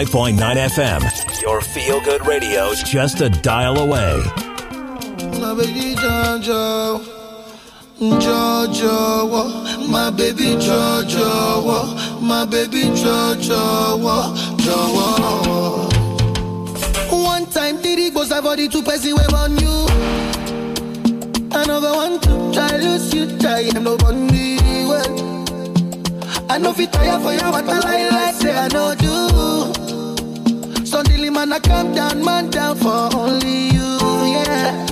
105.9 FM. Your feel good radio is just a dial away. My baby Jojo, Jojo, my baby Jojo, my baby Jojo, Jojo. One time, Diddy goes I body two person wave on you. Another one to try lose you, try and nobody well. I know if you tire for your water, like, I say I know do man I come down, man down for only you, yeah.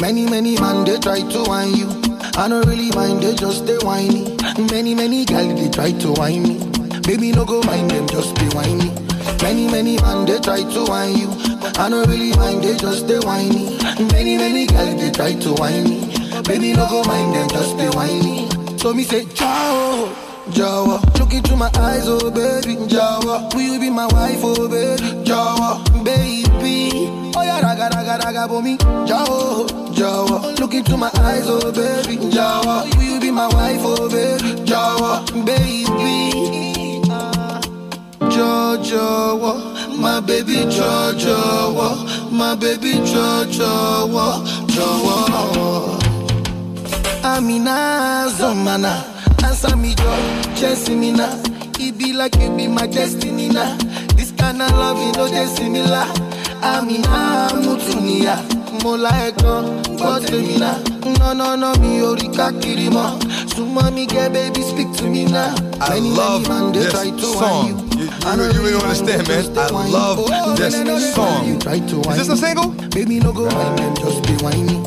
Many, many man, they try to whine you. I don't really mind, they just stay whiny. Many, many gal, they try to whine me. Baby, no go mind them, just be whiny. Many, many man, they try to whine you. I don't really mind, they just stay whiny. Many, many gal, they try to whine me. Baby, no go mind them, just be whiny. So me say, ciao. Jawa. Look into my eyes, oh baby, Jawa. Will you be my wife, oh baby, Jawa, baby? Oh yeah, raga raga raga for me, Jawa, Jawa. Look into my eyes, oh baby, Jawa. Will you be my wife, oh baby, Jawa, baby? Jawa, my baby, Jawa, my baby, Jawa, Jawa. Amina Zamana chasing me now. It be like it be my destiny now. This kind of love is no just similar. I mean, I'm Mutunia. Mola Ekon, God me now. No, no, no, me orika kirimo. So mommy, get baby, speak to me now. I love many this song. You, you, I know you really don't understand, man. I love oh, this song. Is this a single? Baby, no go whine, just be whiny.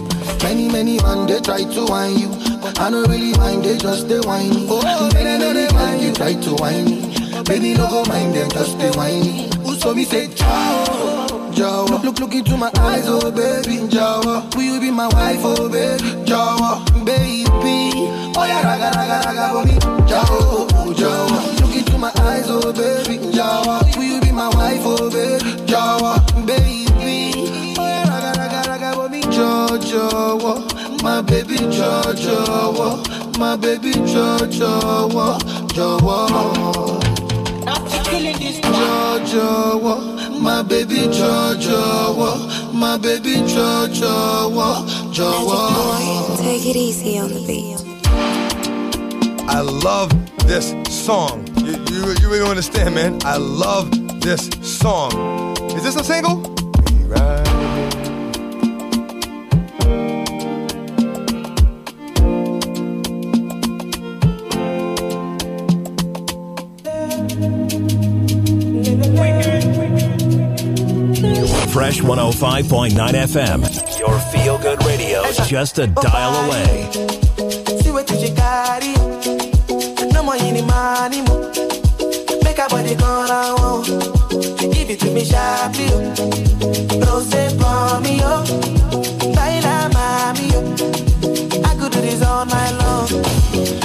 Many, many man, they try to whine you. I don't really mind, they just they whine. Oh, they don't really mind, you try to whine, Baby, no go mind, they just they whiny. So me say, ciao, Jawa. Look, look, look into my eyes, oh baby, Jawa. Will you be my wife, oh baby, Jawa? Baby, oh yeah, raga, raga, raga, for me, Jawa, Jawa. Look into my eyes, oh baby, Jawa. Will you be my wife, oh baby, Jawa? Baby, oh yeah, raga, raga, raga, for me, Jawa, Jawa my baby jọ̀jọ̀wọ́ my baby jọ̀jọ̀wọ́ jọ̀wọ́. jọ̀jọ̀wọ́ my baby jọ̀jọ̀wọ́ my baby jọ̀jọ̀wọ́ jọ̀wọ́. Take it easy on the beat. I love this song. You, you, you really understand, man. I love this song. Is this a single? Fresh 105.9 FM. Your feel good radio is just a dial away. See what you carry. No more any money. Make up body you going want. Give it to me sharply. No say for me, oh. Baila, mommy, oh. I could do this all night long.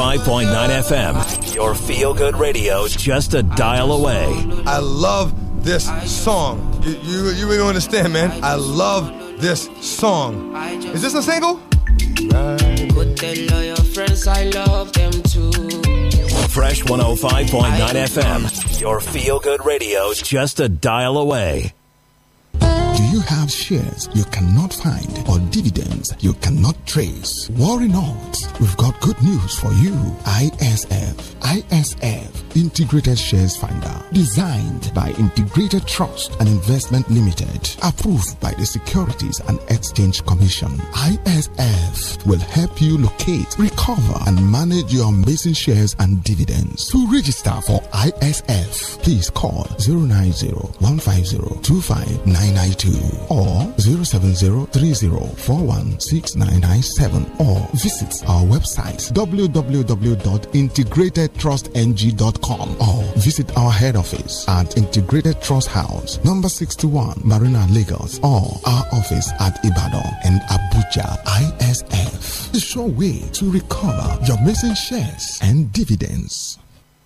105.9 FM, your feel good radio, just a dial away. I love this song. You, you, you really understand, man. I love this song. Is this a single? Fresh 105.9 FM, your feel good radio, just a dial away. Do you have shares you cannot find or dividends you cannot trace. Worry not, we've got good news for you. ISF, ISF, Integrated Shares Finder, designed by Integrated Trust and Investment Limited, approved by the Securities and Exchange Commission. ISF will help you locate, recover, and manage your missing shares and dividends. To register for ISF, please call 090 150 25992 or call or visit our website www.integratedtrustng.com or visit our head office at Integrated Trust House, number 61, Marina Lagos, or our office at Ibadan and Abuja ISF. The sure way to recover your missing shares and dividends.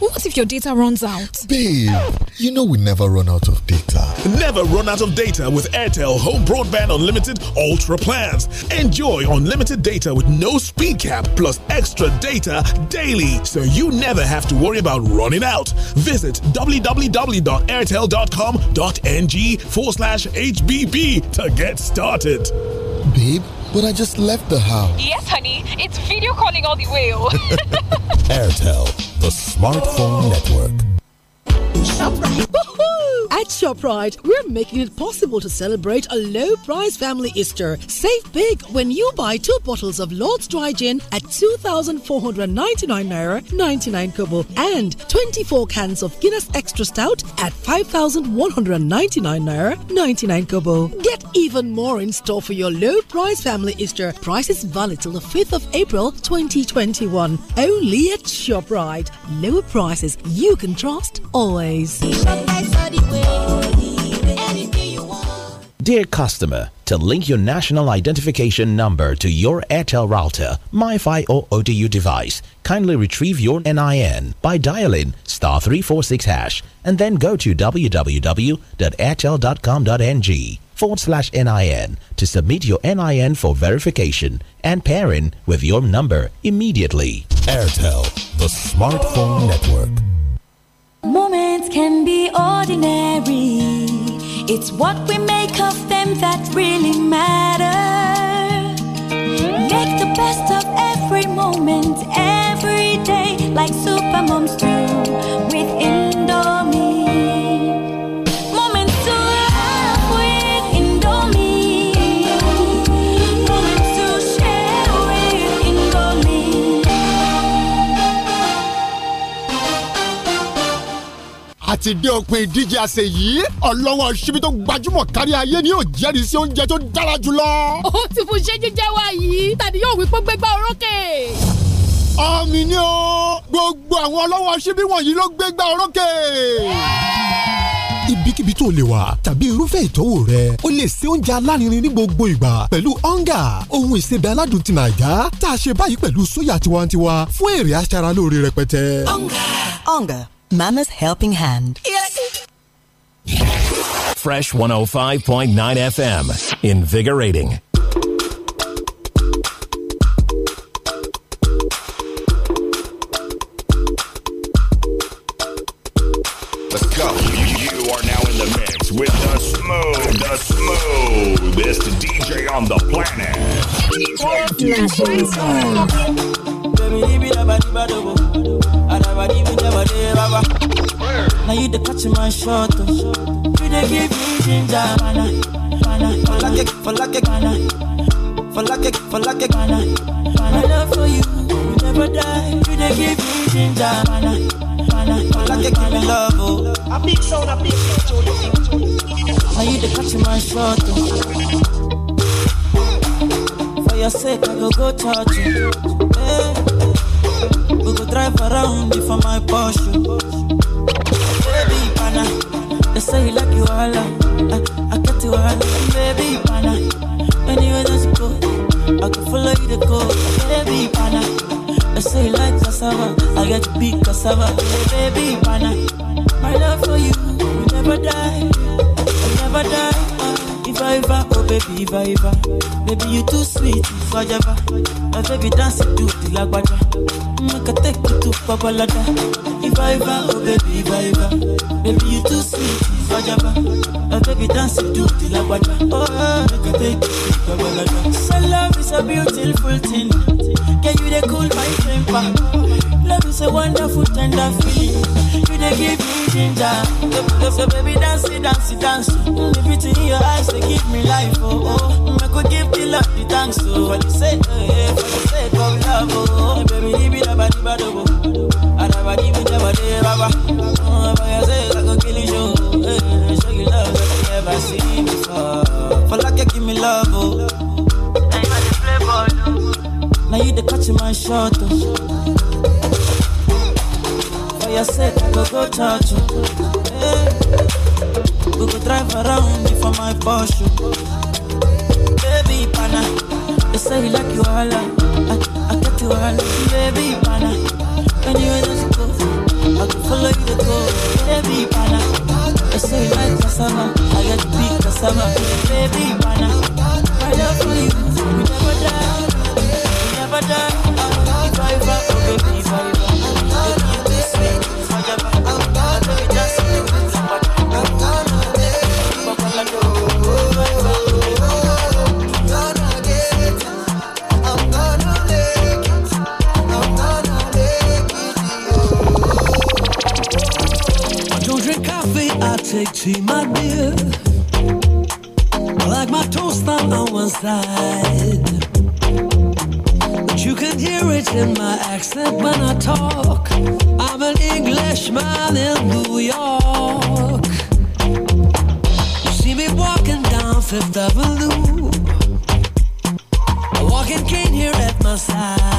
What if your data runs out? Babe, you know we never run out of data. Never run out of data with Airtel Home Broadband Unlimited Ultra Plans. Enjoy unlimited data with no speed cap plus extra data daily so you never have to worry about running out. Visit www.airtel.com.ng forward slash HBB to get started. Babe, but I just left the house. Yes, honey. It's video calling all the way. Oh. Airtel, the smartphone network. ShopRite. At ShopRite, we're making it possible to celebrate a low price family Easter. Save big when you buy two bottles of Lord's Dry Gin at 2,499 Naira, 99 Kobo, and 24 cans of Guinness Extra Stout at 5,199 Naira, 99 Kobo. Get even more in store for your low price family Easter. Prices valid till the 5th of April 2021. Only at ShopRite. Lower prices you can trust always. Dear customer, to link your national identification number to your Airtel router, MiFi or ODU device, kindly retrieve your NIN by dialing star 346 hash and then go to www.airtel.com.ng forward slash NIN to submit your NIN for verification and pairing with your number immediately. Airtel, the smartphone network. Moments can be ordinary. It's what we make of them that really matter. Make the best of every moment, every day, like supermoms do. With àti dé òpin ìdíje àṣẹ yìí ọlọ́wọ́ ṣíbí tó gbajúmọ̀ kárí ayé ni yóò jẹ́rìí sí oúnjẹ tó dára jùlọ. ó ti fún ṣé jíjẹ́ wa yìí tàbí yóò wí pé gbégbá orókè àmì ni o gbogbo àwọn ọlọ́wọ́ ṣíbí wọ̀nyí ló gbégbá orókè. ibikíbi tó lè wà tàbí irúfẹ́ ìtọ́wò rẹ o lè ṣe oúnjẹ alárinrin ní gbogbo ìgbà pẹ̀lú ọ̀ngà ohun ìsebẹ̀ aládùn ti nàìjà tá a ṣe báyìí pẹ̀lú sóyà tiwantiwa fún èrè aṣaralóore rẹpẹtẹ. ọ̀ngà. ọ̀ngà Mama's Helping Hand. Yes. Fresh 105.9 FM. Invigorating. Let's go. You are now in the mix with the smooth, the smoothest DJ on the planet. DJ. Now you the catch my shot, you the give me ginger, mana, mana, for like it, for like it, mana, for like it, for like it, mana, mana. love for you, you never die. You the give me ginger, mana, mana, for like it, give me love, oh. A big sound, a big sound, Now you the catch my shot, oh. For your sake, I go go touch you. Yeah drive around me for my Porsche. Baby, pana, they say you like you all. I, uh, I get you all. Baby, pana, anywhere that you go, I can follow you to go. Baby, pana, they say you like cassava, I get big cassava. Baby, pana, my love for you, will never die, will never die. Iva, uh, Iva, oh baby, Iva, Iva. Baby, you too sweet, forever. My uh, baby, dance it to the lagwaja make I take you to Babalada. Viva, oh baby, viva. Baby, you too sweet, Fajaba. Oh baby, dance you do till I watch. Oh, make I take you to Babalada. So love is a beautiful thing. Can you the cool my temper? Love is a wonderful, tender feeling they give me ginger. love, So baby, dance it, dance it, dance. Mm, the beauty in your eyes, they give me life, oh, oh. Mm, I could give the love the thanks, oh. For the sake, oh, yeah, for the sake of love, oh. oh. Baby, leave it, abadi, badobo. Adaba, give it, abadi, baba. Oh, mm, for I say I could kill you, Hey, eh, show you love that you never seen before. For like you give me love, oh. Now you are the catch in my shot, oh said I go go touch eh, you. Hey. We go drive around me for my Porsche. Baby pana, they say you like you all. I, I get you all. Baby pana, when you ain't just go, I go follow you to go. Baby pana, they say you like cassava, I get big cassava. Baby pana. big tea, my dear. I like my toast on one side. But you can hear it in my accent when I talk. I'm an Englishman in New York. You see me walking down Fifth Avenue. A walking cane here at my side.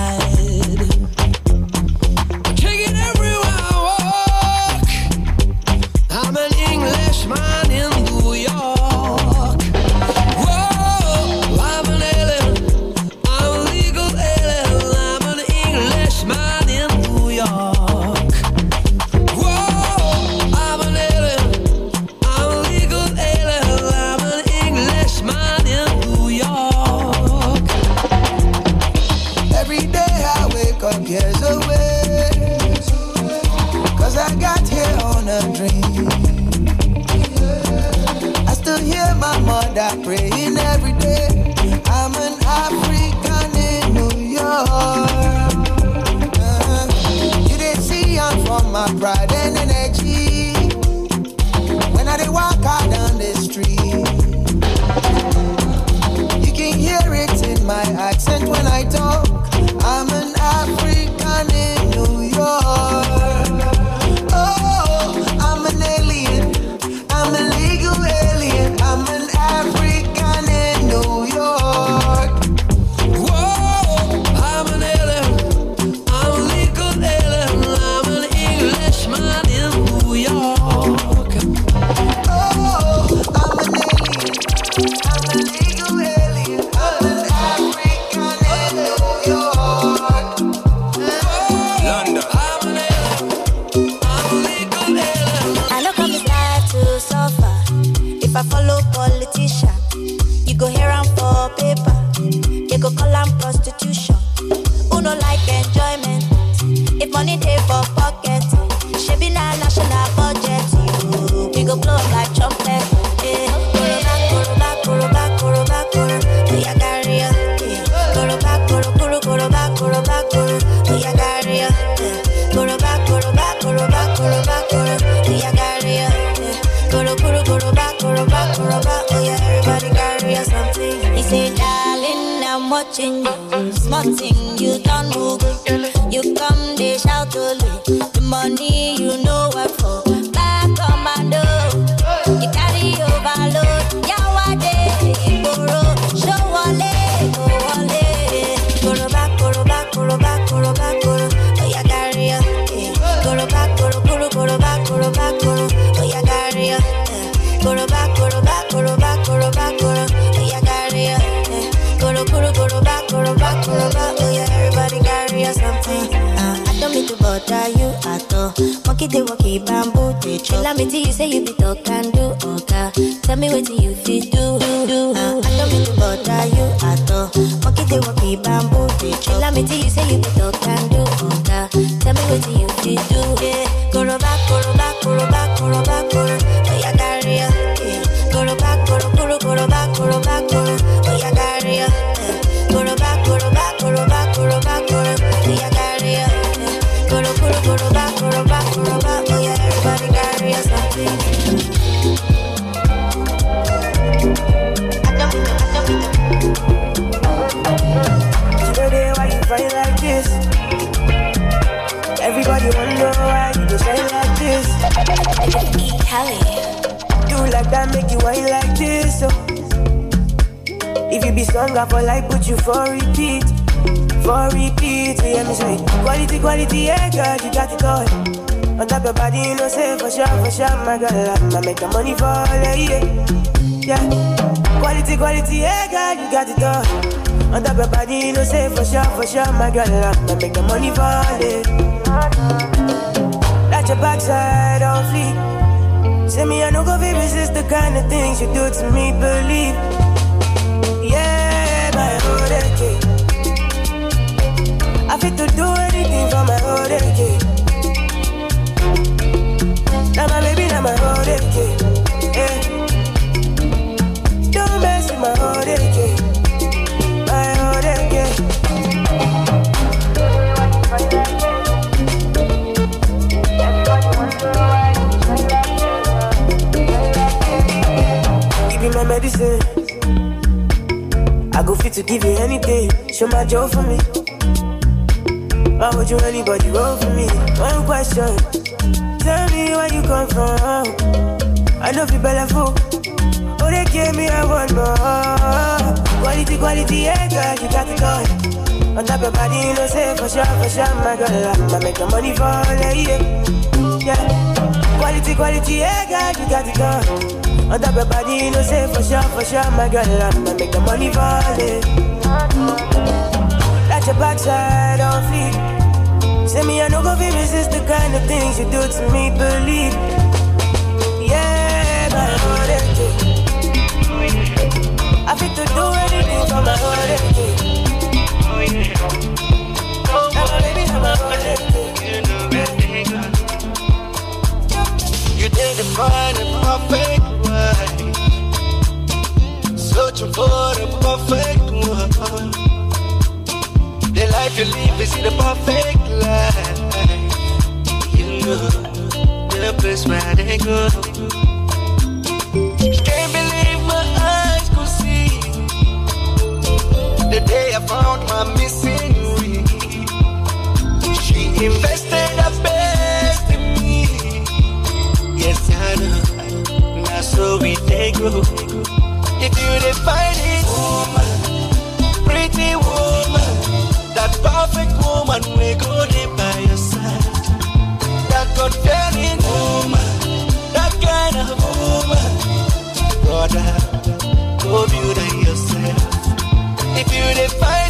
fight like this. Everybody wonder why you just shine like this. Kelly. Do like that, make you wine like this. So. Oh. If you be strong, I for life, put you for repeat. For repeat, yeah, me say. Quality, quality, yeah, girl, you got it all. On top your body, you know, say for sure, for sure, my girl. i make the money fall, yeah, yeah. Quality, quality, yeah, girl, you got it all. On top your body, you know, say for sure, for sure, my girl, I'm gonna make the money fall it. Let your backside off fleek. Say me, I know go be resist the kind of things you do to me, believe. Yeah, my old age. I fit to do anything for my old age. Now my baby, now my whole day. Yeah. Don't mess with my old age. I go to give you anything. Show my joy for me. Why would you anybody roll for me? One question. Tell me where you come from. I know you better fool. Oh, they gave me a one more. Quality, quality, yeah, girl, you got it call. On top of body, you know, say for sure, for sure, my girl, I'ma make your money fall, eh, yeah, yeah. Quality, quality, yeah, girl, you got it call. On top of body, you know, say for sure, for sure, my girl, I'ma make your money fall, yeah. That's your backside on fleek. Say me, I know go be resist the kind of things you do to me, believe. You define the perfect one. Such a perfect one. The life you live is the perfect life. You know the place where they go. I'm missing you. She invested her best in me. Yes, I know. so If you define it, woman, pretty woman, that perfect woman, we go by your side. That woman, that kind of woman, brother, yourself. If you define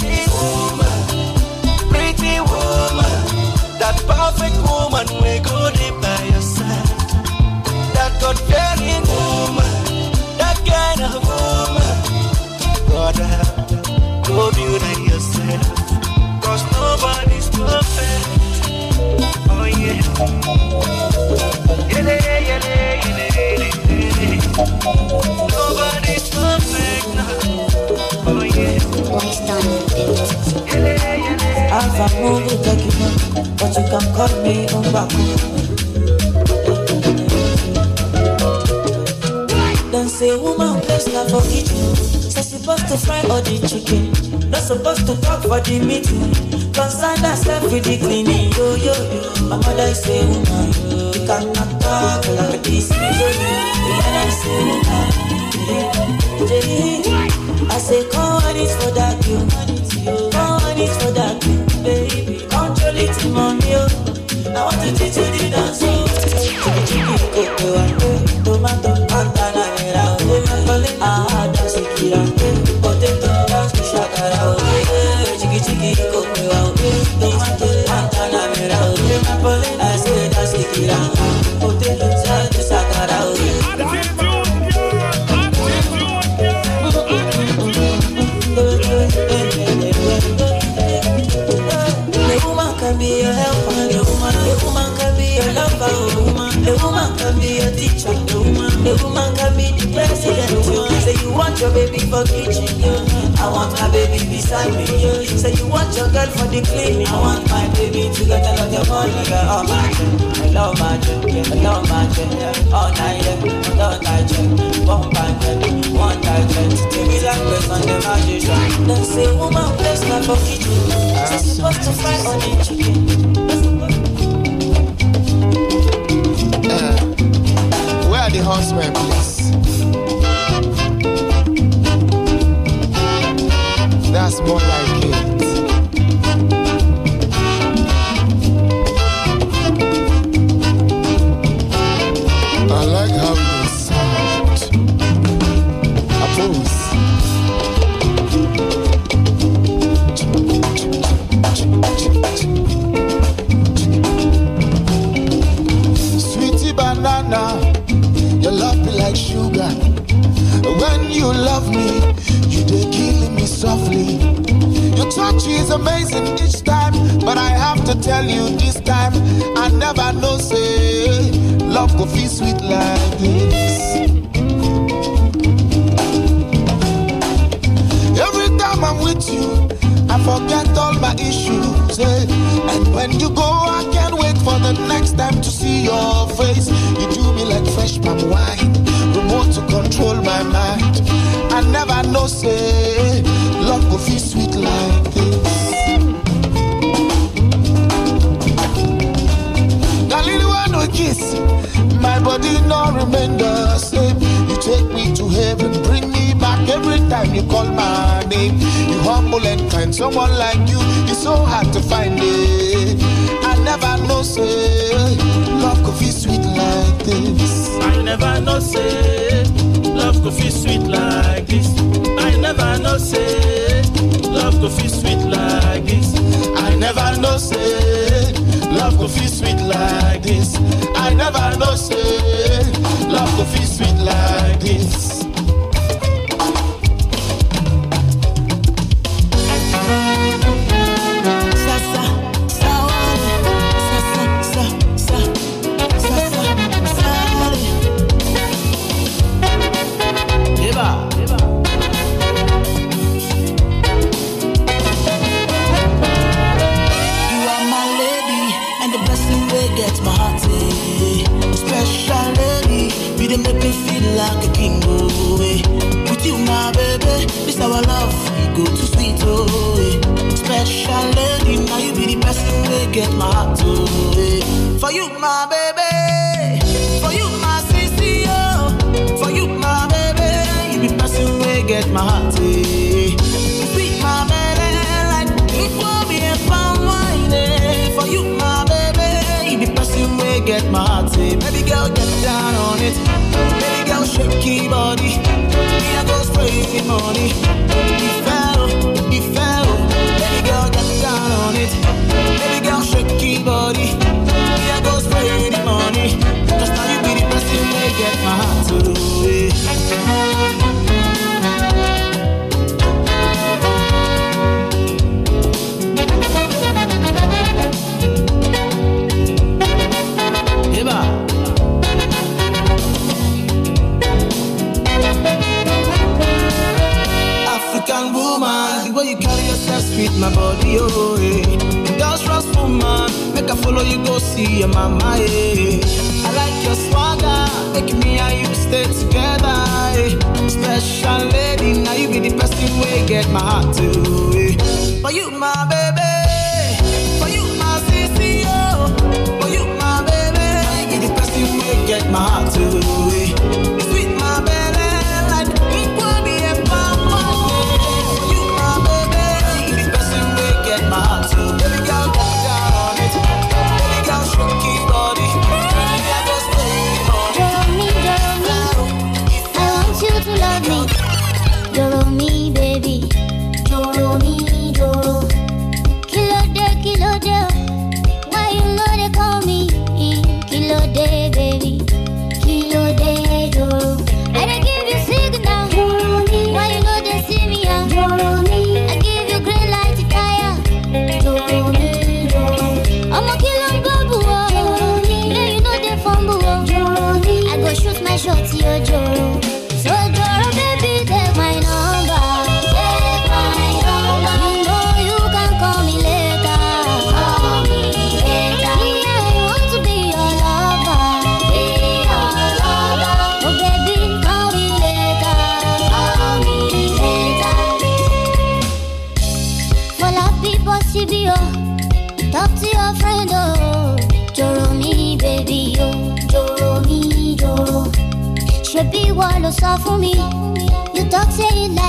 Alpha move it like you but you can call me Umbaku. Don't say woman, place not for kitchen supposed to fry all the chicken. Not supposed to talk for the meeting. Concern herself with the cleaning. Yo, yo, yo. My mother is a woman. You cannot talk like this. Yo, yo. My mother is a woman. I say, come on it for that, you. Come on it's for that, baby. Control it, mommy. I want to teach you. for kitchen, yo. I want my baby beside me, yo. Say you want your girl for the cleaning. I want my baby to get a lot of money, girl. Oh my God, I love my girl, yeah. I love my girl, yeah. All night, yeah. I love my girl, one by girl, one by girl. To be like best on the magician. Then say woman bless my for kitchen. Say supposed to fry on the chicken. Uh, where are the horsemen, please? more like coffee sweet you call my name. You humble and kind, someone like you is so hard to find. It. I never know, say, love could be sweet like this. I never know, say, love could be sweet like this. I never know, say, love could be sweet like this. I never know, say, love could be sweet like this. I never know, say, love could be sweet like this. get For you, my baby. For you, my sissy, For you, my baby. You be passing way, get my heart. Sweet, my baby. Like, will be I'm whining. Eh. For you, my baby. way, get my heart. Baby girl, get down on it. Baby girl, shake your body. Me, I go spray money. my body, oh, eh. Girl, stressful make I follow you go see your mama, eh. I like your swagger, make me and you stay together, eh. Special lady, now you be the person we get my heart to, eh. For you, my baby, for you, my CCO, oh. for you, my baby, you the person way get my heart to, eh. Soft for me, you talk say it like.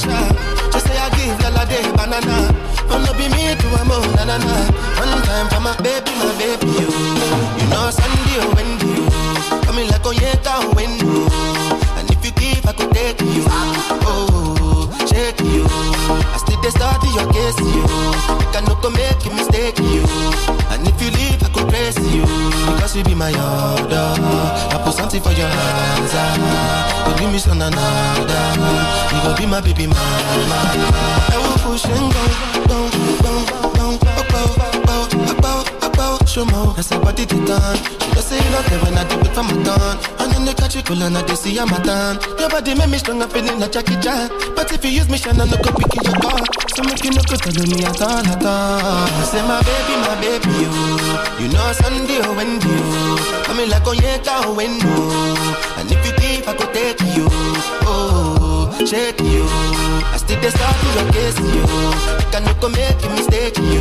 cash out. say I give y'all a day banana. Oh no be me to a mo na na na. One time for my baby, my baby you. You know Sunday or oh, Wendy. Coming like a yeka or oh, Wendy. And if you give, I could take you. Oh, shake you. I still they study your case you. You can no go make a mistake you. And if you leave praise you Because you be my order I put something for your hands ah. Could you miss on another ah. You go be my baby mama I will push and go, go, go show more. That's how I did it done. She just say you love me when I do it for my done. And in the country, cool and I do see I'm a done. Your body make me strong, I'm feeling like Jackie Chan. But if you use me, shine, I'm not gonna pick your car. So make you no go tell me at all, at all. I say my baby, my baby, you. Oh. You know Sunday or oh, Wendy, you. I mean like on oh, Yeka or Wendy. And if you leave, I go take you. Oh, shake you. I still decide to your case, you. I can't make you mistake, you.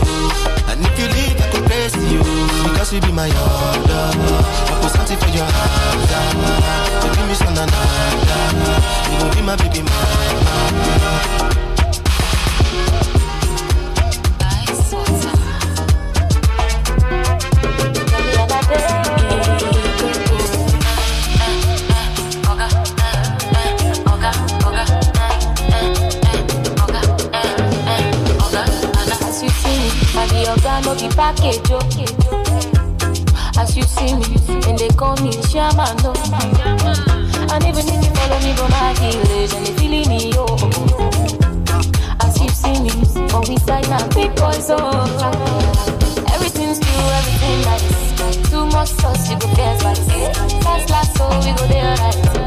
And if you leave, praise you Because you be my order I put something for your hand You give me some na na You gon' be my baby my. no package o. As you see me, and they call me shaman o. And even if you follow me from my village, and they feeling me oh. As you see me, we inside my big boys Oh, Everything's true, everything nice. Too much sauce, you go get spicy. Fast last, so we go there right.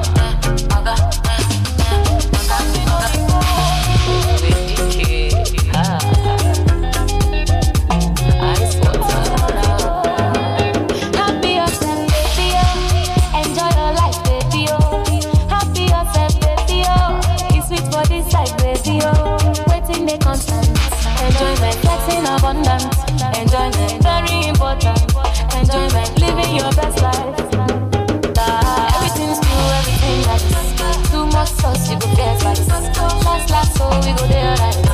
abundant. Enjoyment, very important. Enjoyment, living your best life. Ah, everything's cool, everything nice. Too much sauce, you go get rice. Last, last, so we go there right.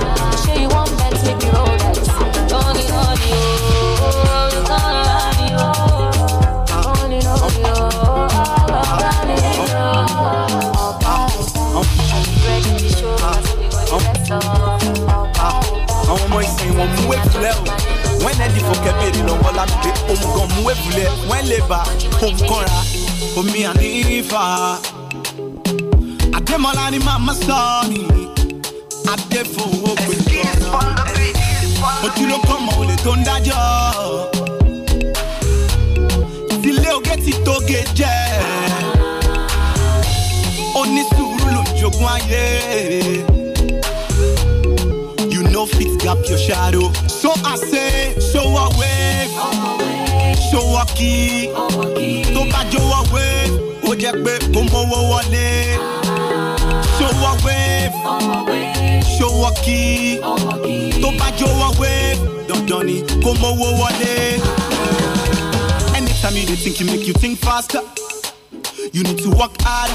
wọn mú èfúlẹ́ o wọ́n ẹ̀ dìbò kẹ́bẹ̀rẹ̀ lọ́wọ́ lápẹ́ òun kan mú èfúlẹ́ wọ́n lè bá òun kọ́ra omi ànífà. àdèmọ́lá ni màmá sọ ni adé fún owó pé kọ́ra ojúlókọ́ ọmọ olè tó ń dájọ́ ìdílé oge ti tóge jẹ́ onísùúrù ló jogún ayé no fit gap your shadow. So I say, show a wave, show a key, tó bá jó a wave, ó jẹ́ pé kò mọ́wọ́ wọlé. Show a wave, show a key, tó bá jó a wave, dandan ni kò mọ́wọ́ wọlé. Anytime you dey think, you make you think faster. You need to work hard.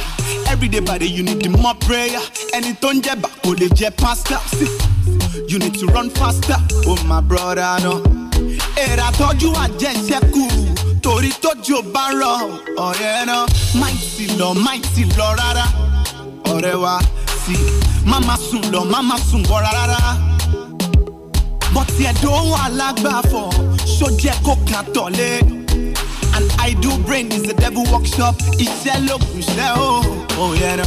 Every day by day, you need the more prayer. Ẹni tó back, jẹ bá kò lè See. You need to run faster, oh my brother, no. Èrà tọ́jú àjẹsẹ́kù torí tójú ò bá rọ ọ̀rẹ́ náà. Máì sì lọ, máì sì lọ rárá. Ọ̀rẹ́ wa sí, má má sùn lọ, má má sùn bọ̀ rárá. Bọ̀tì ẹ̀dọ́ wà lágbàfọ̀, ṣó jẹ́ kó kà tọ̀lé. An idle brain is a devil workshop. Iṣẹ́ ló kù ṣẹ́ o. Òyẹ̀rọ,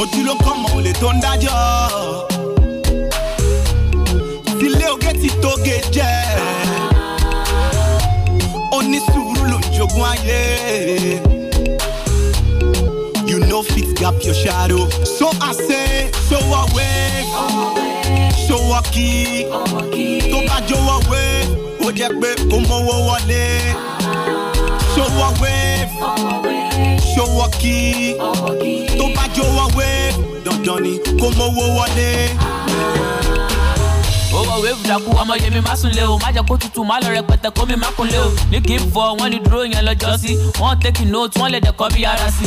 ojú ló kọ́ mọ̀ ò lè tó ń dájọ́ ilé oge ti tóge jẹ́ onísùúrù ló jogún ayé. You no fit gap your shadow. So I say, show away, show waki, tó bá jó wọ̀wé, ó jẹ́ pé kò mọ́wọ́ wọlé. Show away, show waki, tó bá jó wọ̀wé, dandan ni kò mọ́wọ́ wọlé. Ah wọ wéèvù dàkú ọmọ yèmí má sùn lé o má jẹ́ kó tutù má lọ rẹpẹtẹ kó mi má kún lé o ní kí n fọ wọn ní dúró yẹn lọ́jọ́ sí wọn tẹ́kì nóòtù wọn lè dẹ̀kọ́ bí ara sí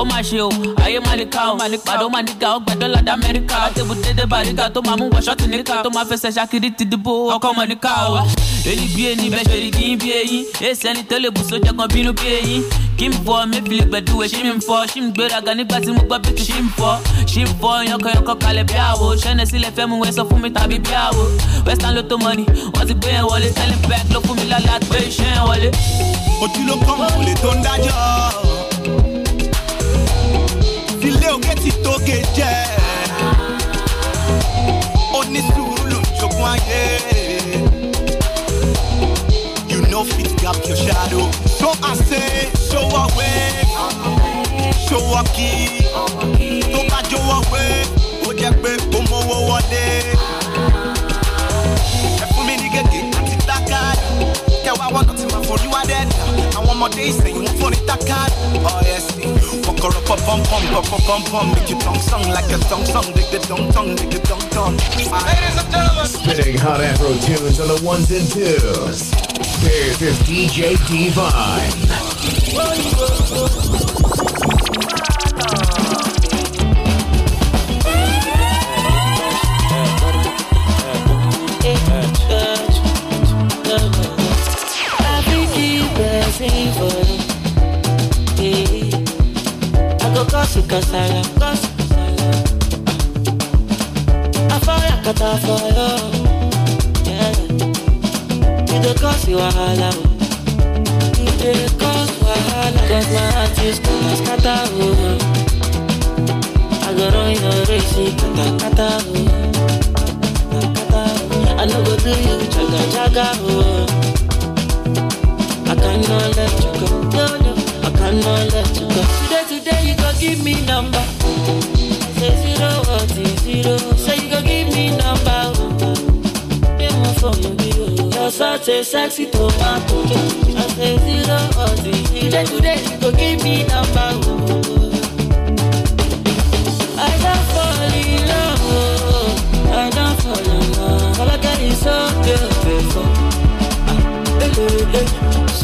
ó má ṣe o ayé má ní ká o pàdé ó má ní ká o gbẹ dọ́là dá mẹ́ríkà tébù dédé bàríkà tó má mú wọ ṣọ́ọ̀tì níkà tó má fẹsẹ̀ ṣakiri ti dìbò ọkọ mọ̀ ní ká o. èyí bí ẹni bẹ́ẹ̀ ṣe rí kí n fọ mẹ́fìlì gbẹ̀dúwe ṣí mi fọ ṣí mi gbéraga nígbà tí mo gbọ́ bí kì ṣí mi fọ ṣí mi fọ yànkanyànkan kalẹ̀ bí àwo ṣẹ́nẹ̀ sílẹ̀ fẹ́ mu wẹ́ sọ fún mi tàbí bí àwo western lotto money wọ́n ti gbé yẹn wọlé selling back ló fún mi lálẹ́ àgbẹ̀ iṣẹ́ yẹn wọlé. ojú ló kàn kò lè tó ń dájọ́ ilé òkè ti tóge jẹ́ onísùúrù ló ń jogún ayé you no fit gap your shadow. So I say, show away, show a key. Tó bá jó away, ó jẹ́ pé ó mówó wọlé. Ẹ fún mi ní gègé àti tákàdì, kẹwàá wọ́n tó ti máa. for you are dead. more days, say you want for it, card. Oh, yes, fuck her up, make your tongue like a dig the dong, dong, dig the dong, dong. Ladies and gentlemen, spinning hot afro tunes on the ones and twos. This is DJ Divine. fever. Yeah. I go gossip cause I love gossip. I fire cut off for you. Yeah. You go cause you wahala. You cause my heart is gonna scatter. Oh. I go run your race, kata kata. Oh. oh. I no go do you jaga jaga. Oh cannot let you go. No, no, I cannot let you go. Today, today, you go give me number. Say zero or zero. Say you go give me number. Pay more for you, you. Your such a sexy tomato. I say zero or zero. Today, today, you go give me number. I don't fall in love. I don't fall in love. All I got is so beautiful. Hey, hey, hey.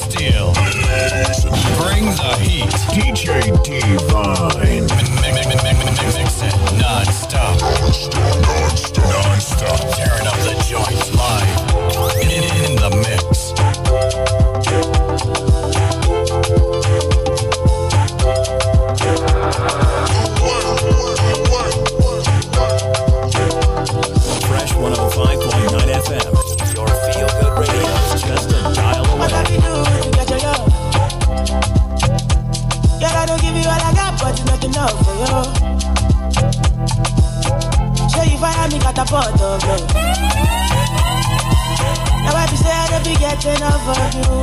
Steel. Bring the heat. DJ Divine. Mix it non-stop. Non-stop. Non-stop. non-stop. pot of love. Now I be say I don't be getting over you.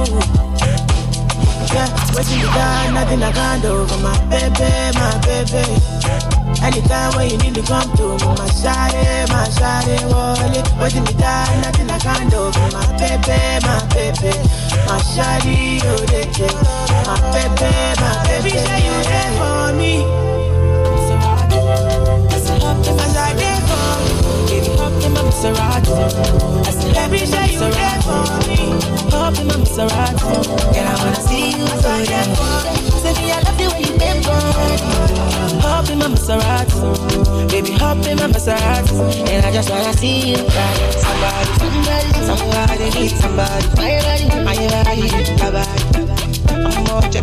Yeah, waiting you die, nothing I can't do for my baby, my baby. Anytime when you need to come to me, my shawty, my shawty, wallet. you to die, nothing I can't do for my baby, my baby. My shawty, oh, dey, my baby, my baby. Baby, say you there for me. up in my life, Give up in my Maserati. I said, every day you there for me. Up in my Maserati. Girl, I wanna see you so yeah. Say me, I love you when you bend for me. in my Maserati. Baby, up in my Maserati. And I just wanna see you Somebody, Somebody, somebody, somebody, somebody, somebody. somebody. Follow follow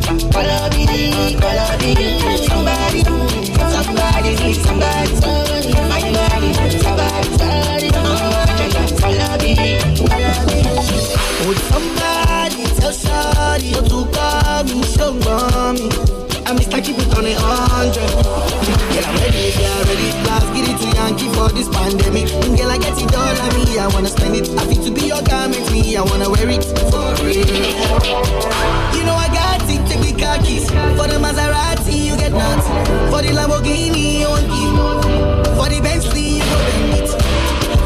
Somebody, somebody, somebody, somebody, somebody, somebody, Follow follow somebody tell to call me, she Mister, keep it on a hundred. Girl, I'm ready if you're ready. blast. us get it to Yankee for this pandemic. And girl, I get it all on me. I wanna spend it. I fit to be your garment, me. I wanna wear it for real. You know I got it. Take the car keys for the Maserati. You get nothing for the Lamborghini. You want it for the Bentley. You go bend it.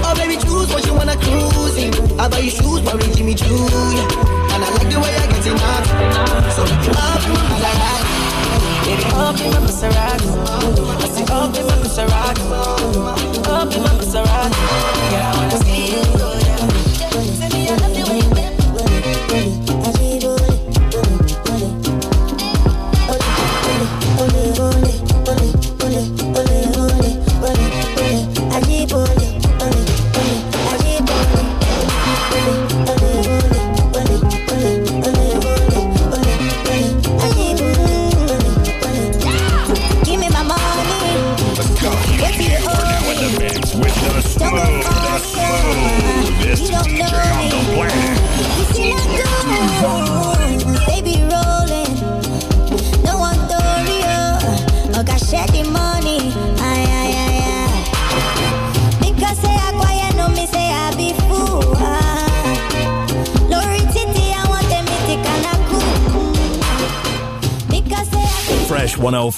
Oh baby, choose what you wanna cruise in. I buy you shoes, but Jimmy Choo. Yeah. And I like the way I get it up. So up, Maserati. Baby, in my Maserati. I say, in my Maserati. in my Maserati. Yeah, I wanna see you go Send me another.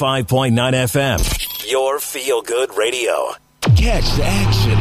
105.9 FM, your feel good radio. Catch the action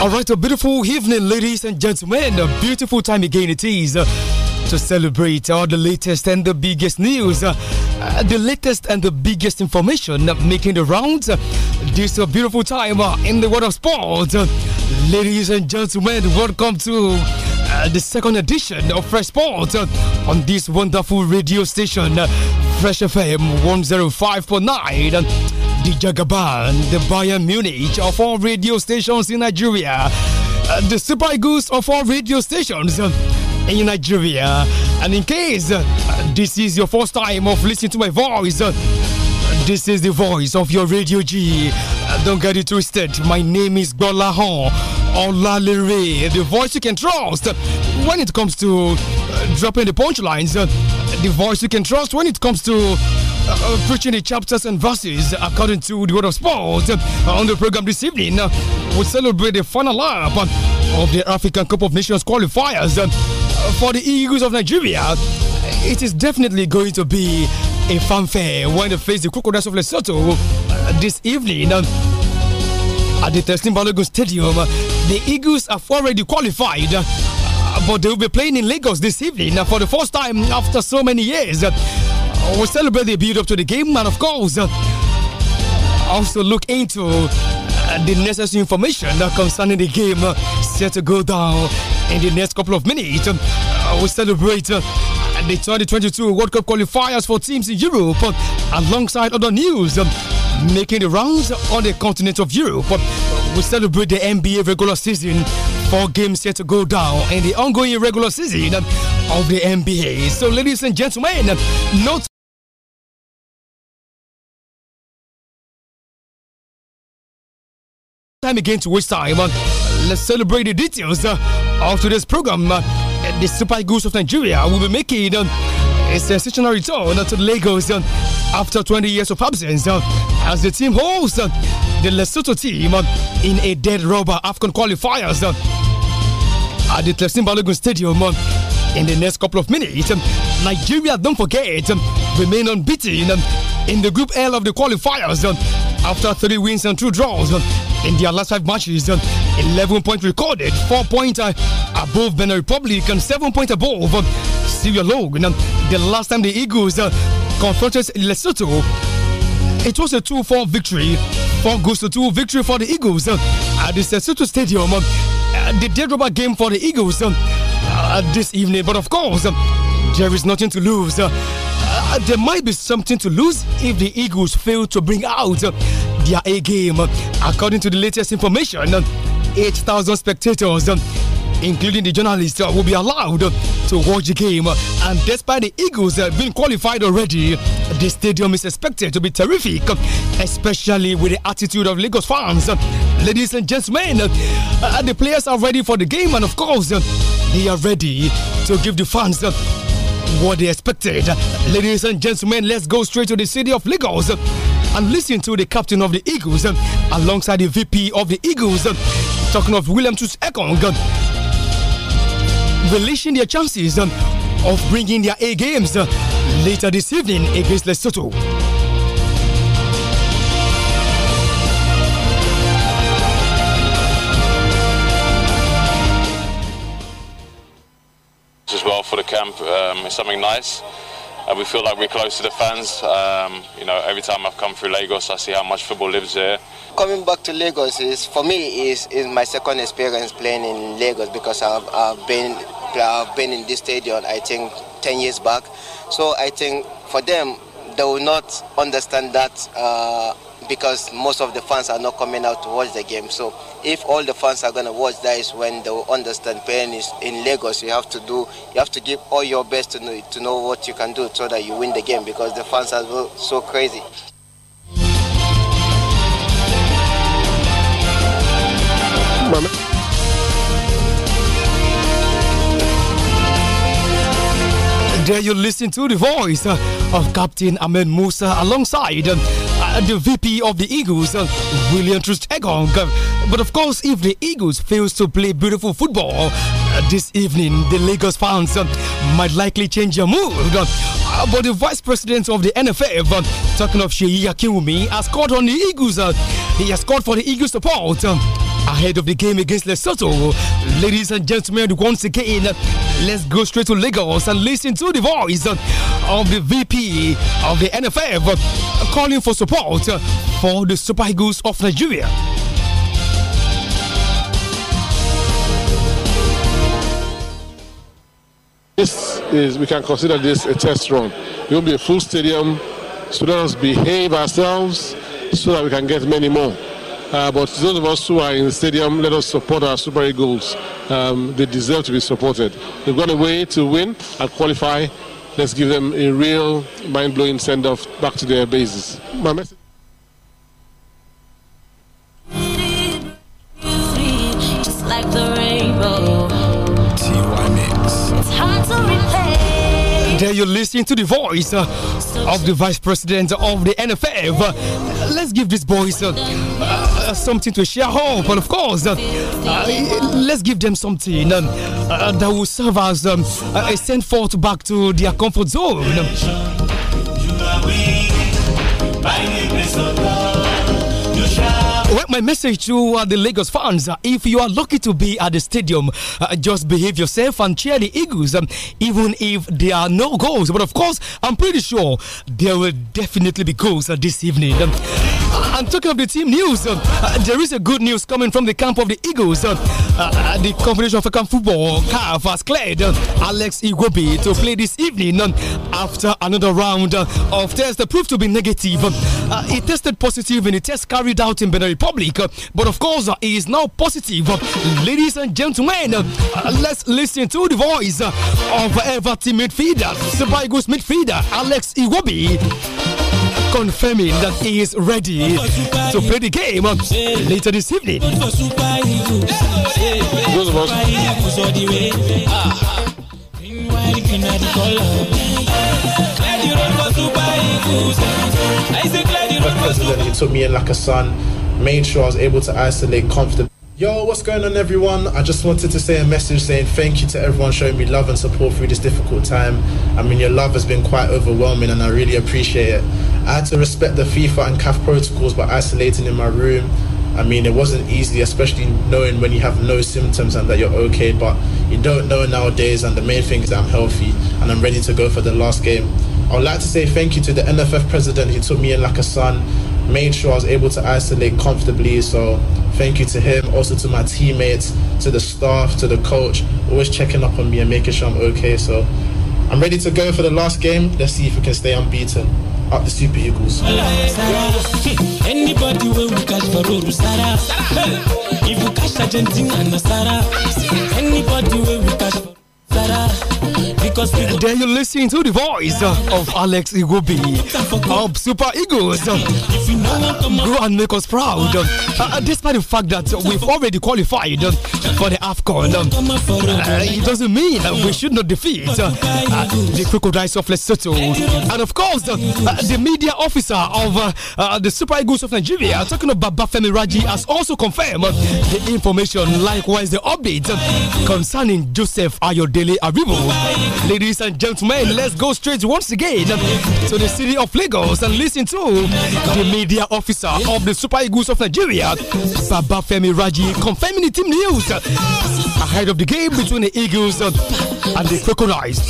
All right, a beautiful evening, ladies and gentlemen. A beautiful time again it is uh, to celebrate all the latest and the biggest news, uh, uh the latest and the biggest information making the rounds. This a beautiful time uh, in the world of sport. Ladies and gentlemen, welcome to uh, the second edition of Fresh Sport on this wonderful radio station, Fresh FM 105.9 the Jagaban, the Bayern Munich of all radio stations in Nigeria, uh, the Super Goose, of all radio stations uh, in Nigeria. And in case uh, this is your first time of listening to my voice, uh, this is the voice of your Radio G. Uh, don't get it twisted. My name is Gola Hon Olalere, the voice you can trust when it comes to uh, dropping the punchlines, the voice you can trust when it comes to uh, preaching the chapters and verses according to the word of sport uh, on the program this evening. Uh, we celebrate the final lap of the African Cup of Nations qualifiers uh, for the Eagles of Nigeria. It is definitely going to be a fanfare when they face the Crocodiles of Lesotho this evening at the Testing Balogun Stadium. The Eagles have already qualified, but they will be playing in Lagos this evening for the first time after so many years. Oh, we celebrate the build up to the game and, of course, also look into uh, the necessary information concerning the game uh, set to go down in the next couple of minutes. Uh, we celebrate the 2022 World Cup qualifiers for teams in Europe alongside other news um, making the rounds on the continent of Europe. We celebrate the NBA regular season four games yet to go down in the ongoing regular season of the NBA. So, ladies and gentlemen, note time again to waste time. Let's celebrate the details of today's program. The Super Eagles of Nigeria will be making a sensational return to Lagos after 20 years of absence as the team holds the Lesotho team in a dead rubber African qualifiers at the Tefsim Balogun Stadium in the next couple of minutes. Um, Nigeria, don't forget, um, remain unbeaten um, in the Group L of the qualifiers after three wins and two draws in their last five matches. 11 points recorded, 4 points uh, above Benin Republic, and 7 points above uh, Syria Logan. The last time the Eagles uh, confronted Lesotho, it was a 2 4 victory. 4 goes to 2 victory for the Eagles uh, at the Lesotho Stadium. Uh, the day game for the Eagles um, uh, this evening. But of course, um, there is nothing to lose. Uh, there might be something to lose if the Eagles fail to bring out their A game. According to the latest information, um, 8,000 spectators including the journalists, uh, will be allowed to watch the game. And despite the Eagles uh, being qualified already, the stadium is expected to be terrific, especially with the attitude of Lagos fans. Ladies and gentlemen, uh, the players are ready for the game, and of course, they are ready to give the fans what they expected. Ladies and gentlemen, let's go straight to the city of Lagos and listen to the captain of the Eagles alongside the VP of the Eagles, talking of William Chus Ekong relishing their chances uh, of bringing their A games uh, later this evening against Lesotho. As well for the camp, um, it's something nice uh, we feel like we're close to the fans. Um, you know, every time I've come through Lagos, I see how much football lives here. Coming back to Lagos is, for me, is is my second experience playing in Lagos because I've, I've been I've been in this stadium I think 10 years back. So I think for them, they will not understand that. Uh, because most of the fans are not coming out to watch the game. So if all the fans are going to watch, that is when they will understand playing is in Lagos. You have to do, you have to give all your best to know, to know what you can do so that you win the game because the fans are so crazy. Moment. There you listen to the voice of Captain Ahmed Musa alongside the VP of the Eagles, uh, William Trustegong. Uh, but of course, if the Eagles fails to play beautiful football uh, this evening, the Lagos fans uh, might likely change their mood. Uh, but the vice president of the NFF, talking of Sheyi Akiwumi, has called on the Eagles. he has called for the Eagles support ahead of the game against Lesotho. Ladies and gentlemen, once again, let's go straight to Lagos and listen to the voice of the VP of the NFF calling for support for the Super Eagles of Nigeria. This is, we can consider this a test run. It will be a full stadium. Students behave ourselves so that we can get many more. Uh, but those of us who are in the stadium, let us support our Super Eagles. Um, they deserve to be supported. They've got a way to win and qualify. Let's give them a real mind-blowing send-off back to their bases. My message. There you listening to the voice uh, of the vice president of the NFF. Uh, let's give these boys uh, uh, something to share hope, oh, and of course, uh, uh, let's give them something um, uh, that will serve as um, a send forth back to their comfort zone. my message to uh, the Lagos fans uh, if you are lucky to be at the stadium, uh, just behave yourself and cheer the Eagles, um, even if there are no goals. But of course, I'm pretty sure there will definitely be goals uh, this evening. Um, and uh, talking of the team news, uh, uh, there is a good news coming from the camp of the Eagles. the Confederation of African Football CAF has cleared Alex Igobi to play this evening after another round of tests that proved to be negative. he tested positive in a test carried out in Benin Republic, but of course he is now positive. Ladies and gentlemen, let's listen to the voice of Everton midfielder, Super Eagles midfielder Alex Igobi confirming that he is ready to play the game later this evening. Those of us. in Itomi and Lakasan made sure I was able to isolate comfortably. Yo, what's going on, everyone? I just wanted to say a message saying thank you to everyone showing me love and support through this difficult time. I mean, your love has been quite overwhelming, and I really appreciate it. I had to respect the FIFA and CAF protocols by isolating in my room. I mean, it wasn't easy, especially knowing when you have no symptoms and that you're okay, but you don't know nowadays. And the main thing is that I'm healthy and I'm ready to go for the last game. I would like to say thank you to the NFF president who took me in like a son made sure I was able to isolate comfortably. So thank you to him, also to my teammates, to the staff, to the coach, always checking up on me and making sure I'm okay. So I'm ready to go for the last game. Let's see if we can stay unbeaten. Up the Super Eagles. Anybody when catch for road, Sara. If we catch Argentina, Sara. Anybody when catch for Sara. And then you're listening to the voice of Alex Iwobi of Super Eagles. Grow and make us proud. Uh, uh despite the fact that we've already qualified for the AFCON, uh, it doesn't mean that we should not defeat uh, the Crocodiles of Lesotho. And of course, uh, the media officer of uh, the Super Eagles of Nigeria, talking about Babafemi Raji, has also confirmed the information. Likewise, the update concerning Joseph Ayodele Aribo. Ladies and gentlemen, let's go straight once again to the city of Lagos and listen to the media officer of the Super Eagles of Nigeria, Baba Femi Raji, confirming the team news ahead of the game between the Eagles and the Crocodiles.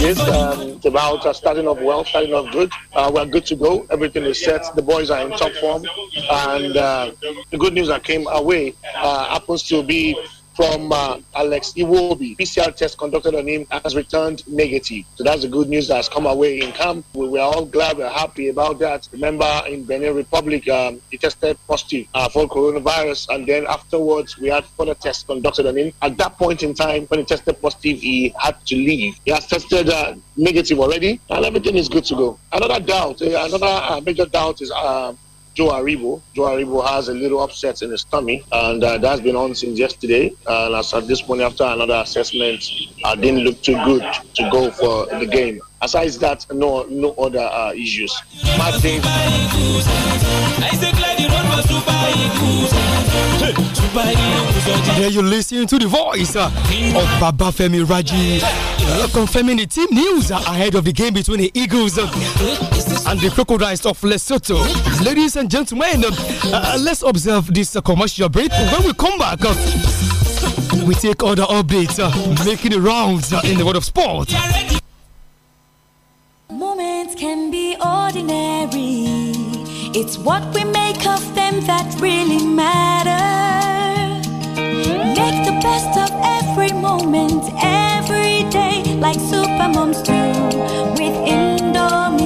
Yes, sir. About uh, starting off well, starting off good. Uh, we're good to go. Everything is set. The boys are in top form, and uh, the good news that came our way uh, happens to be from uh, Alex Iwobi. PCR test conducted on him has returned negative. So that's the good news that has come away in camp. We were all glad, we're happy about that. Remember, in Benin Republic, um, he tested positive uh, for coronavirus, and then afterwards we had further tests conducted on him. At that point in time, when he tested positive, he had to leave. He has tested uh, negative already, and everything is good to go. Another doubt, eh, another uh, major doubt is um, Joe Aribo. Joe Aribo has a little upset in his tummy, and uh, that's been on since yesterday. And as at this point, after another assessment, I didn't look too good to go for the game. Aside that, no, no other uh, issues. Martin. There you listen to the voice uh, of Baba Femi Raji confirming the team news ahead of the game between the Eagles and the Crocodiles of Lesotho. Ladies and gentlemen, uh, let's observe this uh, commercial break. When we come back, uh, we take other updates uh, making the rounds uh, in the world of sport. Moments can be ordinary. It's what we make of them that really matter. Make the best of every moment like supermoms do with indoor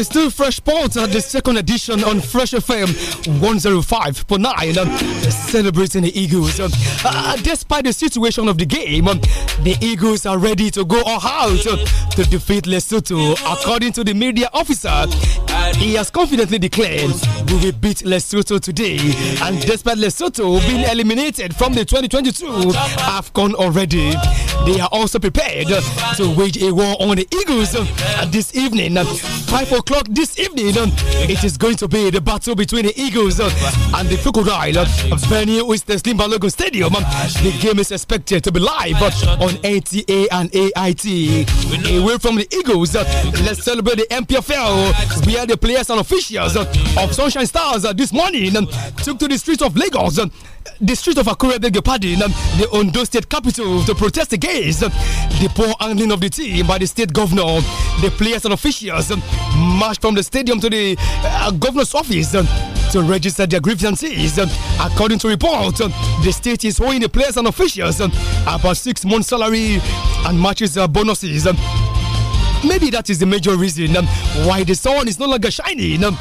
It's still Fresh Sports, at the second edition on Fresh FM 105.9, um, celebrating the Eagles. uh, despite the situation of the game, um, the Eagles are ready to go all out uh, to defeat Lesotho, according to the media officer. He has confidently declared we will beat Lesotho today. And despite Lesotho being eliminated from the 2022 AFCON already, they are also prepared to wage a war on the Eagles this evening. 5 o'clock this evening, it is going to be the battle between the Eagles and the Crocodile venue is the Slim Balogun Stadium. The game is expected to be live on ATA and AIT. Away from the Eagles, let's celebrate the MPFL. We are the players and officials of Sunshine Stars uh, this morning um, took to the streets of Lagos um, the streets of Akure Beg um, the Ondo state capital, to protest against the poor handling of the team by the state governor. The players and officials marched from the stadium to the uh, governor's office to register their grievances. According to report, the state is owing the players and officials about six months' salary and matches bonuses Maybe that is the major reason um, why the sun is no longer shining. Um,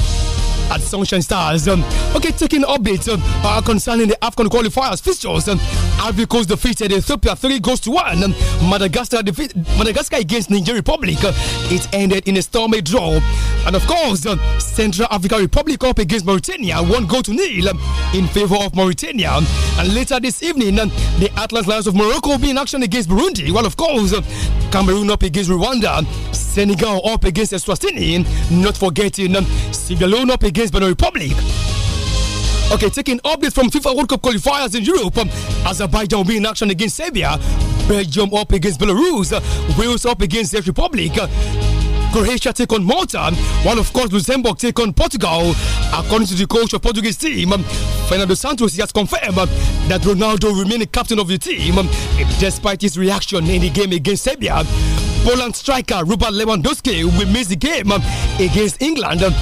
at Sunshine Stars. Um, okay, taking updates um, uh, concerning the AFCON qualifiers fixtures. Um, Ivory Coast defeated Ethiopia 3 goals to 1. Um, Madagascar, defeat, Madagascar against Niger Republic. Uh, it ended in a stormy draw. And of course, uh, Central African Republic up against Mauritania, 1 goal to nil um, in favor of Mauritania. And later this evening, um, the Atlas Lions of Morocco will be in action against Burundi. Well, of course, um, Cameroon up against Rwanda. Senegal up against Eswatini. Not forgetting um, Sigalone up against Benin Republic. Okay, taking updates from FIFA World Cup qualifiers in Europe. Um, Azerbaijan will be in action against Serbia. Belgium up against Belarus. Uh, Wales up against the Republic. Uh, Croatia take on Malta, um, while of course Luxembourg take on Portugal. According to the coach of Portuguese team, um, Fernando Santos has confirmed that Ronaldo remains captain of the team despite his reaction in the game against Serbia. Poland striker Robert Lewandowski will miss the game um, against England um,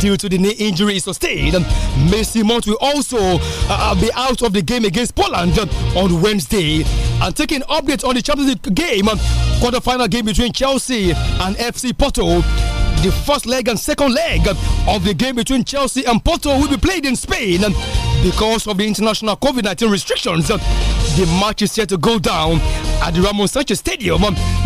due to the knee injury sustained. Um, Messi Mount will also uh, uh, be out of the game against Poland on Wednesday. And taking updates on the Champions League game, quarterfinal game between Chelsea and FC Porto. The first leg and second leg of the game between Chelsea and Porto will be played in Spain because of the international COVID 19 restrictions the match is set to go down at the Ramon Sanchez Stadium,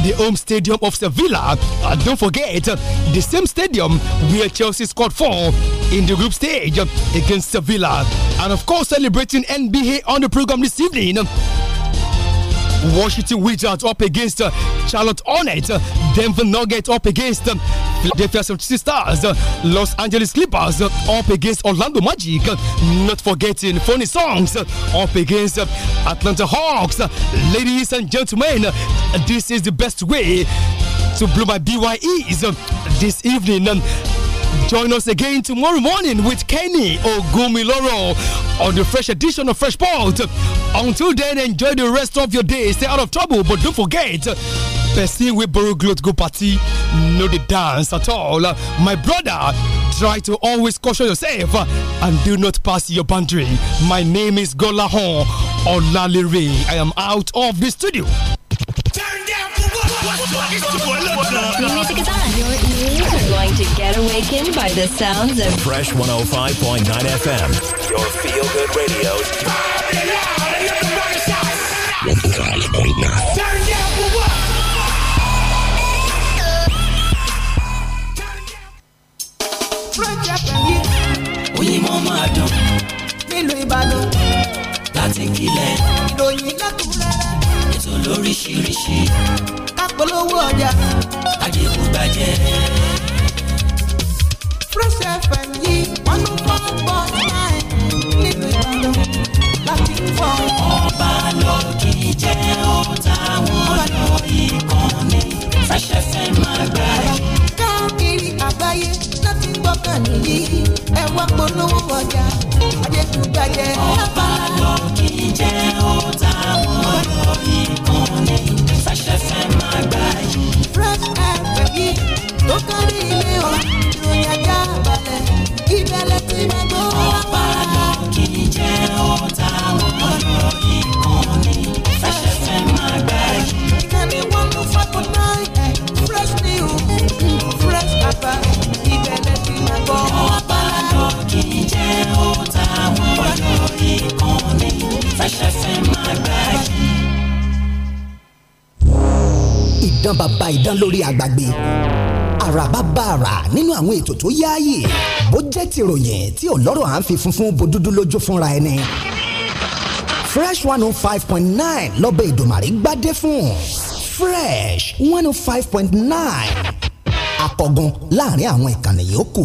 the home stadium of Sevilla. And don't forget, the same stadium where Chelsea scored four in the group stage against Sevilla. And of course, celebrating NBA on the program this evening. Washington Wizards up against Charlotte Hornets, Denver Nuggets up against the 76ers, Los Angeles Clippers up against Orlando Magic, not forgetting funny songs up against Atlanta Hawks. Ladies and gentlemen, this is the best way to blow my BYEs this evening. Join us again tomorrow morning with Kenny Ogumiloro on the fresh edition of Fresh Pulse. Until then, enjoy the rest of your day. Stay out of trouble, but don't forget person wey borrow cloth go party no the dance at all my brother try to always caution yourself and do not pass your boundary my name is golahon olalere i am out of the studio. The music is on. Your ears are going to get awakened by the sounds of Fresh 105.9 FM. Your feel good radio. 105.9. mọ́ máa dùn. nílùú Ìbàdàn. láti kílẹ̀. ìròyìn lẹ́kùnrẹ́rẹ́. ètò lóríṣiríṣi. kápolówó ọjà. àdéhùn gbàjẹ́. Fresh FM yìí wọ́n ló fọ́ pọ̀ náà nílùú Ìbàdàn láti fọ́. ọba lọ kì í jẹ́ ọ̀tá wọn lọ ìkànnì Fresh FM máa gbà yìí láyé láti gbọ́kàn nìyí ẹ wá polówó ọjà ajẹ́kùgbàjẹ́. ọba lọ kì í jẹ́ ó ta lórí ìkànnì ṣàṣẹfẹ́ máa gbà yìí. fresh air pẹ̀lú tó kárí ilé ọ ìròyìn ajá balẹ̀ ìbẹ̀lẹ̀ tí máa gbọ́. ọba lọ kì í jẹ́ ó ta lórí. ìkànnì Fresh FM àgbáyé. ìdán bàbá ìdán lórí àgbàgbé àràbá bá àrà nínú àwọn ètò tó yáàyè bó jẹ́ tìròyìn tí ọlọ́rọ̀ à ń fi funfun bo dúdú lójú fúnra ẹni. Fresh one oh five point nine lọ́bẹ̀ ìdòmàrí gbádé fún Fresh one oh five point nine àkọ́gun láàrin àwọn ìkànnì yòókù.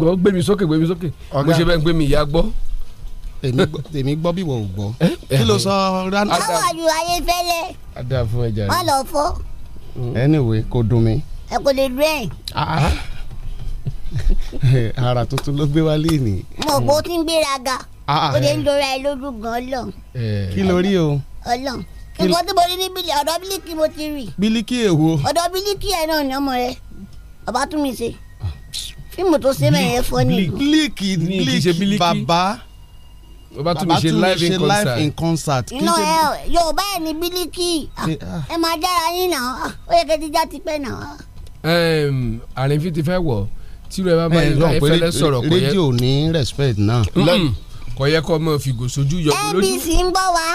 gbọ́ gbé mi sókè gbé mi sókè mo ṣe bẹ́ẹ̀ gbé mi ìyá gbọ́. èmi gbọ́ bí wọ́n ò gbọ́ eh? kí ló sọ rana. àwọn àjò ayé fẹ́lẹ́. a dáa fún ẹja rẹ. wọ́n lọ fọ́. anyway kò dùn mí. ẹ kò lè dùn ẹ. Ah, ah. ara tuntun ló gbé wálé ni. mo kò tí ń gbéraga o ah, lè ń lora ẹ lójú gan lọ. Eh. kí ló rí o. Ọlọ́run nǹkan tí mo rí ní bílíkì ọ̀dọ̀ bílíkì mo ti rí. bílíkì èwo. ọ̀dọ̀ bílíkì ẹ̀ náà ni ọmọ rẹ bàbá tún mi ṣe fíìmù tó ṣe bẹ́ẹ̀ yẹn fọ́ ni. bílíkì bílíkì bàbá bàbá tún mi ṣe live in concert. live in concert. inú ẹ yorùbá ẹ ní bílíkì ẹ máa jára yín náà ah, ó yẹ kẹ́tí já ti pẹ́ náà. àrínfín ti fẹ́ wọ̀ tí rẹ bá bá yẹn ẹ fẹ́ lẹ́ sọ̀rọ̀ kò yẹ. rédíò ní respect náà. kò yẹ kó ọmọ fìgò sójú yọ. abc ń gbọ́ wa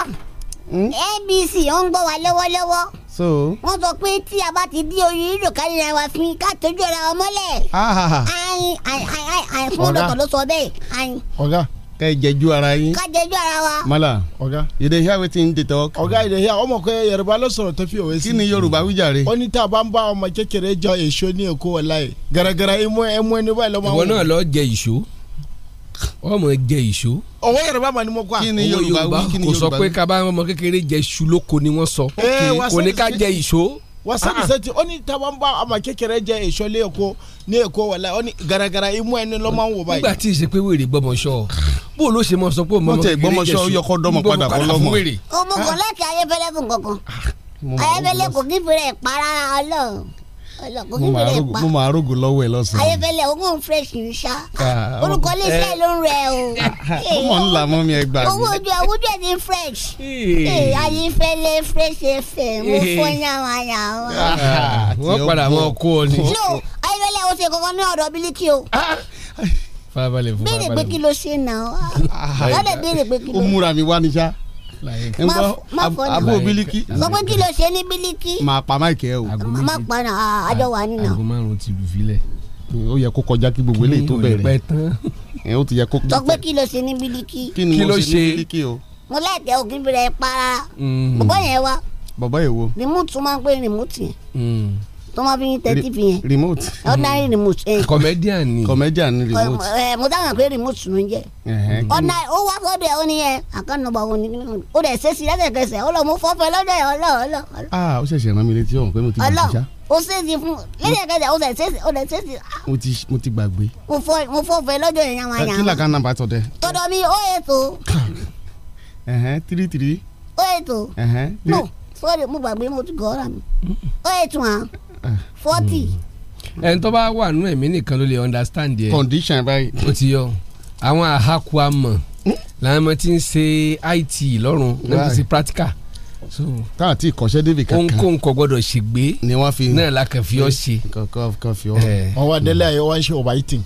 hmm? abc ó ń gbọ́ wa lọ́wọ́lọ́wọ́ wọ́n sọ pé tí a bá ti di orí rírò kárí ra wa fún ká tójú ara wa mọ́lẹ̀. ayin ọ̀gá ká jẹjú ara yín. ká jẹjú ara wa. mala ọ̀gá you dey wetin dey talk. ọ̀gá you dey ọmọ kọ yorùbá ló sọ̀rọ̀ tó fi òwe sí. kí ni yorùbá wí ó ní tá a bá ń bá ọmọ kékeré jọ èso ní èkó ọ̀la yìí gàràgàrà imú ẹmú ẹni báyìí lọ́mọ. ìwọ náà lọ jẹ ìṣó ọmọ jẹ ìṣó. ọwọ́ yorùbá mà ni mo kọ́ à. kí yorùbá wí kí yorùbá kò sọ pé kaba ọmọ kékeré jẹ iṣu lóko ni wọ́n sọ. Eh, kò ní ká jẹ ìṣó. wasabi sẹ́tì ah. ó ní táwọn bá ọmọ kékeré jẹ ìṣó lé èkó ní èkó wàlá ó ní garagara imú ẹni lọ́mọ ń wò báyìí. nígbà tí ìṣe pé wèrè gbọmọ bó ló ṣe mọ sọ pé ọmọ kékeré jẹ iṣu gbọmọ padà fún wèrè. òmùgọ̀ láti ayébẹ́lẹ́ kò mo máa rògò lọ́wọ́ ẹ lọ́sàn-án. ayẹfẹlẹ owó ń fresh ní sá ah, orúkọ iléeṣẹ́ ló ń rẹ o. Ah, ah, ó mọ̀ ń la mọ́ mi ẹ gbà mí. owó ojú owó ojú ẹ fresh. ayẹfẹlẹ fresh fm mo fọ́ yàrá yàrá. wọ́n padà mọ́ kó o ní. no ayẹfẹlẹ o ṣe kankan ní ọ̀dọ̀ bílíkì o farabalẹ̀ fún farabalẹ̀. béèrè pé kí ló ṣe náà wọ́n ó múra mi wá ní sá abo biliki. sọ pé kí ló ṣe ní biliki. máa pa máìkì ẹ o. máa pa náà àjọ wà nínú. aago márùn ti lù filẹ. ó yẹ kó kọjá kí gbogbo eléyìí tó bẹ̀rẹ̀ ó ti yẹ kó. sọ pé kí ló ṣe ní biliki. kí ni mo ṣe ní biliki o. mo láìpẹ́ ògiri rẹ̀ para mm-hmm. bọ̀bọ̀ yẹn wá. bọ̀bọ̀ yẹn wo. rìmúùtù máa ń pè rìmúùtù yẹn. Mm tó máa fi tẹ́tí fi yẹn. remote. ordinary mm-hmm. remote. Eh. comedian ni. comedian ni remote. ẹ eh, mo dáhùn pé remote ló ń jẹ. ordinary ó wá sọ́dọ̀ ẹ̀ ó ní yẹn àkànnàbọ̀ ó ní ó dẹ̀ ṣe sí lẹ́sẹ̀kẹsẹ̀ ó lọ mú fọ́fẹ́ lọ́dọ̀ ẹ̀ ọlọ́ ọlọ́. ah ó ṣẹ̀ṣẹ̀ rán mi létí ọ̀hún pé mo ti gbàgbé ṣá. o ṣe ti fún lẹ́sẹ̀kẹsẹ̀ o ṣe o lè ṣe ti. Ah. mo ti mo ti gbàgbé. mo fọ́fẹ́ lọ́dọ̀ ẹ̀ yàmà eh, yàmà. kí mo gbàgbé mo ti gọ́ ọ́ra mi. ó ètò hàn. Ah forty. Hmm. ẹni tó bá wà nínú ẹ̀mí nìkan ló lè understand yẹ. condition báyìí. ó ti yọ àwọn àhakù amọ̀ làwọn ọmọ tí ń ṣe IT lọ́rùn náà ti ṣe practical so tá a ti kọ́ṣẹ́ débi kankan ohunkóhun kò gbọ́dọ̀ ṣègbè ni wọ́n fi náà la kàn fi ọ́ ṣe. kàn fi ọ́ eh. wọn wá délé ayé wọn ṣe ọba ìtì.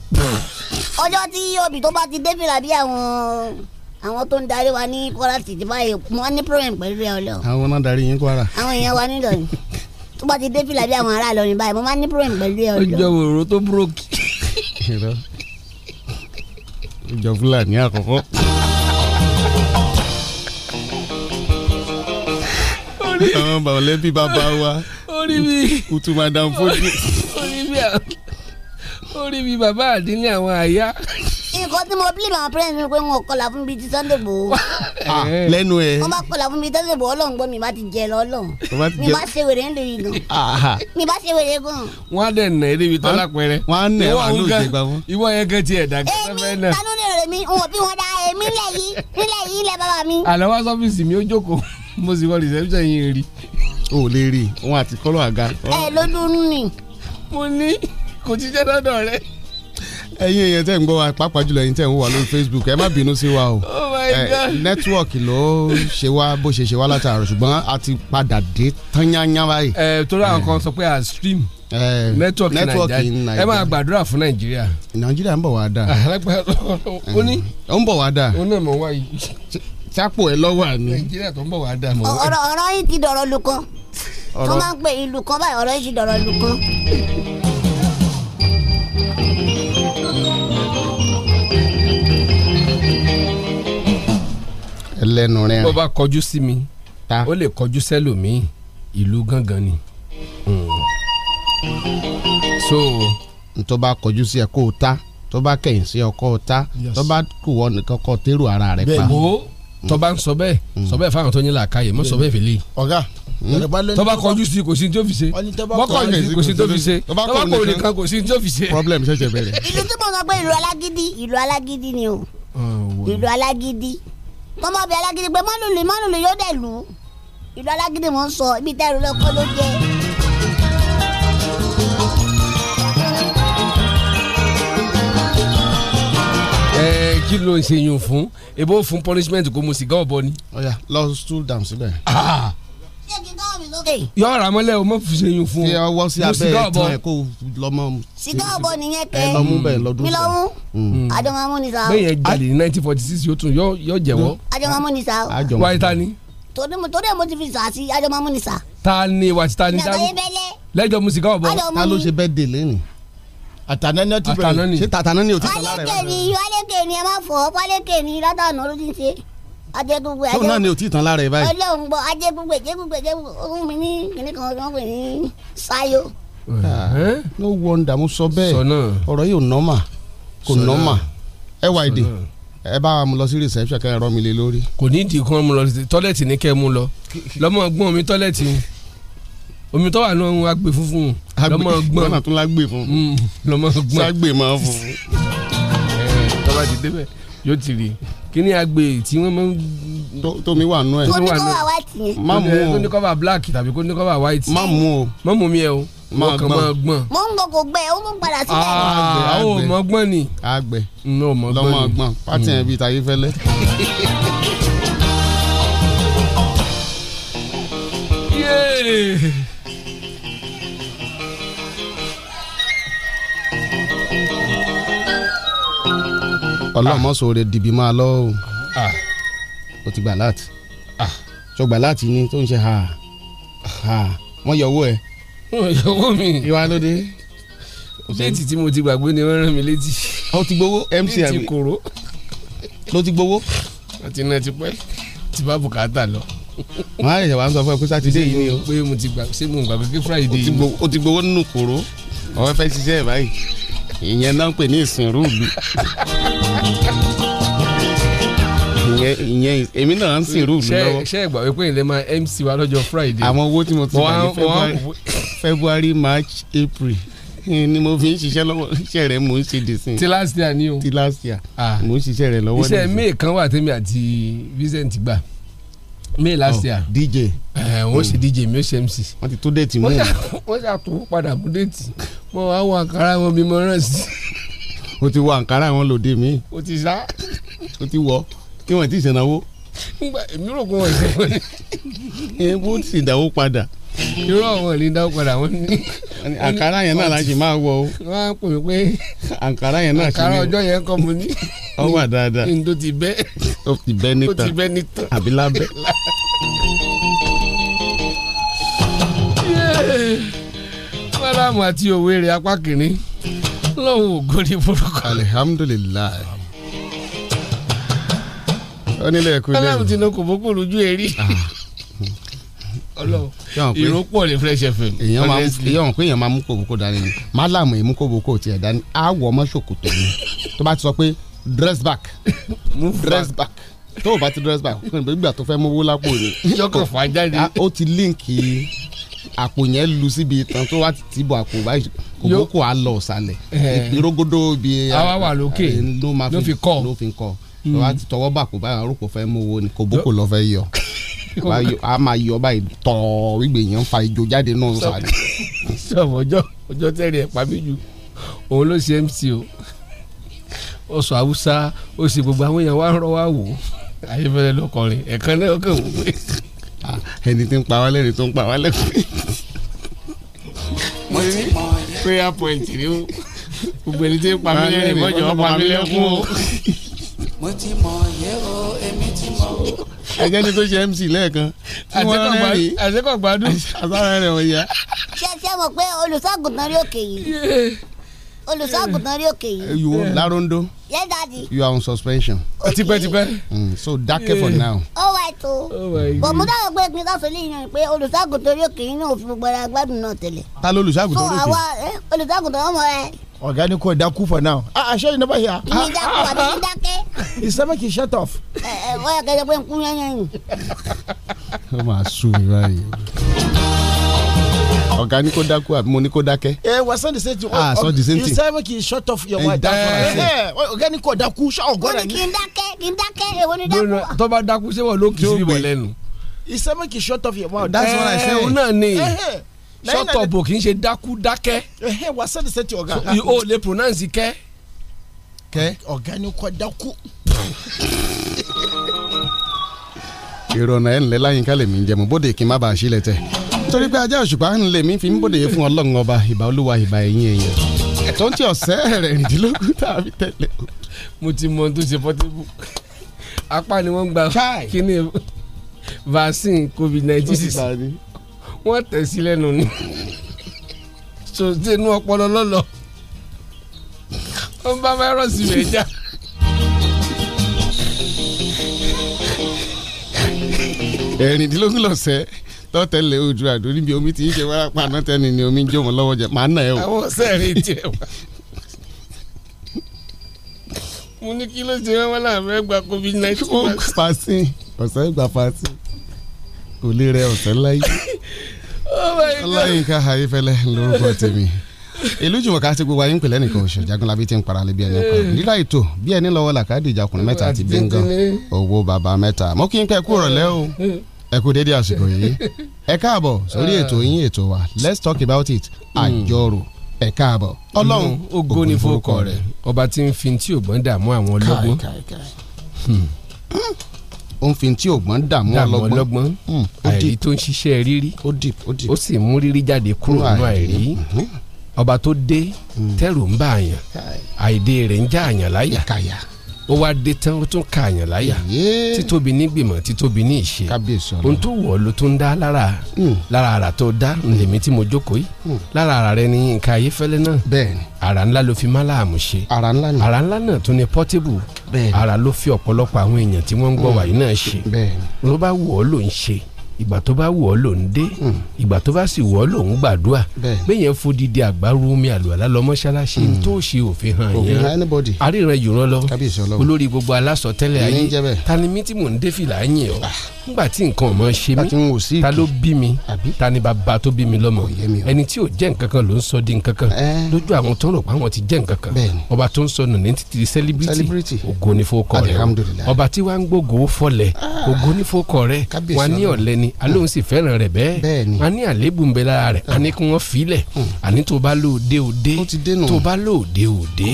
ọjọ́ tí obì tó bá ti débi làbí àwọn àwọn tó ń darí wa ní Kwara tìtì báyìí wọ́n ní problem pẹ̀lú ẹ̀ ọlọ́. àwọn náà darí yín Kwara. àwọn èèyàn wa nílò ni. tó bá ti dé fìlà bí àwọn ará Ìlọrin báyìí mo máa ní problem pẹ̀lú ẹ ọjọ́. ọjọ́ òróró tó búrọ́kì. ọjọ́ Fúlàní àkọ́kọ́. àwọn mọ̀lẹ́bí bàbá wa kutu madam fojú. orí mi bàbá àdínní àwọn àyà nǹkan tí mo bílíìmù àwọn pẹ́rẹ́ǹsì mi pé wọn ò kọlà fún mi ti Sunday Igboho. Ah, lẹ́nu ẹ̀. wọ́n bá kọlà fún mi ti Sunday Igboho ọlọ́run gbọ́ mi bá ti jẹ lọ́lọ́run mi bá ṣe wèrè ń lè yí gan mi bá ṣe wèrè gan. wọ́n á dẹ̀ nà é débi tọ́lá pẹ́rẹ́. wọ́n á nà é wà ló jẹ gbà fún. ìwọ yẹn kẹ́ tiẹ̀ dàgbà sẹ́fẹ́ náà. èmi tanú ni rèmi n ò bí wọn da èmi nílẹ̀ yìí nílẹ̀ yìí ilẹ̀ bàbá mi. àlọ́ wá sọ́fíìsì mi ó jókòó mo sì wọ reception yìí rí. o ò lè rí wọn àti kọ́lọ́ àga. ẹ lọ́dún ni. mo ní kò ti jẹ́ dọ́dọ̀ rẹ̀. Eyi èèyàn tẹ́ ń gbọ́ wa pàápàá jùlọ lórí Facebook ẹ má bínú sí wa o oh nẹ́tíwọ̀kì ló ṣe wá bó ṣe ṣe a ti padà dé ẹ torí àwọn kan sọ pé a stream network naija ẹ máa gbàdúrà fún nàìjíríà. nàìjíríà ń bọ̀ wá ó ní. ó ń bọ̀ wá ó náà mọ̀ wá yìí. sápò ẹ lọ́wọ́ àná. nàìjíríà tó ti dọ̀rọ̀ lukọ tó máa ń pè ìlú kan báyìí ti dọ̀rọ̀ lukọ. ẹlẹ́nu rẹ̀. tó bá kọjú sí mi ó lè kọjú sẹ́lòmíì ìlú gangan ni. Hmm. so. tó bá kọjú sí ẹ kó o ta tó bá kẹ̀yìn sí ọkọ ta tó bá kù wọ́n nìkan kọ́ tẹ́rù ara rẹ̀ pa. wo tó bá ń sọ bẹ́ẹ̀ hmm. sọ bẹ́ẹ̀ fáwọn tó ní làákàyè mọ́ sọ bẹ́ẹ̀ fìlì. ọ̀gá hmm? tó bá kọjú sí kò sí ní tó fi ṣe bọ́kọ̀ yìí kò sí ní tó fi ṣe tó bá kọ̀ òní kan kò sí ní tó fi ṣe. problem ṣẹ̀ṣẹ̀ bẹ̀rẹ̀. ìlú tí mo sọ pé ìlú alágídí ìlú alágídí ni o ah, ìlú alágídí mọ́mọ́ bíi alágídí pé mọ́lùlù mọ́lùlù yóò dẹ̀ lù ú ìlú alágídí mò sọ ibi tẹ́rù lọ́kọ́ ló jẹ́. ẹ kí ló ń ṣe yun fún ebo fún punishment kò mu sìgá ọ̀bọ ni. ọ̀ya lọ stool down síbẹ̀. Ah, yọ ọ̀rọ̀ amọ́lẹ̀ o mọ̀ fùsẹ̀ yín fún o. kí ọwọ́ sí abẹ́ ìtàn ẹ̀ kó lọ́mọ. sìgá ọ̀bọ nìyẹn tẹ ẹmu bẹ́ẹ̀ lọ́dún sọ mi lọ́mú mm. àjọmọ́mú ni sa. bẹ́ẹ̀ yẹn jalè ní nineteen forty six yóò tún yọ jẹ̀wọ́. Mm. àjọmọ́mú ni sa. wáyé ta ni. torí ẹ̀ mo ti fi sà sí àjọmọ́mú ni sa. ta ni wàtí ta ni dáhùn lẹ́jọ́ mu sìgá ọ̀bọ. ta ló ṣe bẹ́ẹ̀ dè lẹ́nìí àtànání ọtí bẹ̀rẹ̀ ṣé tàtànání ò ti sọ lára ẹ̀. wálé kèmí wálé kèmí ẹ má fọ wálé kèmí látàánú ló ti ṣe ajẹgúngbẹ ajẹgúngbẹ. tó náà ni o ti tán lára ẹ báyìí. ọlọ́run bọ ajẹgúngbẹ jẹgúngbẹ jẹgúngbẹ ohun mi ní kíní kan wọ́n pè ní sayo. no wonder mo sọ bẹ́ẹ̀ ọ̀rọ̀ yìí ò nọ́mà kò nọ́mà ẹ wá èdè ẹ bá wa mu lọ sí reception kẹ́ ẹ rọ́ mi lé lórí. kò ní ìdí kan mu lọ tọ́lẹ̀tì ní kẹ́ ẹ mu lọ lọ́mọ gbọ́n omi tọ́lẹ̀tì omi tó wà lóhun agbe funfun lọ́mọ gbọ́n lọ́mọ tó lágbe fún mm, lọ́mọ gbọ́n ságbe máa fún tọ́ba ti débẹ̀ yóò ti rí kíní agbe tí wọ́n máa ń. tómi wà nù ẹ. tó ní kọ́wà white yẹn. má mú o tó ní kọ́wà black tàbí kó ní kọ́wà white. má mú o. má mú mi ẹ o. má gbọ́n má gbọ́n. mo ń gbọ́kọ̀ gbẹ ó mú padà sílẹ̀. Ah, àgbẹ̀ àwọn ò mọ gbọ́n ni. àgbẹ̀ lọ́mọ gbọ́n pátì yẹn bíi tayé fẹ́lẹ́. Yeah. ọlọ́mọ̀sọ̀rẹ́ dìbì máa lọ o o ah. ti gbà láti sọ ah. gbà láti ni tó ń ṣe ha ha wọ́n yọ owó ẹ̀. wọ́n yọ owó mi. ìwà ló dé. létí tí mo ti gbàgbé ni wọ́n rán mi létí. ó ti gbowó mc àbí létí koro. ló ti gbowó. wọ́n ti ti pẹ́ ti bá bùkátà lọ wọ́n á yẹ̀ wá ń sọ fún ẹ pé sátidé yìí ni o. pé mo ti gbà ṣé mo gbà pé friday yìí ni. o ti gbowó nínú kòró ọ̀rẹ́ fẹ́ ṣiṣẹ́ ẹ̀ báyìí ìyẹn náà ń pè ní ìsìn rúùlù ìyẹn ìyẹn èmi náà ń sìn rúùlù lọ́wọ́. ṣé ẹgbà wípé ilẹ̀ máa MC wa lọ́jọ́ Friday. àwọn owó tí mo ti gbà ní February March April ni mo fi ń ṣiṣẹ́ lọ́wọ́ iṣẹ́ rẹ̀ mò ń ṣe dèsìn. ti last year ni o. ti last year mò ń ṣiṣẹ́ rẹ̀ lọ́wọ́ dèsìn. iṣẹ́ may kan wà tèmi àti Vincent gbà may last oh, year. DJ. ẹ wọ́n ṣe oh. DJ mi ó ṣe MC. wọ́n ti tó déètì mú un. wọ́n ṣàtúwò padà mú déètì wọ́n wá wọ àkàrà wọn bí mo rán sí i o ti wọ àǹkárá àwọn lòdì mi o ti sá o ti wọ kí wọn ti ṣènáwó èmi rò pé wọn ìṣèwọ ni èmi ó sì dáwó padà irú àwọn ìlú dáwó padà wọn ní. àǹkárá yẹn náà la ṣì máa wọ o. wọn á pè mí pé àǹkárá yẹn náà ṣì ní. àǹkárá ọjọ́ yẹn kọ́ mu ní. ó wà dáadáa ti bẹ́. ó ti bẹ́ níta ó ti bẹ́ níta àbí lábẹ́. mọ́dàmù àti òwe rẹ̀ apá kìíní ọlọ́run ògo ni forúkọ. alihamudulilayi onílẹ̀ ẹ̀kú lẹ́yìn ọlọ́run ti ní kò bókun lójú èrí ah. ọlọ́run ìrópọ̀ ní fresh fm honestly èèyàn pé èèyàn máa mú kòbókò dání ni málàmù yìí mú kòbókò tiẹ̀ dání àwọ̀ ọmọ ṣòkòtò ni tó bá ti sọ pé dress back dress back tó o bá ti dress back kò ní gbà tó fẹ́ mówó lápò ni. yọkọ̀ fàájà ni. ó ti líǹkì àpò yẹn lu síbi ìtàn tó wá ti bọ̀ àpò báyìí kò bókò á lọ ọ̀sàlẹ̀ ìrógódó bi àwa wà lókè ló fi kọ́ ló fi kọ́ lọ́wọ́ hmm. àti tọwọ́ bà kò báyìí àrùkò fẹ́ mú owó ni kò bókò lọ́ fẹ́ yọ a máa yọ báyìí tọ̀ ìgbè yẹn ń fa ìjó jáde náà sàlẹ̀. sọ̀rọ̀ ọjọ́ ọjọ́ tẹ̀rẹ̀ ẹ̀ pàmí ju òun ló ṣe MC o ó sọ haúsá ó sì gbogbo àwọn èèyàn wá ń rọ wá wò ó ayé fẹ́rẹ́ lọ́kọ̀ọ́rin ẹ̀kan náà ó kàn ẹni tí ń pa wálé rè tó ń pa wálé pé mo ní prayer point ni o gbogbo ẹni tí ń pa mí lẹ́rìn mọ́jọ́ ọ́ pa mí lẹ́kún o. mo ti mọ yẹ o èmi ti mọ. ẹgẹ́ ni tó ṣe MC lẹ́ẹ̀kan tí wọ́n rẹ́rìn àṣekọ̀gbádùn ṣé ṣé mo pé olùṣọ́àgùntàn rí òkè yìí olùṣọ́àgùntàn eh. rí òkè yìí. Eh, you eh. yeah. larondo. yes daddy. you are on suspension. okay oh, tipẹ́tipẹ́. Mm, so dákẹ́ yeah. for now. ó wà ètò bọ̀múdà yóò gbé mi lọ́sọ̀ lẹ́yìn rẹ̀ pé olùṣọ́àgùntàn rí òkè yìí náà òfin gbogbo ara gbádùn náà tẹ̀lé. ta ló olùṣọ́àgùntàn rí òkè. so àwa olùṣọ́àgùntàn ọmọ rẹ. ọ̀gá ni kò dákú for now. ah, ah ṣé ìnáwó yà. mi dákú àbí mi dákẹ́. ìsẹ́mẹ̀ kì í shut off. ẹ ẹ wọ́n yà kẹ́kẹ́ pé nkú yẹn yẹn. ó máa sùn mi báyìí ọ̀gá ni kò dákú àbí mo ni kò dákẹ́. ẹ wà sọ the ah sọ the you say make you shut off your wife. ẹ ẹ ọ̀gá ni kò dákú ṣọ ọ̀gá rẹ ni. kì í dákẹ́ kì í dákẹ́ èwo ni dákú. tó bá dákú ṣé ló kì í síbí bọ̀ lẹ́nu. you say make you shut off your wife. that's what I say. ẹ ẹ náà ni eh, eh. shut up kì í ṣe dákú dákẹ́. ẹ wà sọ the same thing ọ̀gá. pronounce kẹ́. kẹ́ ọ̀gá ni kò dákú ìrọ̀nà ẹ̀ ńlẹ́ láyínká lèmi ń jẹun bóde kí n má bàa sílẹ̀ tẹ̀ torí pé ajá òṣùpá ń lè mí fi ń bòde fún ọlọ́run ọba ìbà olúwa ìbà ẹ̀yìn èèyàn tó ń tí ọ̀sẹ́ ẹ̀rẹ̀rìndínlógún tàbí tẹ̀lé mo ti mọ tó ṣe pọ́tébù apá ni wọ́n gba kíní vaccine covid nineteen wọ́n tẹ̀ sí lẹ́nu ni sòtẹ́nu ọpọlọ lọ́lọ́ wọ́n bá fáírọ́ọ̀sì rẹ̀ já. ẹ̀rìndínlógún lọ́sẹ̀ tọ́ tẹ́lẹ̀ Oòduà àdórí bí omi ti ń ṣe wárápá náà tẹ́ni ni omi ń jó lọ́wọ́ jẹ màá nà ẹ́ o. àwọn sẹ́ẹ̀rì tiẹ̀ wá. mo ní kí ló ṣe wọn láàbẹ̀ gba covid nineteen. ó fasin ọ̀sẹ̀ gba fasin kò lè rẹ ọ̀sẹ̀ láyé oh ọláyínká ayéfẹ́lẹ́ lórúkọ tèmi ìlú jùmọ̀ ká ti gbogbo ayé ń pèlẹ́ nìkan oṣù jagunlabi ti ń para lé bí ẹni pa hmm. nílá ètò bí ẹni lọ́wọ́ làkàdé ìjàkùnrin mẹ́ta àti bíngàn owó bàbá mẹ́ta mọ́kí ń pẹ́ kúrò lẹ́ o. Hmm ẹ kú dédé àsìkò yìí ẹ káàbọ̀ sórí ètò yín ètò wa let's talk about it àjọrò ẹ káàbọ̀ ọlọ́run ògo mm, ni forúkọ rẹ̀ ọba tí ń fi tí ògbọ́n dààmú àwọn ọlọ́gbọ́n hmm. ó ń fi tí ògbọ́n dààmú ọlọ́gbọ́n hmm. àìrí tó ń ṣiṣẹ́ rírí ó sì mú rírí jáde kúrò nínú àìrí hmm. ọba tó dé tẹ̀rù ń bá àyàn àìdè rẹ̀ ń já àyàn láyà ó wá dé tán ó tún kààyàn láyà títóbi nígbìmọ̀ títóbi ní ìṣe ohun tó wọ̀ ló tún dá lára hmm. lára ara tó dá lèmi tí mo jókòó yìí hmm. lára ara rẹ ní nǹkan ayéfẹ́lẹ́ náà ara ńlá ló fi má láàmú ṣe ara ńlá náà tún ní portable ara ló fi ọ̀pọ̀lọpọ̀ àwọn èèyàn tí wọ́n ń gbọ́ hmm. wàyí náà ṣe ló bá wọ̀ ọ́ ló ń ṣe ìgbà tó bá wù ọ́ ló ń dé hmm. ìgbà tó bá sì wù ọ́ ló ń gbàdúrà bẹ́yẹn fodidi àgbárù omi àlùwàlá lọ mọ́ṣáláṣí hmm. tó ṣe òfin hàn yẹn àríran jùlọ lọ olórí gbogbo alásọ tẹ́lẹ̀ ayé tani mi tí mò ń dé fìlà yín o ah. ngbà tí nǹkan ọmọ ṣe mí ta ló bí mi ta ni bàbá tó bí mi lọ́mọ ẹni tí ò jẹ́ nǹkan kan ló ń sọ di nǹkan kan eh. lójú àwọn tó ń rò pé àwọn ti jẹ́ nǹkan kan ọba tó ń sọ ní títí sẹ́líbírìtì ògo ní fowókọ rẹ ọba tí wàá ń gbógo fọlẹ̀ ah. ògo ní fowókọ rẹ wàá ní ọ̀lẹ́ni ni alóhùn sì fẹ́ràn rẹ̀ bẹ́ẹ̀ a ní àléébù ń bẹ lára rẹ̀ a ní kí wọ́n filẹ̀ àní hmm. tó bá lóde òde tó bá lóde òde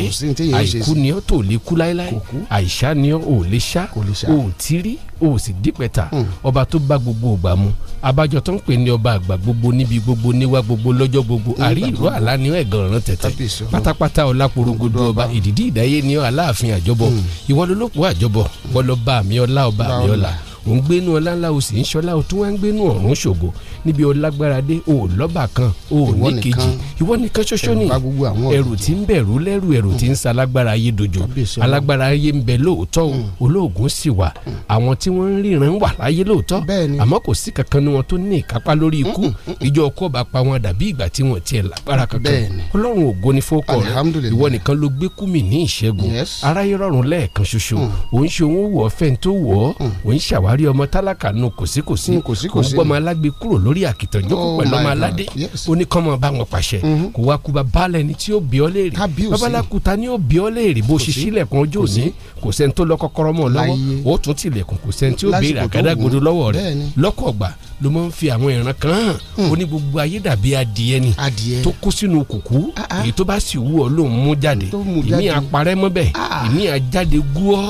àìkú ni ọ́ tó lè kú láéláé àìsá ni ọ́ ò lè sá ò tírí ò sì dípẹ̀ta hmm. ọba tó bá gbogbo ògbà mu abájọ tó ń pè ní ọba àgbà gbogbo níbi gbogbo níwá gbogbo lọ́jọ́ gbogbo àrí ìró àlá ni ó ẹ̀gàn ọ̀ràn tẹ̀tẹ̀ pátápátá ọláporogodo ọba ìdìdí ìdáyé ni ó aláàfin àjọbọ hmm. ìwọ ló lóko àjọbọ wọ́n lọ bá àmì ọlá ọba àmì ọlá ò ń gbénu ọlá ńlá o sì ń ṣọlá o tún wá ń gbénu ọ̀run ṣògo níbi o o lọ́ba kan o ní ìwọ nìkan ṣoṣo ni ẹrù tí ń bẹ̀rù lẹ́rù ẹrù tí ń sa alágbára ayé dojo alágbára ayé ń bẹ lóòótọ́ o mm. olóògùn sì wà mm. àwọn tí wọ́n ń ríran wà láyé lóòótọ́ àmọ́ kò sí kankan ni wọn tó ní ìkápá lórí ikú mm, ìjọ ọkọ bá pa wọn dàbí ìgbà tí wọn tiẹ̀ lágbára kankan ọlọ́run ògo ni fọ́kọ ìwọ nìkan buhari ọmọ tálákà nu kòsíkòsí òun mm, gbọ́mọ alágbe kúrò lórí àkìtàn jókòó oh pẹ̀lú ọmọ aládé oníkànmọ́ bá wọn pàṣẹ mm-hmm. kò wá kú babalẹ̀ ni tí ó bí ọ léèrè babalakuta ni ó bí ọ léèrè bó ṣe sílẹ̀kùn ọjọ́ òní kò sẹ́ni tó lọ kọ́kọ́rọ́ mọ́ lọ́wọ́ ó tún tilẹ̀kùn kò sẹ́ni tí ó béèrè àgádágodo lọ́wọ́ rẹ̀ lọ́kọ̀ọ̀gbà ló máa ń fi àwọn ìran kan hàn hmm. ó ní gbogbo ayé dàbí adìẹ ni tó kó sínú kùkú ah, ah. èyí tó bá sì wú ọ ló ń mú jáde ìmí àparẹ́ mọ́bẹ̀ ah. ìmí àjáde gúọ́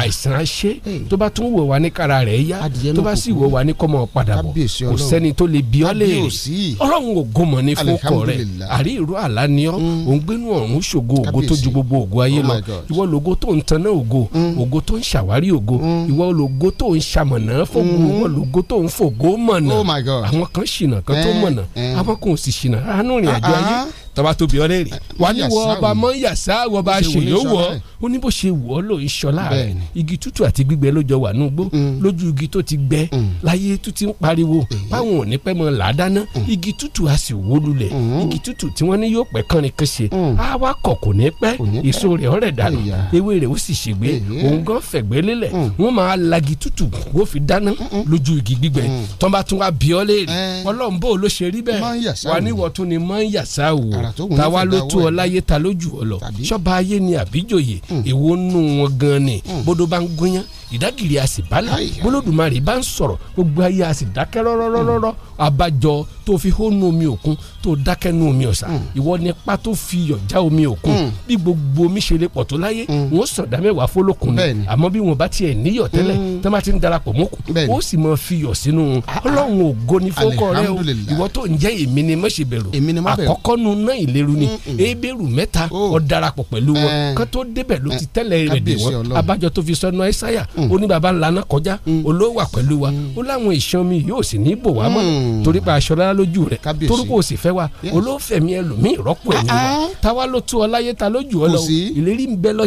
àìsàn á ṣe tó bá tún wọ̀ wá ní kára ara rẹ̀ yá tó bá sì wọ wa ní kọ́mọ padà bọ̀ kò sẹ́ni tó lè bí ọ léèrè ọlọ́run ògo mọ̀ ní fọkọ rẹ̀ àrí ìró àlá ni ọ́ mm. òun gbénu ọ̀run ṣògo ògo tó ju gbogbo ògo ayé oh lọ ìwọ lógo tó ń tanná ògo mm. ògo tó ń ṣàwárí ògo mm. ìwọ lógo tó ń ṣamọ̀nà fògo ìwọ lógo tó ń fògo mọ̀nà oh àwọn kan ṣìnà kan tó eh, mọ̀nà eh. àwọn kan ò sì ṣìnà àánú ìrìn àjò uh-uh. ayé tọ́ba tó bí ọ léèrè wà ní wọ ọba mọ yàsá wọ ọba ṣèlú wọ ó ní bó ṣe wọ ló ń ṣọlá rẹ igi tútù àti gbígbẹ ló jọ wà núgbó mm. lójú igi tó ti gbẹ mm. láyé tó ti ń pariwo mm. báwọn ò ní pẹ́ mọ làádáná igi tútù a sì wó lulẹ̀ igi tútù tí wọ́n ní yóò pẹ́ kán ni kán ṣe á wá kọ̀ kò ní pẹ́ èso rẹ̀ ọ̀rẹ́ dànù ewé rẹ̀ ó sì ṣègbè òun gan fẹ̀gbẹ́ lélẹ̀ wọ́n máa lagi tútù wọ́n fi dáná lójú igi gbígbẹ tọ́ba tún wá bí ọ léèrè eh. ọlọ́run bó ló ṣe rí bẹ́ẹ̀ wà ní wọ́n ni mọ́ yàsá wò táwa ló tú ọ láyé ta lójú ọ lọ ṣọba ayé ni àbíjòyè hmm. èwo nù wọn gan ni hmm. bódó bá ń gúnyán ìdágìrì a sì bálẹ̀ bólódùmarè bá ń sọ̀rọ̀ gbogbo ayé a sì dákẹ́ rọ́rọ́rọ́rọ́ mm. abájọ tó fi hónú omi òkun tó dákẹ́ nú omi ọ̀sà mm. ìwọ ni pa tó fi yọ̀já omi òkun mm. bí gbogbo omi ṣe lè pọ̀ tó láyé wọ́n sọ̀dá mẹ́wàá fọlọ́kùn ni àmọ́ bí wọn bá tiẹ̀ níyọ̀ tẹ́lẹ̀ tó má ti ń darapọ̀ mọ́kù ó sì mọ fiyọ̀ sínú ah, ah. ọlọ́run ògo ni fọ́kọ rẹ o ìwọ tó ń jẹ́ èmi ni má ṣe bẹ̀rù àkọ́kọ́ nu náà ìléru ni ebéèrú mẹ́ta oh. ó pẹ̀lú wọn eh. kán tó débẹ̀ ló ti eh. tẹ́lẹ̀ rẹ̀ dè wọ́n abájọ tó fi sọ́nà ẹ́sáyà Mm. ó ní baba ńlá náà kọjá olówó mm. wà pẹ̀lú wa mm. ó láwọn ìṣan mi yóò sì ní bò wá mọ́ torí pa aṣọ rárá lójú rẹ̀ torí kò sì fẹ́ wa olóòfẹ́ mi ẹlòmíì rọ́pò ẹ̀mí wa ah, ah. táwa ló tú ọ láyé ta lójú ọ lọ ìlérí ń bẹ lọ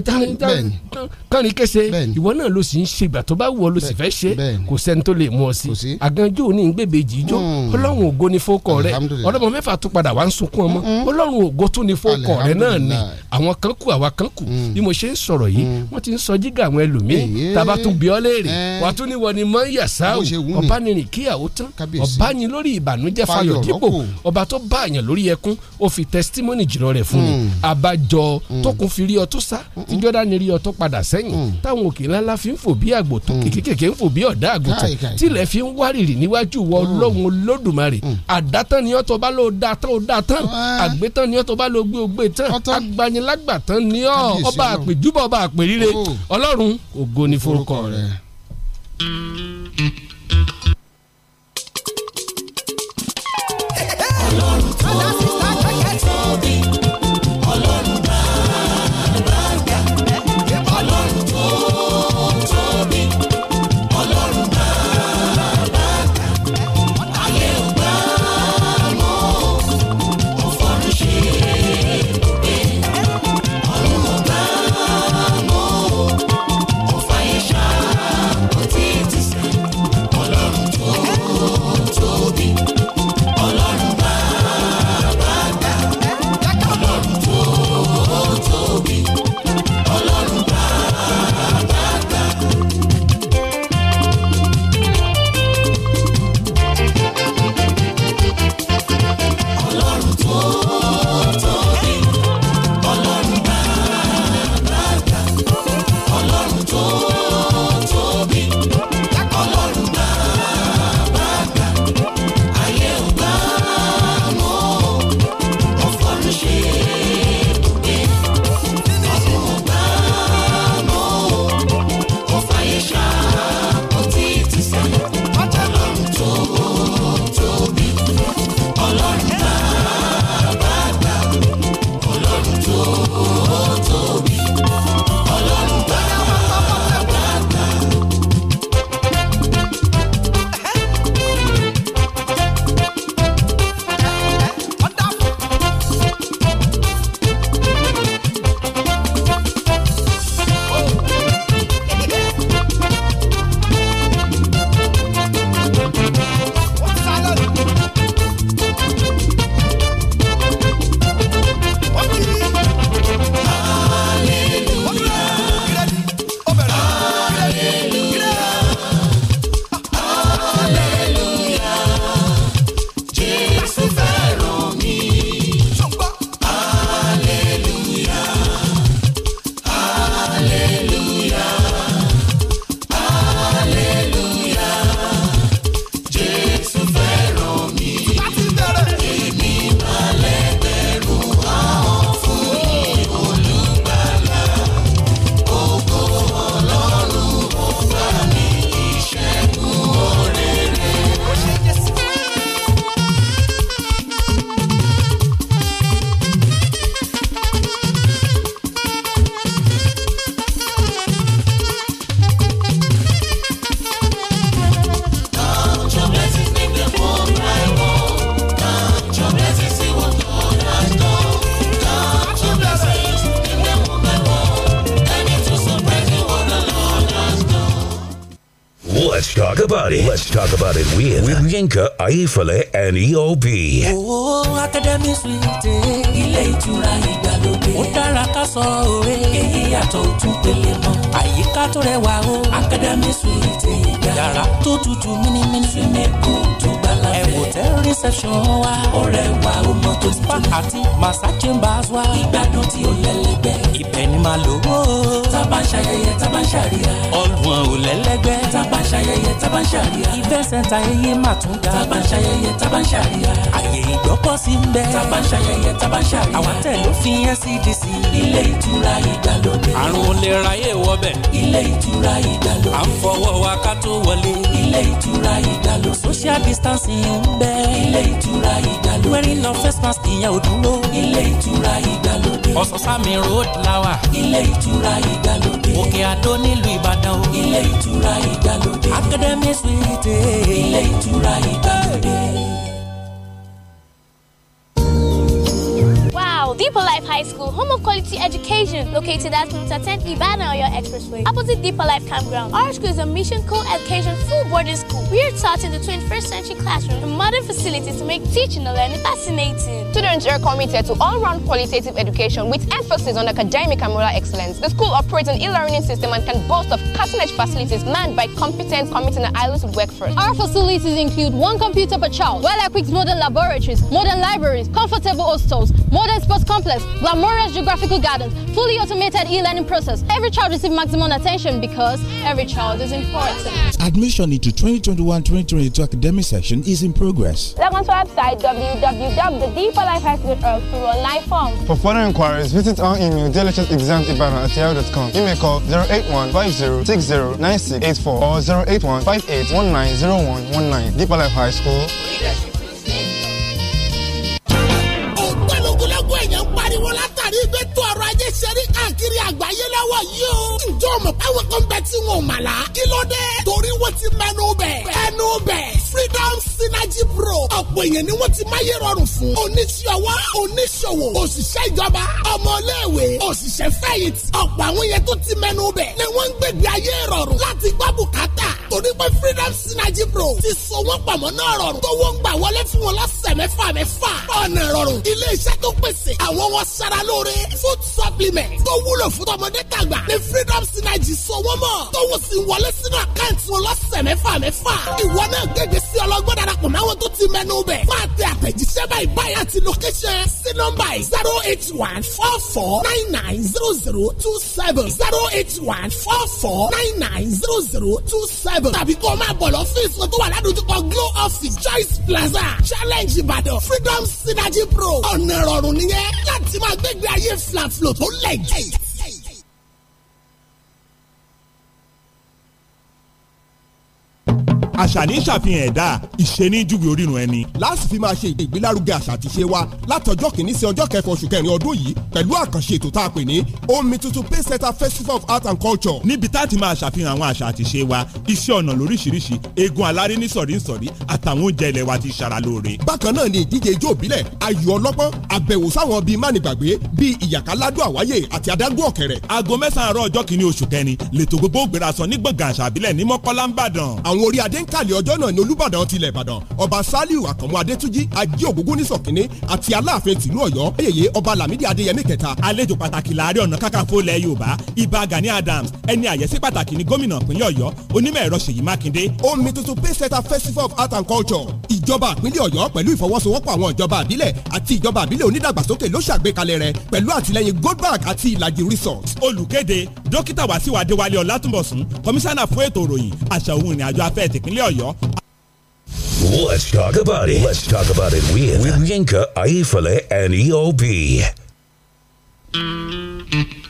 kánrin kése ìwọ náà ló sì ń ṣe ìgbà tó bá wù ọ ló sì fẹ́ ṣe kò sẹ́ni tó lè mú ọ sí àgànjọ́ òní ń gbèbè jìjọ́ ọlọ́run ògo ni fọ́kọ̀ rẹ ọlọ́mọ mẹ́fà tún padà wá ń sunkún ọmọ ọlọ́run ògo tún ni fọ́kọ̀ rẹ náà ni àwọn kan kù àwa kan kù bí mo ṣe ń sọ̀rọ̀ yìí wọ́n ti ń sọ jígà àwọn ẹlòmíì tá a bá t tún bí ọ léèrè eh. wà tún ní wọni mọ yàsá o ọba ni rìn kíyàwó tán ọba ni lórí ìbànújẹ́ fayọ̀ dípò ọba tó bá àyàn lórí ẹkún ó fi tẹsítímọ́nì jìrọ̀ rẹ̀ fún ni àbájọ hmm. hmm. tó kún fi rí ọ tó sá hmm. tí Jọ́dánì rí ọ tó padà sẹ́yìn táwọn òkè ńláńlá fi ń fò bí àgbò tó ń fò bí ọ̀dà àgùntàn tilẹ̀ fi ń wárìrì níwájú wọ Ọlọ́run Olódùmarè àdátán ni ọtọ bá lọ dátán ó dátán ah. àgbétán ni ọtọ bá lọ gbé ó gbé tán agbanilágbàtán ni ọ ọba àpèjúbọ ọba àpèrire oh. Ọlọ́run ògo ni forúkọ cuore. Ifele and EOB. Owó Akademi Suite. Ilé ìtura ìgbàlódé. Ó dára ká sọ òwe. Èyí yàtọ̀ ojú pele mọ́. Àyíká tó rẹwà o. Akademi Suite. Yàrá tó tutù mímímí. Swimming pool tó gbẹ ẹ̀wò tẹ́ reception wa. ọ̀rẹ́ wa ó mọ tó ti tó. spa àti massa chambers wa. ìgbádùn tí ó lẹ́lẹ́gbẹ́. ibẹ̀ ni màá lò ó. tábà ń ṣayẹyẹ tábà ń ṣàríyá. ọlùwọ̀n ò lẹ́lẹ́gbẹ́. tábà ń ṣayẹyẹ tábà ń ṣàríyá. ìfẹ́ sẹ́ńtà eyé mà tún ga. tábà ń ṣayẹyẹ tábà ń ṣàríyá. àyè ìgbọ́pọ̀ sí ń bẹ. tábà ń ṣayẹyẹ tábà ń ṣàríyá. àwọn tẹ̀ ló fi NCDC. ilé ìtura ìgbàlódé. àrùn olè ra yé wọbẹ̀. ilé ìtura ìgbàlódé. à ń fọwọ́ wa ká tó wọlé. ilé ìtura ìgbàlódé. social distancing mi ń bẹ. ilé ìtura ìgbàlódé. wearing no face mask ìyẹn ò dúró. ilé ìtura ìgbàlódé. ọ̀sán-sámi road lawa. ilé ìtura ìgbàlódé. òkè àdó nílùú ìbàdàn o. ilé ìtura ìgbàlódé. academy suite. ilé ìtura ìgbàlódé. High School, home of quality education, located at Minta 10 Ibadan Oyo Expressway, opposite Deeper Life Campground. Our school is a mission co-education full boarding school. We are taught in the 21st century classroom and modern facilities to make teaching and learning fascinating. Students are committed to all-round qualitative education with emphasis on academic and moral excellence. The school operates an e-learning system and can boast of cutting-edge facilities manned by competent, committed, and eyeless workforce. Our facilities include one computer per child, well-equipped modern laboratories, modern libraries, comfortable hostels, modern sports complex, glamorous geographical gardens, fully automated e-learning process. Every child receives maximum attention because every child is important. Admission into 2021-2022 academic session is in progress. Log on to our website www.thedeeperlifehigh.org through online form. For further inquiries, visit our email delicious.exams.ibadan at yahoo.com. You may call 081 50 or 081 5819 Deeper Life High School. ṣe rí káàkiri àgbáyé lọ́wọ́ yìí o. ǹjọ́ mọ̀ báwọn kan bẹ tí wọn ò mà lá. kí ló dé? torí wọ́n ti mẹ́nu bẹ̀. ẹnu bẹ̀ freedom synergy pro ọ̀pọ̀ èèyàn ni wọ́n ti máyé rọrùn fún oníṣòwò oníṣòwò òṣìṣẹ́ ìjọba ọmọléèwé òṣìṣẹ́ fẹ̀yìntì ọ̀pọ̀ àwọn yẹn tó ti mẹ́nu bẹ̀ ni wọ́n ń gbègbè ayé rọrùn láti gbọ́ bùkátà torí pé freedom synergy pro ti so wọ́n pamọ́ náà rọrùn tó wọ́n ń gbà wọlé fún wọn lọ́sẹ̀ mẹ́fà mẹ́fà ọ̀nà rọrùn ilé iṣẹ́ tó pèsè àwọn wọn sara lóore food supplement tó wúlò fún tọmọdé tàgbà ni freedom synergy so wọ́n mọ̀ tó wọ́n sì wọlé sínú àkáǹtì wọn lọ́sẹ̀ mẹ́fà mẹ́fà ìwọ náà gbẹ̀gbẹ̀ sí ọlọ́gbọ́n darapọ̀ máwọn tó ti mẹ́nu bẹ̀. fún àtẹ àtẹ̀jíṣẹ́ báyìí báyìí àti lókẹ́ṣẹ́ sí nọ́mbà yìí zero eight one four four nine nine zero zero two seven zero eight one four four nine nine zero zero two seven. tàbí kó o máa bọ̀ lọ́fíìsì tó wà ládùúgbò Glow Office Choice Plaza Challenge Ìbàdàn Freedom Synergy Pro ọ̀nà ìrọ̀rùn nìyẹn láti máa gbẹ́gbẹ́ ayé flaflo tó lẹ̀ àṣà ní ṣàfihàn ẹ̀dá ìṣeni júwe orírun ẹni. láti fi máa ṣe ìgbélárugẹ àṣà àti ṣe wa látọjọ́ kìíní sí ọjọ́ kẹfọ oṣù kẹrin ọdún yìí pẹ̀lú àkànṣe ètò tá a pè ní omi tuntun pace festival of art and culture. níbi tá a ti máa ṣàfihàn àwọn àṣà àti ṣe wa iṣẹ́ ọ̀nà lóríṣiríṣi eegun aláré ní sọ̀rínsọ̀rí àtàwọn oúnjẹ ilẹ̀ wa ti ṣara lóore. bákan náà ni ìdíje ijó òbílẹ̀ ayò ọlọ́pọ́n àbẹ̀wò sáwọn bíi mánigbàgbé bíi ìyàkáládùn àwáyé àti adágún ọ̀kẹ́rẹ́. aago mẹ́sàn-án àárọ̀ ọjọ́ kìíní oṣù kẹrin lètò gbogbo ògbérasọ ní sẹ́ńtàlì ọjọ́ náà ní olúbàdàn tilẹ̀ ìbàdàn ọba saliu àkànmú adétúnjì ajé ògúngúnnísọ̀ kínní àti aláàfin tìlú ọ̀yọ́ ayẹyẹ ọba lámídì adéyẹmí kẹta. àlejò pàtàkì láàrin ọ̀nà kakanfò ilẹ̀ yorùbá ibà gani adams ẹni àyẹ́sí pàtàkì ní gómìnà ìpínlẹ̀ ọ̀yọ́ onímọ̀ ẹ̀rọ ṣèyí mákindé. omi tuntun paysetter festival of art and culture ìjọba ìpínlẹ̀ ọ̀yọ́ pẹ̀lú ìfọwọ́sowọ́pọ̀ àwọn ìjọba àbílẹ̀ àti ìjọba àbílẹ̀ onídàgbàsókè ló ṣàgbékalẹ̀ rẹ̀ pẹ̀lú àtìlẹyìn goldberg àti ìlàjì resort. olùkéde dókítà wàsíù adéwálé ọlátúnbọ̀sùn kọmíṣánná fún ètò ìròyìn ìpínlẹ̀ ọ̀yọ́. Let's talk about it. Let's talk about it with, with Yinka Ayifale and EOB. Mm-hmm.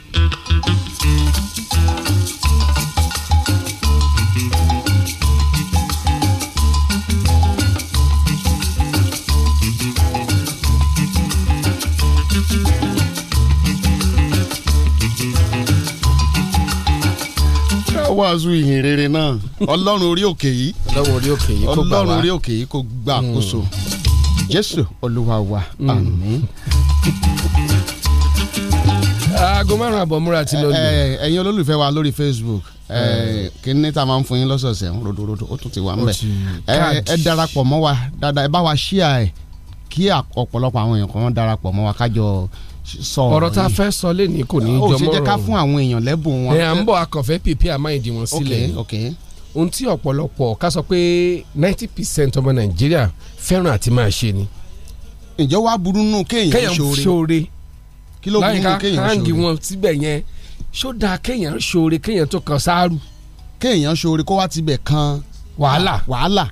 wàásù ìhìn rere náà ọlọ́run orí òkè yìí ọlọ́run orí òkè yìí kò gbà àkóso hmm. jésù olúwa wa hmm. àmín aago márùn àbọ̀ múra ti lọ lù. Eh, eh, ẹ̀yin olólùfẹ́ wa lórí facebook eh, kíní tá a máa ń fún yín lọ́sọ̀ọ̀sẹ̀ ròdòròdò ó tún ti wà ń bẹ̀ ẹ darapọ̀ mọ́ wa dáadáa ẹ bá wa ṣíà ẹ̀ kí ọ̀pọ̀lọpọ̀ àwọn èèyàn kan darapọ̀ mọ́ wa kájọ sọ ọ̀rọ̀ yìí ọ̀rọ̀ tá a fẹ́ sọ lé ní kò ní í jọmọ́rọ̀ o ṣe jẹ́ ká fún àwọn èèyàn lẹ́bùn wọn. ẹ à ń bọ̀ akọ̀fẹ́ pèpè àmáyédè wọn sílẹ̀ ohun tí ọ̀pọ̀lọpọ̀ ká sọ pé ninety percent ọmọ nàìjíríà fẹ́ràn àti máa ṣe ni. ǹjẹ́ wàá burú nù kéèyàn ṣoore kí ló burú nù kéèyàn ṣoore láyìíká hangi wọn síbẹ̀ yẹn ṣó dáa kéèyàn ṣoore kéèyàn tó kan sáárù. kéèyàn ṣoore kó wá tibẹ̀ kan wàhálà wàhálà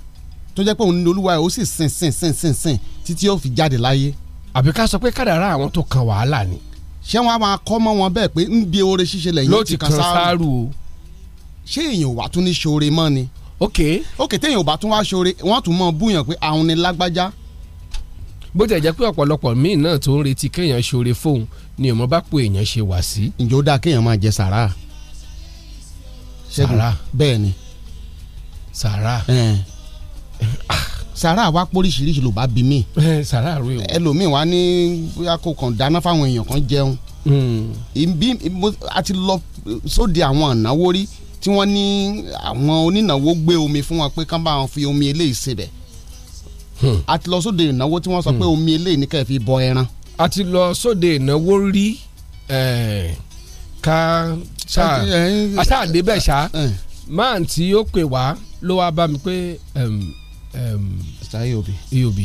tó jẹ́ pé òun ní olúwa ẹ̀ ó sì sìn sìn sìn sìn sìn títí ó fi jáde láyé àbí ká sọ pé kádàrá àwọn tó kan wàhálà ni. ṣé wọn á máa kọ́ mọ́ wọn bẹ́ẹ̀ pé ń bi oore ṣíṣe lẹ́yìn ti kan sáárù o. ṣé èèyàn ò wá tún ní ṣoore mọ́ ni. ok ok téèyàn ò bá tún wá ṣoore wọ́n tún mọ̀ búyàn pé àwọn ni lágbájá. bó tẹ̀ jẹ́ pé ọ̀pọ̀lọpọ̀ míì náà tó ń retí kéèyàn ṣoore fóun ni òun bá po èèyàn ṣe wà sí. ǹjẹ́ dáa kéèyàn máa jẹ sàrà. sàrà bẹ́ẹ̀ ni. sàrà. sàrà wa póríṣiríṣi ló bá bí mi. sàrà rẹ o. ẹlòmíì wa ní bóyá kò kàn dáná fáwọn èèyàn kan jẹun. ibi hmm. a ti lọ sóde àwọn ìnáwó rí tí wọ́n ní àwọn onínáwó gbé omi fún wọn pé kán bá wọn fi omi eléyìí sebẹ̀. Hmm. a ti lọ sóde ìnáwó tí wọ́n sọ pé hmm. omi eléyìí ní kẹ́ẹ̀ fi bọ ẹran. a ti lọ sóde ìnáwó rí ká ṣáà àṣà ṣá máà tí ó pè wá ló wá bá mi pé star eob eob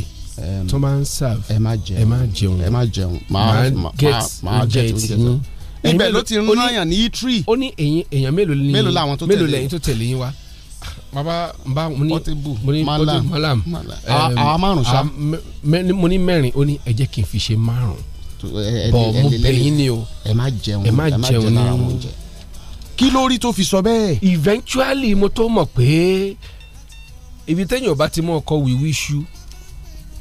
tó máa ń serve ẹ má jẹun ẹ má jẹun ẹ má jẹun máa get máa get oúnjẹ tó ibẹ̀ ló ti rún àyàn ní itri. ó ní èyàn èyàn mélòó ni mélòó làwọn tó tẹ̀lé mélòó lẹ́yìn tó tẹ̀lé yín wá. bàbá nba mo ní mo ní malam malam àwa márùn sa. mo ní mẹ́rin ó ní ẹ jẹ́ kí n fi ṣe márùn. bọ̀ mo bẹ̀ yín ni o ẹ má jẹun ẹ má jẹun ní. kí ló rí tó fi sọ bẹ́ẹ̀. eventually mo tó mọ̀ pé ibi téèyàn bá ti mọ ọkọ we wish you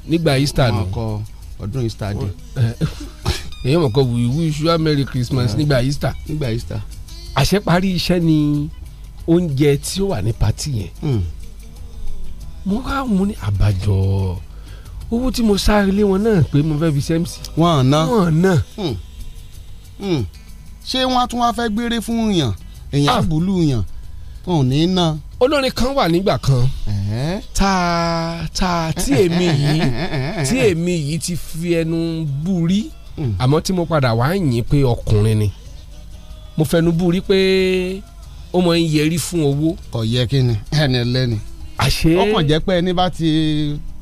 nígbà Easter nù. ọkọ ọdún Easter dé. èyí mọ̀kọ we wish you a merry Christmas nígbà Easter. nígbà Easter. àṣẹ parí iṣẹ́ ni oúnjẹ tí ó wà ní patí yẹn. Hmm. mo wá mú ní àbájọ owó tí mo sáré lé wọn náà pé mo fẹ́ fi ṣe wọn ná wọn ná. Hmm. Hmm. ṣé wọn tún wá fẹ́ gbére fún yàn èèyàn àbúlù ah. yàn wọn ò ní í ná. olórin kan wà nígbà kan ta ta tí èmi yìí tí èmi yìí ti fi ẹnu bú rí hmm. àmọ́ tí mo padà wá yìn pé ọkùnrin ni mo fẹnu bú rí pé ó mọ̀ ń yẹrí fún owó. kò kí ni ẹni lẹ́ni àṣé ọkàn jẹ́ pé ẹni bá ti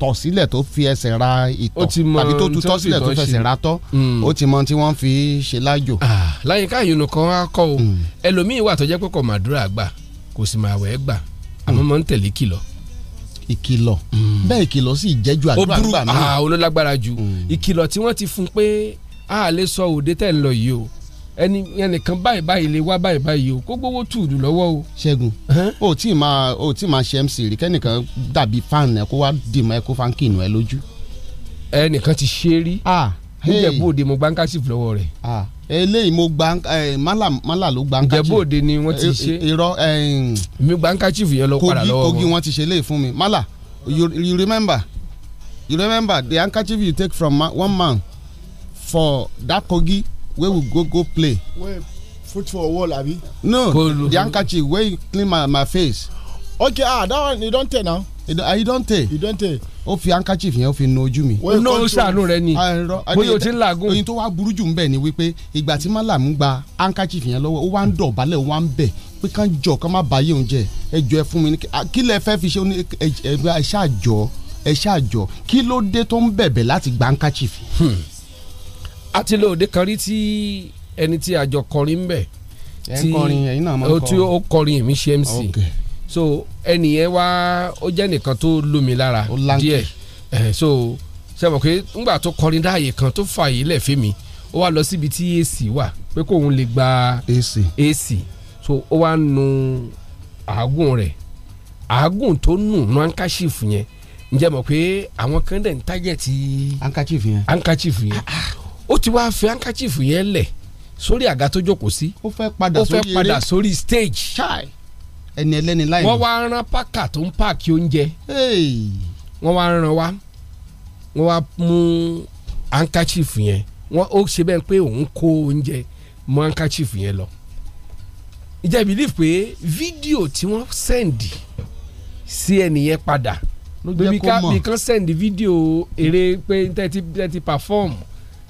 tọ̀ sílẹ̀ tó fi ẹsẹ̀ ra ìtọ̀ tàbí tó tu tọ̀ sílẹ̀ tó fẹsẹ̀ ra tọ̀ hmm. ó ti mọ tí wọ́n fi ṣe lájò. Ah, láyìnká àyùnú kan á kọ́ o hmm. ẹlòmíín wà tó jẹ́ pé kò màdúrà gbà kò sì máa wẹ̀ ẹ́ gbà àmọ́ mọ́ ń tẹ̀lé kìlọ̀. ìkìlọ̀ hmm. bẹ́ẹ̀ ìkìlọ̀ sì jẹ́ ju àdúrà gbà mí. Ah, ó ló lágbára ju hmm. ìkìlọ̀ tí wọ́n ti fún pé a lè sọ òde tẹ̀ ń lọ yìí o ẹni ẹnìkan báyìí báyìí lè wá báyìí báyìí o kó gbowó tùdù lọ́wọ́ o. ṣẹ́gun o tí máa o tí máa ṣe mc rí kẹ́nìkan dàbí fan ẹ̀ kó wá dìmọ̀ ẹ̀ kó fan kìnnù ẹ lójú. ẹnìkan ti ṣe é rí níjẹ̀bú ah, òde mo gbáǹkà sí fúlọ́wọ́ rẹ̀ ah eléyìí mo gba mala mala ló gba nkachi ìjẹ́bòde ni wọ́n ti ṣe irọ́ mi gba nkachi yẹn lọ padà lọ́wọ́ wọn kogi wọn ti ṣe eléyìí fún mi mala you, you remember you remember the handkerchief you take from one man for that kogi wey we go go play. wey put for wall abi. no the handkerchief wey clean my my face. okay ah that one you don tell now. Idonte Idonte ó fi handkerchief yẹn ó fi nu ojú mi. ó ná sànú rẹ ni ah, bóyá o ti ń làágùn. oyin tó wá burú jù ń bẹ̀ ni wípé ìgbà tí Málàmú gba handkerchief yẹn lọ́wọ́ ó wá ń dọ̀bálẹ̀ ó wá ń bẹ̀ pé kán jọ kán má bàyè oúnjẹ ẹ jọ ẹ fún mi kí lẹ fẹ́ fi ṣe ẹ ṣáàjọ ẹ ṣáàjọ kí ló dé tó ń bẹ̀bẹ̀ láti gba handkerchief. Hmm. a ti lọ òde kan rí tí ẹni tí àjọ kọrin ń bẹ̀ tí ó kọrin èmi ṣe MC so ẹnìyẹn wá ó jẹ́ nìkan tó lómi lára díẹ̀ so sẹ́wọ̀n pé ńgbà tó kọrin dáàyè kan tó fà yìí lẹ̀ fẹ́mi ó wá lọ síbi tí AC wà pé kóun lè gba AC AC so ó wá nu àágùn rẹ̀ àágùn tó nù nù ankaṣífù yẹn ǹjẹ́ mọ̀ pé àwọn kan dẹ̀ ń tájẹ̀tì handkerchief yẹn handkerchief yẹn ah, ah. ó ti wá fi handkerchief yẹn lẹ̀ sórí àga tó jókòó sí ó fẹ́ padà sórí stage ẹni ẹlẹ́ni láì mọ̀. wọ́n wá rán pákà tó ń páàkì oúnjẹ wọ́n wá rán wa wọ́n wá mú handkerchief yẹn wọ́n ó ṣe bẹ́ẹ̀ pé òun kó oúnjẹ mú handkerchief yẹn lọ ìjẹ́ believe pé fídíò tí wọ́n sẹ́ndì sí ẹni yẹn padà bí kan sẹ́ndì fídíò eré pé tẹ́tí tẹ́tí perform.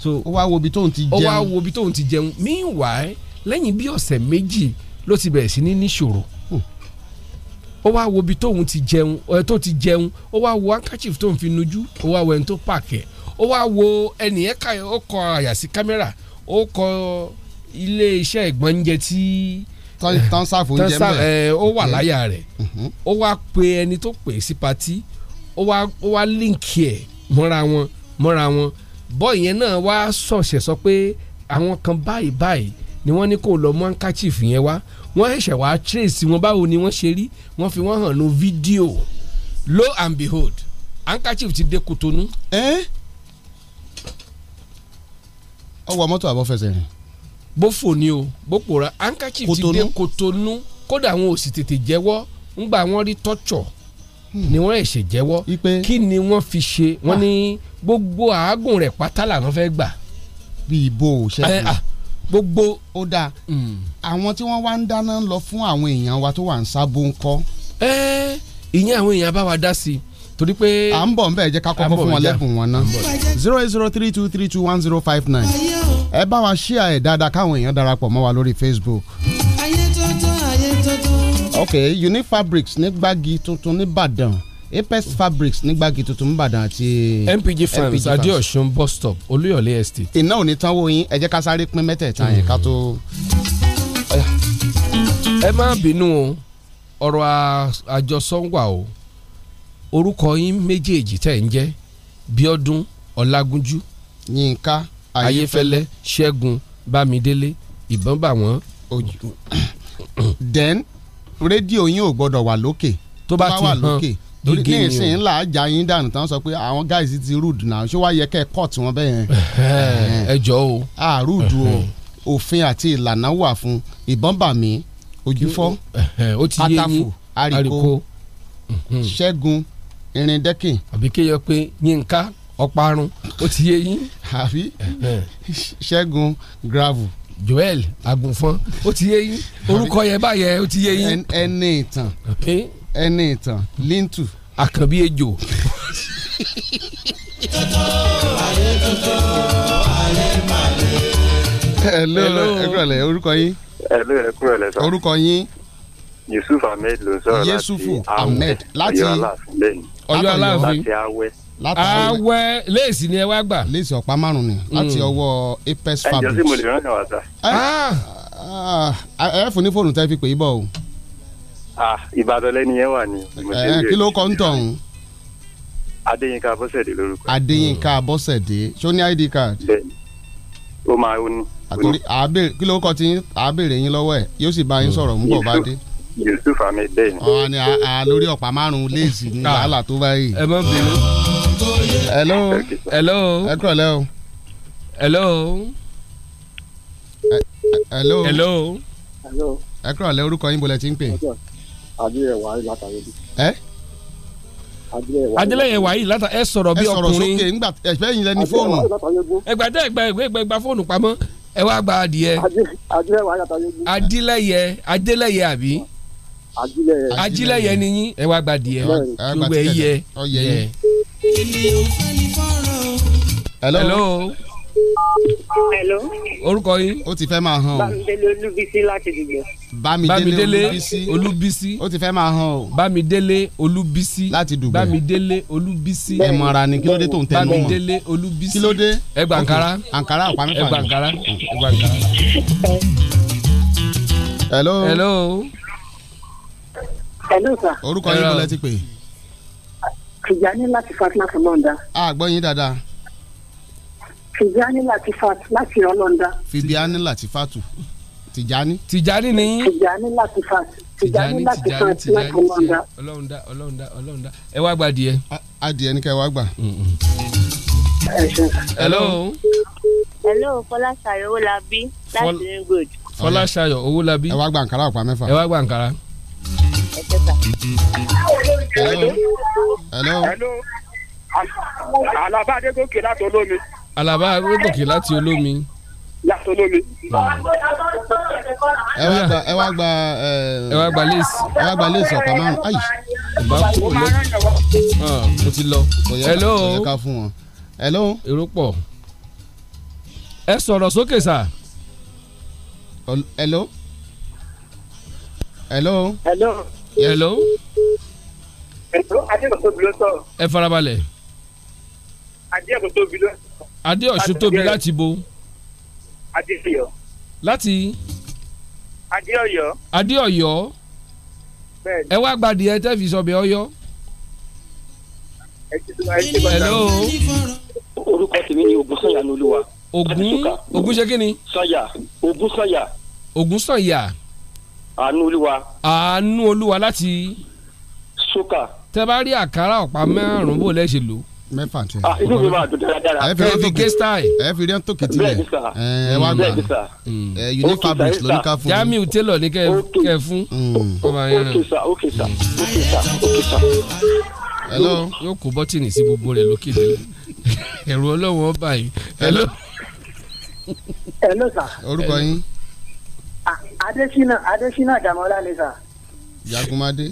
so ó wá wo ibi tóun ti jẹun ó wá wo ibi tóun ti jẹun meanwhile lẹ́yìn bí ọ̀sẹ̀ méjì ló ti bẹ̀rẹ̀ sí ní níṣòro ó wá wo ibi tóun ti jẹun ẹ tó ti jẹun ó wá wo handkerchief tóun fi nujú ó wá wo ẹni tó pààkẹ́ ó wá wo ẹnìyẹn ká ó kọ àyà sí kámẹ́rà ó kọ ilé iṣẹ́ ìgbọ́njẹ tí tán sáfò ń jẹ mẹ́ẹ̀ ó wà láyà rẹ̀ ó wá pe ẹni tó pè sí patí ó wá ó wá líǹkì ẹ̀ mọ́ra wọn mọ́ra wọn bọ́ọ̀ yẹn náà wá sọ̀sẹ̀ sọ pé àwọn kan báyìí báyìí ni wọ́n ní kó lọ mú handkerchief yẹn wá wọ́n ṣẹ̀ṣẹ̀ wá trace wọn báwo ni wọ́n ṣe rí wọ́n fi wọ́n hàn ní fídíò lo and behold handkerchief ti dé Kotonu. ọwọ́ mọ́tò àbọ̀ fẹsẹ̀ rìn. bó fò ni o bó pòórá handkerchief ti dé Kotonu kódà wọn ò sì tètè jẹ́wọ́ ńgbà wọn rí tọ́jọ̀ hmm. ni wọ́n ẹ̀ṣẹ̀ jẹ́wọ́ kí ni wọ́n fi ṣe wọ́n ah. ní gbogbo àágùn rẹ̀ pátá làwọn fẹ́ gbà. bí ibo ṣẹ́gun gbogbo ó dáa hmm. àwọn tí wọ́n wá ń dáná lọ fún àwọn èèyàn wa tó wà ń sábò ń kọ́. ẹ ìyẹn àwọn èèyàn bá wa dá sí i torí pé. à ń bọ̀ nbẹ̀ jẹ́ ká kọ́kọ́ fún wọn lẹ́bùn wọn ná zero eight zero three two three two one zero five nine ẹ bá wa ṣíà ẹ̀ dáadáa káwọn èèyàn darapọ̀ mọ́ wa lórí Facebook. ok unique fabrics ní gbági tuntun ní Ìbàdàn apex fabrics nígbàgì tuntun nìbàdàn àti. Eh, mpg farms adéọ̀sùn bus stop olúyọ̀lé estate. iná ò ní tánwó yín ẹ jẹ́ ká sáré pín mẹ́tẹ̀ẹ̀ta yẹn ká tó. ẹ má bínú ọ̀rọ̀ àjọsọ́nwà o orúkọ yín méjèèjì tẹ̀ ń jẹ́ bíọ́dún ọlágúnjú. yínká ayéfẹ́lẹ́ ṣẹ́gun bámidélé ìbọn bà wọ́n. then rédíò yín ò gbọ́dọ̀ wà lókè. tó bá ti hàn torí ní ìsìn ńlá ajá yín dànù tán sọ pé àwọn guys ti rude náà ṣé wàá yẹ kẹ́ ẹ wọn bẹ́ẹ̀ yẹn. ẹ jọ o. a rude o òfin àti ìlànà wà fún ìbọn bà mí ojúfọ́ pátáfò àríkò ṣẹ́gun irindẹ́kìn. àbí kí yọ pé yínká ọparun ó ti yé yín. àbí ṣẹ́gun gravel. joel agunfọn ó ti yé yín orúkọ yẹn báyẹn ó ti yé yín. ẹni ìtàn ẹni ìtàn Lintu. àkànbí ejò. hello ẹkúrọ̀lẹ̀ orúkọ yín. hello ẹkúrọ̀lẹ̀ sọ. orúkọ yín. Yusuf Ahmed ló ń sọ̀rọ̀ láti Yusufu Ahmed láti Ọ̀yọ́ Aláàfin láti Awẹ́ láti awẹ léèsì ni ẹ wá gbà. léèsì ọ̀pá márùn ni láti mm. ọwọ́ Apex fabric. ẹ jọ sí mo lè rán ẹ wá sá. Eh, ah, ah, ẹ fún ní fóònù tẹ́ fi pè é bọ̀ o. Ah, Ìbàdàn lẹ́ni yẹn wà ní. Eh, kí ló kọ́ ń tọ̀ ń. Adéyínká Abọ́sẹ̀dé lórúkọ. Adéyínká Abọ́sẹ̀dé ṣó ní ID card. bẹ́ẹ̀ni ó máa ó ní. àtúndì àbèrè kí ló kọ́ ti yín àbèrè yín lọ́wọ́ ẹ̀ yóò sì bá yín sọ̀rọ̀ mú bọ̀ bá dé. Yusuf Ahmed bẹ́ẹ̀ni. ọ̀hún ni a lórí ọ̀pá márùn-ún léèsì ní wàhálà ah. tó báyìí. ẹ má bínú. hello hello. ẹ kúrọ̀lẹ́ o. hello. hello. hello. ẹ kúrọ̀lẹ́ orúkọ yín bolẹ̀ ti ń pè ajílẹ̀ wàhálì látàrí bí. látà ẹ sọ̀rọ̀ bí ọkùnrin ẹ sọ̀rọ̀ sókè ńgbà ẹ̀fẹ́ yìí lẹni fóònù ẹgbà ẹgbà ẹgbà ẹgbà fóònù pamọ́ ẹ wá gba adìyẹ. ajílẹ̀ yẹ adílẹ̀ yẹ àbí. ajílẹ̀ yẹ ni yín ẹ wá gba adìyẹ gbogbo ẹ yẹ. hello. hello hello. orúkọ yín. ó ti fẹ́ máa hàn o. bámidélé olúbísí láti dìgbò. bámidélé olúbísí. ó ti fẹ́ máa hàn o. bámidélé olúbísí. láti dùgbò. bámidélé olúbísí. ẹ mọ̀ra ni kílódé tó ń tẹ́ mọ́. bámidélé olúbísí. kílódé. ẹ gba Ankara. Ankara ọ̀pá mẹ́fà ni. ẹ ẹ gba Ankara. hello. hello. hello sir. orúkọ yín bọ́lá ti pè. tìjà ní láti fatima kàmọ́ndà. a gbọ́ yín dáadáa tìjání latifatu láti ọlọ́ndà. fibiani latifatu tìjání. tìjání ni. tìjání latifatu tìjání latifatu láti ọlọ́ndà. ọlọ́ndà ọlọ́ndà ọlọ́ndà ẹ wá gba adìẹ. adìẹ ni ká ẹ wá gbà. hello. hello fọláṣayọ̀ owólabí láti ringwood. fọláṣayọ̀ owólabí. ẹ wá gba àǹkárá ọ̀pá mẹ́fà. ẹ wá gba àǹkárá. hello. hello. hello. alaba adegoke láti olómi. Àlàbá Rógòkè láti olómi. láti olómi. ẹ wá gba ẹ wá gba ẹ wá gba lace ẹ wá gba lace ọ̀pá márùn ayi. ìbá kú ló ah, mo ti lọ. hello hello. èrò pọ̀ ẹ sọ̀rọ̀ sókè sà. hello. hello. hello. hello. hello. adéyẹ̀kọ̀ tóbi ló sọ̀rọ̀. ẹ farabalẹ̀. adéyẹ̀kọ̀ tóbi ló sọ̀rọ̀ adéọ̀sùn tóbi láti bo. adéọ̀yọ́. láti. adéọ̀yọ́. adéọ̀yọ́. bẹ́ẹ̀ni. ẹ wá gbàdí ẹ tẹ́ fi sọ̀bẹ̀ ọyọ́. ẹ ti sọ ẹ ti bàtà. orúkọ tèmi ni ogun sọyà ní olúwa. ogun ogun ṣe kí ni. sọyà ogun sọyà. ogun sọyà. àánú olúwa. àánú olúwa láti. sókà. tẹ bá rí àkàrà ọ̀pá márùn-ún lẹ́ ṣe lò mẹ́fà tiẹ̀. Ah, inú mi máa dùn dáradára. ẹ fi rí gé style. ẹ fi rí ẹ̀ ń tòkìtì rẹ̀. ẹ wá gbà mm. Mm. ẹ unique fabrics ló ní ká fún. jamiu mm. tailor ní kẹ fún. okay sir okay sir okay sir okay sir. hello. yóò kó bọ́tìnì sí gbogbo rẹ̀ lókè délé ẹ̀rù ọlọ́wọ́ báyìí. hello. hello sir. orúkọ yín. adesina adesina jamola ni sir. jagunmade.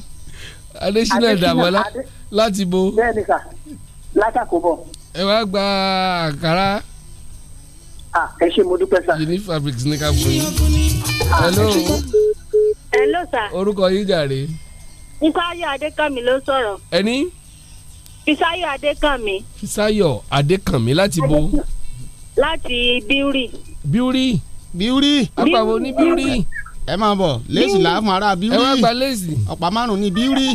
adesina jamola láti bo. bẹ́ẹ̀ni sir látàkóbọ̀. ẹ wá gba àkàrà. ẹ ṣe mo dúpẹ́ sá. Unique Fabrics ní ká fún yín. hello. hello sá. orúkọ yín jàre. Fisáyọ̀ Adékànmí ló sọ̀rọ̀. ẹni. Fisáyọ̀ Adékànmí. Fisáyọ̀ Adékànmí láti bo. láti Biuri. Biuri. Biuri. àpàwọ̀ ní Biuri. ẹ máa bọ̀ léèsì làá fún ara Biuri. ẹ wá gba léèsì. ọ̀pá márùn-ún ní Biuri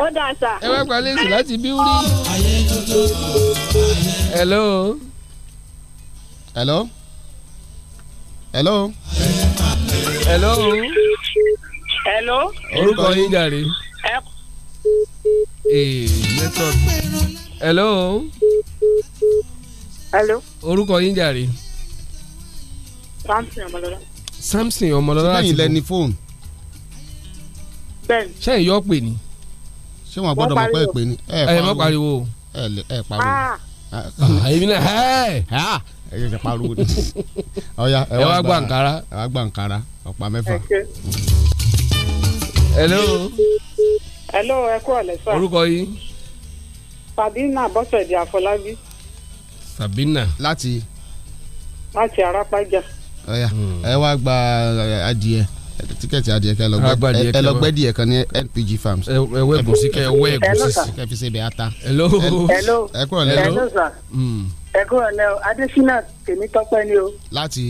ó dà sá. ẹ wá gbalẹ̀ èsì láti bíwúrí. hello. hello. hello. hello. hello. orúkọ yín jàre. hello. hello. orúkọ yín jàre. Samson ọmọlọlá. Samson ọmọlọlá ti bọ. sẹ́yìn lẹni fóònù. bẹ́ẹ̀ni. sẹ́yìn yọ pè ní ṣé wọn gbọ́dọ̀ mọ̀ pé èpè ni. ẹ mọ pariwo ẹ ẹ pariwo. Ah. Ah, èmi náà ẹ ẹ ṣe pariwo ni. ọ̀ya ẹ wá gba nkara ẹ wá gba nkara ọ̀pá mẹ́fà. hello. hello ẹ kú ọ̀lẹ́ sá. orúkọ yìí. Sabina Bọ́sẹ̀dì Àfọlábí. Sabina. láti. láti Arápájà. ọ̀ya hmm. ẹ wá gba adìẹ tíkẹ́ẹ̀tì adìẹ kẹ ẹlọgbẹ́ díẹ̀ kan ní NPG farms. ẹwẹ́ ẹ̀gúsí kẹ ẹwẹ́ ẹ̀gúsí sí. kẹ fi ṣe bẹ́ẹ̀ ata. hello ẹ kúrò lẹ́ o. Hmm. ẹ kúrò lẹ́ o ni o. láti.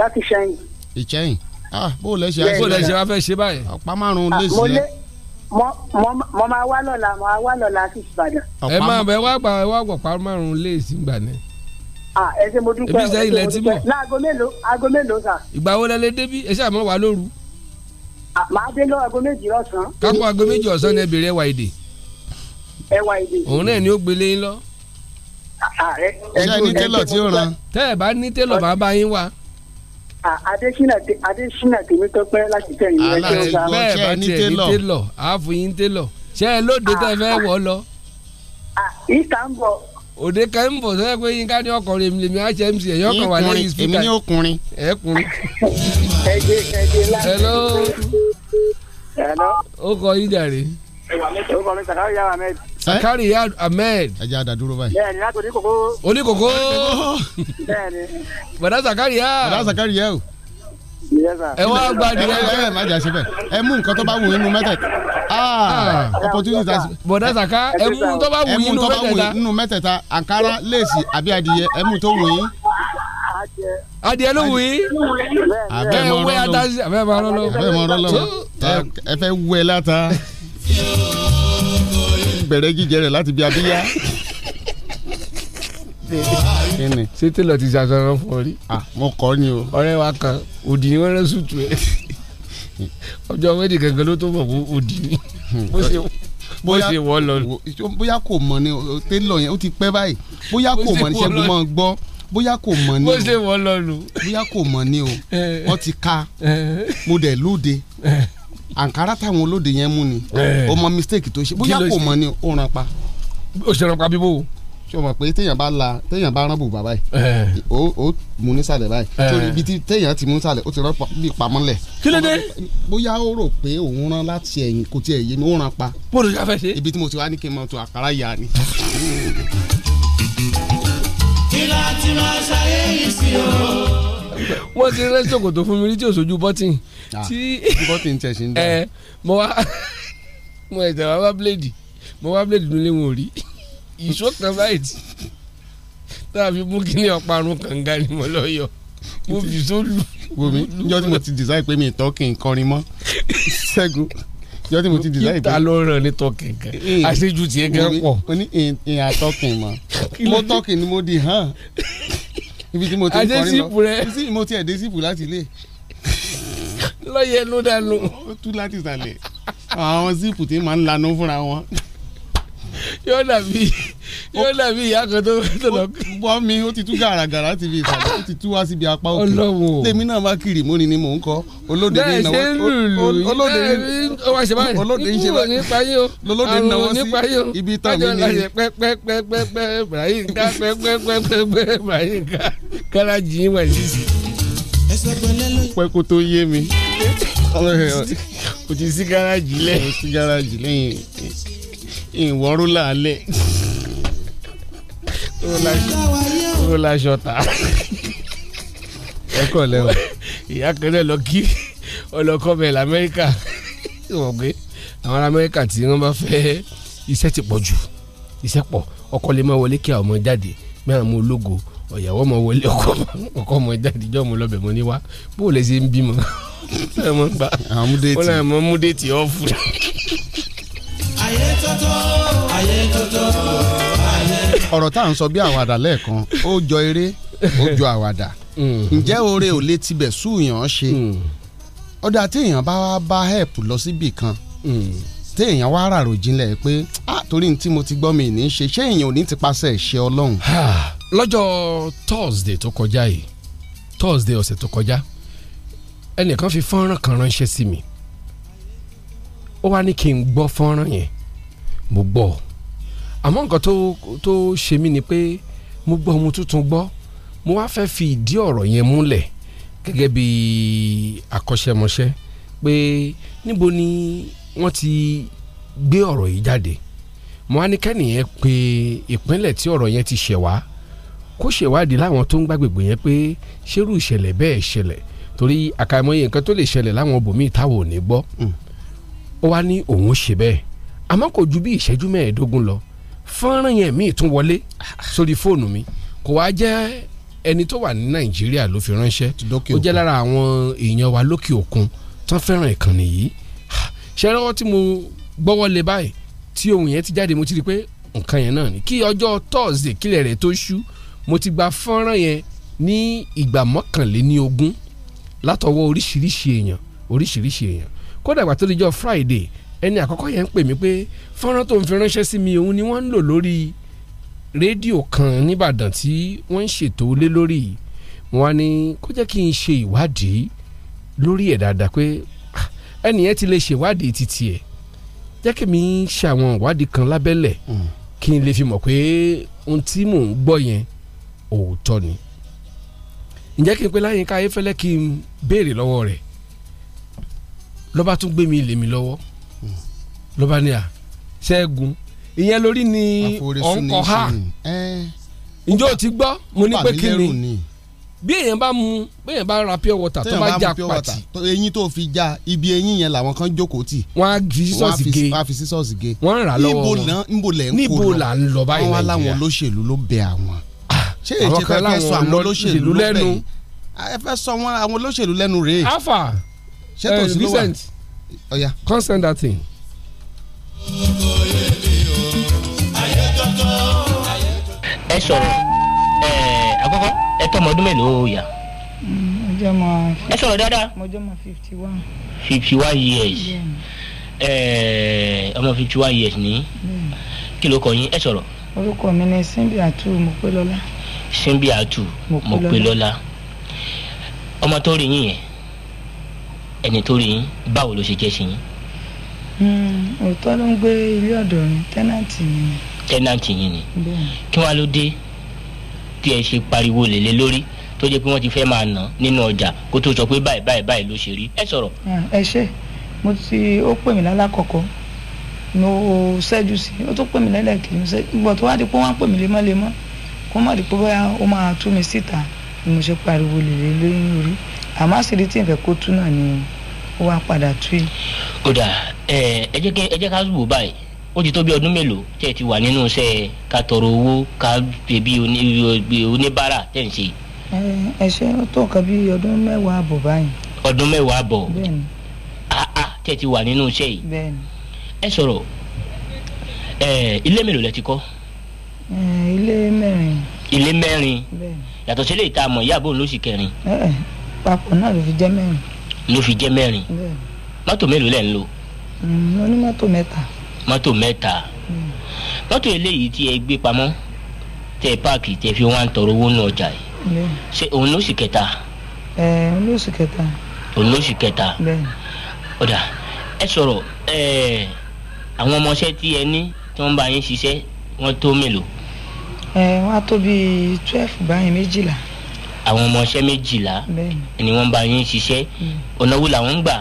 láti sẹ́yìn. ìkẹyìn ah bó o lẹ ṣe bó o lẹ ṣe wá fẹ́ ṣe báyìí. ọ̀pá márùn-ún ah, lè sílẹ̀ mo máa wá lọ́la mo máa wá lọ́la sí Ìbàdàn. ẹ máa bẹ wá gbà wá gbọ̀ márùn-ún lè sí gbà ẹ ṣe mo dúpẹ́ ẹ ṣe mo dúpẹ́ Ma mélòó aago mélòó sà. ìgbà wo lẹ lè débí ẹ ṣe àmọ́ wà lóru. màá dé ni ẹ ẹwà èdè. ẹwà èdè. òun náà ni ó gbélé yín lọ. ìyá ní télọ̀ tí ó ràn. Adesina tèmi láti tẹ̀yìn ní télọ̀ àáfù yín télọ̀ ẹ lóde òde kan ń bọ̀ sọ́yẹ́ pé yín ká ní ọkọ̀rin èmi lèmi hmc ẹ̀yọ́ kan wà lẹ́yìn spika èmi ní ọkùnrin. ẹ kùnrin. ẹgbẹ́ ẹgbẹ́ láti. hello. hello. ó kọ yín dàrí. ó kọ mi sàkárì yá ahmed. sàkárì yá ahmed. ẹ jẹ́ àdàdúró báyìí. bẹ́ẹ̀ni láti oníkókó. oníkókó. bẹ́ẹ̀ni. bàdá sàkárì yá. bàdá sàkárì yá o ẹ wá gba adìyẹ ẹ ẹ má jà síbẹ̀ ẹ mú nǹkan tó bá wù nínú mẹ́tẹ̀ẹ̀ta ah, opportunity ta. bọ̀dá saka ẹ mú tó bá wù nínú mẹ́tẹ̀ẹ̀ta àǹkárá léèsì àbí adìyẹ ẹ mú tó wù yín adìẹ ló wù yí. abẹ́ mọ rọ́lọ́ abẹ́ mọ rọ́lọ́ abẹ́ mọ rọ́lọ́ ẹ fẹ́ wú ẹ láta bẹ̀rẹ̀ jíjẹ rẹ̀ láti bí abíyá kíni ṣé télọ̀ ti ṣàṣọrọ fún ọ rí. mo kọ́ ni o. ọ̀rẹ́ wa kan òdì ni wọ́n rẹ́ sùtù ẹ̀ ọjọ́ wẹ́ẹ̀dì kankan ló tó bọ̀ fún òdì ni bó ṣe wọ́ lọ. bóyá kò mọ̀ ni télọ̀ yẹn ó ti pẹ́ báyìí bóyá kò mọ̀ ni ṣẹ́gun mọ́ gbọ́ bóyá kò mọ̀ ni o bó ṣe wọ́ lọ nù. bóyá kò mọ̀ ni o wọ́n ti ka mo dẹ̀ lóde àǹkárá táwọn olóde yẹn mú ni ọmọ mistake tó ṣe bóyá kò mọ̀ ni ó ràn pa. ó ṣe ràn pa bíbó ṣé o mọ̀ pé téèyàn bá la téèyàn bá rán bùbá báyìí ó ó mú nísàlẹ̀ báyìí torí ibi téèyàn ti mú nísàlẹ̀ ó ti rán bí pamọ́lẹ̀. kí ló dé. bóyá ó rò pé òun rán láti ẹ̀yìn kò tiẹ̀ yé mi ó rán pa. bó ṣe fẹ́ ṣe. ibi tí mo ti wá ní kí n mọ tó àkàrà yà ni. tìlà tìlà ṣayé yìí sí o wọ́n ti rẹ́ ṣòkòtò fún mi tí òṣojú bọ́tìn ah, tí bọ́tìn tẹ̀ sí ń dá. mo wá mo ẹ̀jẹ̀ ìṣó kan báyìí tí tàbí mú kíní ọparun kànga ni mo lọ yọ mo fi so lu. wòmí njọ́ tí mo ti design pé mi ìtọ́ kì í kọrin mọ́ ṣẹ́gun njọ́ tí mo ti design pé. kíta ló ràn ní tọkì kan àṣejù tiẹ̀ gan pọ̀. mo ní ìhà tọkì mọ́ mo tọkì ni mo di hàn ibi tí mo ti kọrin lọ mo ti ẹ̀ dé sípù láti ilé. lọ́yẹ̀ ló dá lò. ó tú láti sàlẹ̀ àwọn sípù tí màá ń lanú fúnra wọn yóò dàbí yóò dàbí ìyá kan tó lọ. wọ́n mi ó ti tú gàràgàrà láti fi ìsàlẹ̀ ó ti tú wá síbi apá òkè lèmi náà má kiri móni ni mò ń kọ́ olóde ní náwó olóde ní olóde ní ṣe báyìí olóde ní náwó sí ibi tán mi ní. pẹ́pẹ́pẹ́pẹ́ Ibrahim ká pẹ́pẹ́pẹ́pẹ́ Ibrahim ká kára jìn wà sísì. pẹ́ kó tó yé mi kò ti sí gáràjì lẹ́yìn. kò sí gáràjì lẹ́yìn ìwọ rúlà alẹ́ rúlà ṣọta ẹkọ lẹ́wọ̀n ìyá kan náà lọ kí ọlọ́kọ́ bẹ̀ lamẹ́ríkà wọ̀ pé àwọn amẹ́ríkà tí wọ́n bá fẹ́ iṣẹ́ ti pọ̀ jù iṣẹ́ pọ̀ ọkọ lè máa wọlé kí àwọn ọmọ jáde mẹ́ràn mú ológo ọ̀yàwó ọmọ wọlé ọkọ ọmọ jáde ìjọ ọmọ lọ́bẹ̀ mọ́ ní wá bó lè ṣe ń bímọ. àwọn múdéètì ọ̀fù ayé tótó ayé tótó ayé. ọ̀rọ̀ tá à ń sọ bí àwàdà lẹ́ẹ̀kan ó jọ eré ó jọ àwàdà mm. ǹjẹ́ oore ò lè tibẹ̀ súùyàn ṣe mm. ọ̀dà téèyàn bá wá bá help lọ síbì kan mm. téèyàn wá ràrò jinlẹ̀ pé ah torí tí mo ti gbọ́ mi ní í ṣe ṣé èèyàn ò ní ti paṣẹ ìṣe ọlọ́run. lọ́jọ́ Thursday tó kọjá yìí Thursday ọ̀sẹ̀ tó kọjá ẹnìkan fi fọ́nrán kan ránṣẹ́ sí mi ó wá ní kí n gbọ́ fọ́nrán yẹn mo gbọ́ àmọ́ nǹkan tó tó ṣe mí ni pé mo gbọ́ mo tuntun gbọ́ mo wá fẹ́ fi ìdí ọ̀rọ̀ yẹn múlẹ̀ gẹ́gẹ́ bí akọ́ṣẹ́mọṣẹ́ pé níbo ni wọ́n ti gbé ọ̀rọ̀ yìí jáde mo wá ní kẹ́nìyẹn pé ìpínlẹ̀ tí ọ̀rọ̀ yẹn ti ṣẹ̀ kó ṣèwádìí láwọn tó ń gbàgbègbè yẹn pé ṣerú ìṣẹ̀lẹ̀ bẹ́ẹ̀ ṣẹlẹ̀ torí àkàìmọye nǹkan tó lè ṣẹlẹ̀ láwọn ibòmíì táwọn ò ní gbọ́. Mm ó wá ní òun ó ṣe bẹ́ẹ̀ àmọ́ kò ju bí ìṣẹ́jú mẹ́ẹ̀ẹ́dógún lọ fọ́nrán yẹn míì tún wọlé sórí fóònù mi kò wá jẹ́ ẹni tó wà ní nàìjíríà ló fi ránṣẹ́ ó jẹ́ lára àwọn èèyàn wa lókè òkun tán fẹ́ràn ìkànnì yìí ṣe rọ́wọ́ tí mo gbọ́wọ́ lé báyìí tí ohun yẹn ti jáde mo ti rí i pé nǹkan yẹn náà ni kí ọjọ́ tọ́ọ̀sì kílẹ̀ rẹ̀ tó ṣú mo ti gba fọ́nrán yẹn ní ìgbà mọ́kànléní látọwọ́ oríṣiríṣi èèyàn oríṣiríṣi èèyàn kódà ìgbà tó di jọ Friday ẹni àkọ́kọ́ yẹn ń pè mí pé fọ́nrán tó ń fi ránṣẹ́ sí mi òun ni wọ́n ń lò lórí rédíò kan nìbàdàn tí wọ́n ń ṣètò lé lórí wọn ni kó jẹ́ kí n ṣe ìwádìí lórí ẹ̀ dáadáa pé ah, ẹni yẹn ti lè ṣèwádìí títí ẹ̀ jẹ́ kí mi ṣe àwọn ìwádìí kan lábẹ́lẹ̀ hmm. kí n lè fi mọ̀ pé ohun tí mò ń gbọ́ yẹn òótọ́ ni ǹjẹ́ kí n pe láyínká ayéfẹ́lẹ́ kí n béèrè lọ́wọ́ rẹ̀ lọ́ba tún gbé mi lèmi lọ́wọ́ lọ́ba ní à ṣẹ́gun ìyẹn lórí ni ọ̀nkọ̀ ha ǹjẹ́ o ti gbọ́ mo ní pé kí ni bí èèyàn bá mu bí èèyàn bá ra pure water tó bá já pàtì. eyín tó fi já ibi eyín yẹn làwọn kan jókòó tì. wọ́n á fi sísọ́ọ̀sì gé wọ́n á fi sísọ́ọ̀sì gé. wọ́n ń rà lọ́wọ́ wọn níbo lẹ̀ ń kó lọ níbo là ń lọ báyìí nàìjíríà. wọ́n wá láwọn olóṣèlú ló bẹ àwọn. ṣé èyí ti fẹ́ fẹ́ sọ àwọn olóṣèlú lẹ́nu. ẹ fẹ́ sọ àwọn olóṣèlú lẹ́nu rèé. afa ṣé eh, tòsí ló wà ọ̀ya. consent that thing. ẹ sọ̀rọ̀ ẹ eh, àkọ́kọ́ ẹ tọ́ ọmọ ọdún mélòó yà. Mm, ẹ sọ̀rọ̀ dáadáa. fifty one. fifty one years eh, ọmọ fifty one years ni kí ló kọ yín ẹ sọ̀rọ̀. orúkọ mi ni simbi atu Mọ́pélọ́lá. simbi atu Mọ́pélọ́lá ọmọ tó rí yín yẹn ẹni tó rí yín báwo ló ṣe jẹ́ sí yín. Hmm, òótọ́ ló ń gbé ilé ọ̀dọ̀ mi tẹ́nàntì mi ni. tẹ́nàntì yín ni kí wọ́n á ló dé tí ẹ ṣe pariwo lèlé lórí tó jẹ́ pé wọ́n ti fẹ́ máa nà nínú ọjà kó tó sọ pé báyìí báyìí báyìí ló ṣe rí ẹ sọ̀rọ̀. Ah, ẹ ṣe mo ti ó pè mí lálákọ̀ọ́kọ́ mo ṣẹ́jú sí ó tún pè mí lẹ́lẹ́kì ìgbà tó wá di pé wọ́n á pè mí lemọ́lemọ́ kó má di pé bóyá ó máa tú mi síta ni mo ṣe pariwo lèlé lórí àmọ́ àṣírí tí ìfẹ́ kó tú náà ni ó wá padà tú yìí. ó dà ẹ ẹ jẹ́ ká wò báyìí ó ti tó bí ọdún mélòó tẹ́ ẹ ti wà nínú iṣẹ́ ká tọrọ owó ká bèbí oníbàárà tẹ̀ ń ṣe. ẹ ṣe tó nǹkan bí ọdún mẹ́wàá àbọ̀ báyìí. ọdún mẹ́wàá àbọ̀ tẹ́ ẹ ti wà nínú iṣẹ́ yìí ẹ sọ̀rọ̀ ilé mélòó lẹ ti kọ́. ilé mẹ́rin. ilé mẹ́rin yàtọ̀ sílé ìta mọ̀ ìyá àbò lóṣù kẹrin papọ̀ náà ló fi jẹ́ mẹ́rin. ló fi jẹ́ mẹ́rin mọ́tò mélòó lẹ̀ ń lò. Mm, mo ní mọ́tò mẹ́ta. mọ́tò mẹ́ta mm. mọ́tò eléyìí tí ẹ gbé pamọ́ tẹ páàkì tẹ fi wá ń tọrọ owó nù ọjà yìí ṣé òun ló sì kẹta. ẹ òun ló sì kẹta. òun ló sì kẹta. ọ̀dà ẹ sọ̀rọ̀ ẹ àwọn ọmọọṣẹ́ tí ẹ ní tí wọ́n bá yín ṣiṣẹ́ wọ́n tó mélòó. ẹ wọ́n á tó bíi twelve báyìí méjìlá àwọn ọmọọṣẹ́ méjìlá ni wọ́n bá yín ṣiṣẹ́ hmm. ọ̀nà wo làwọn ń gbà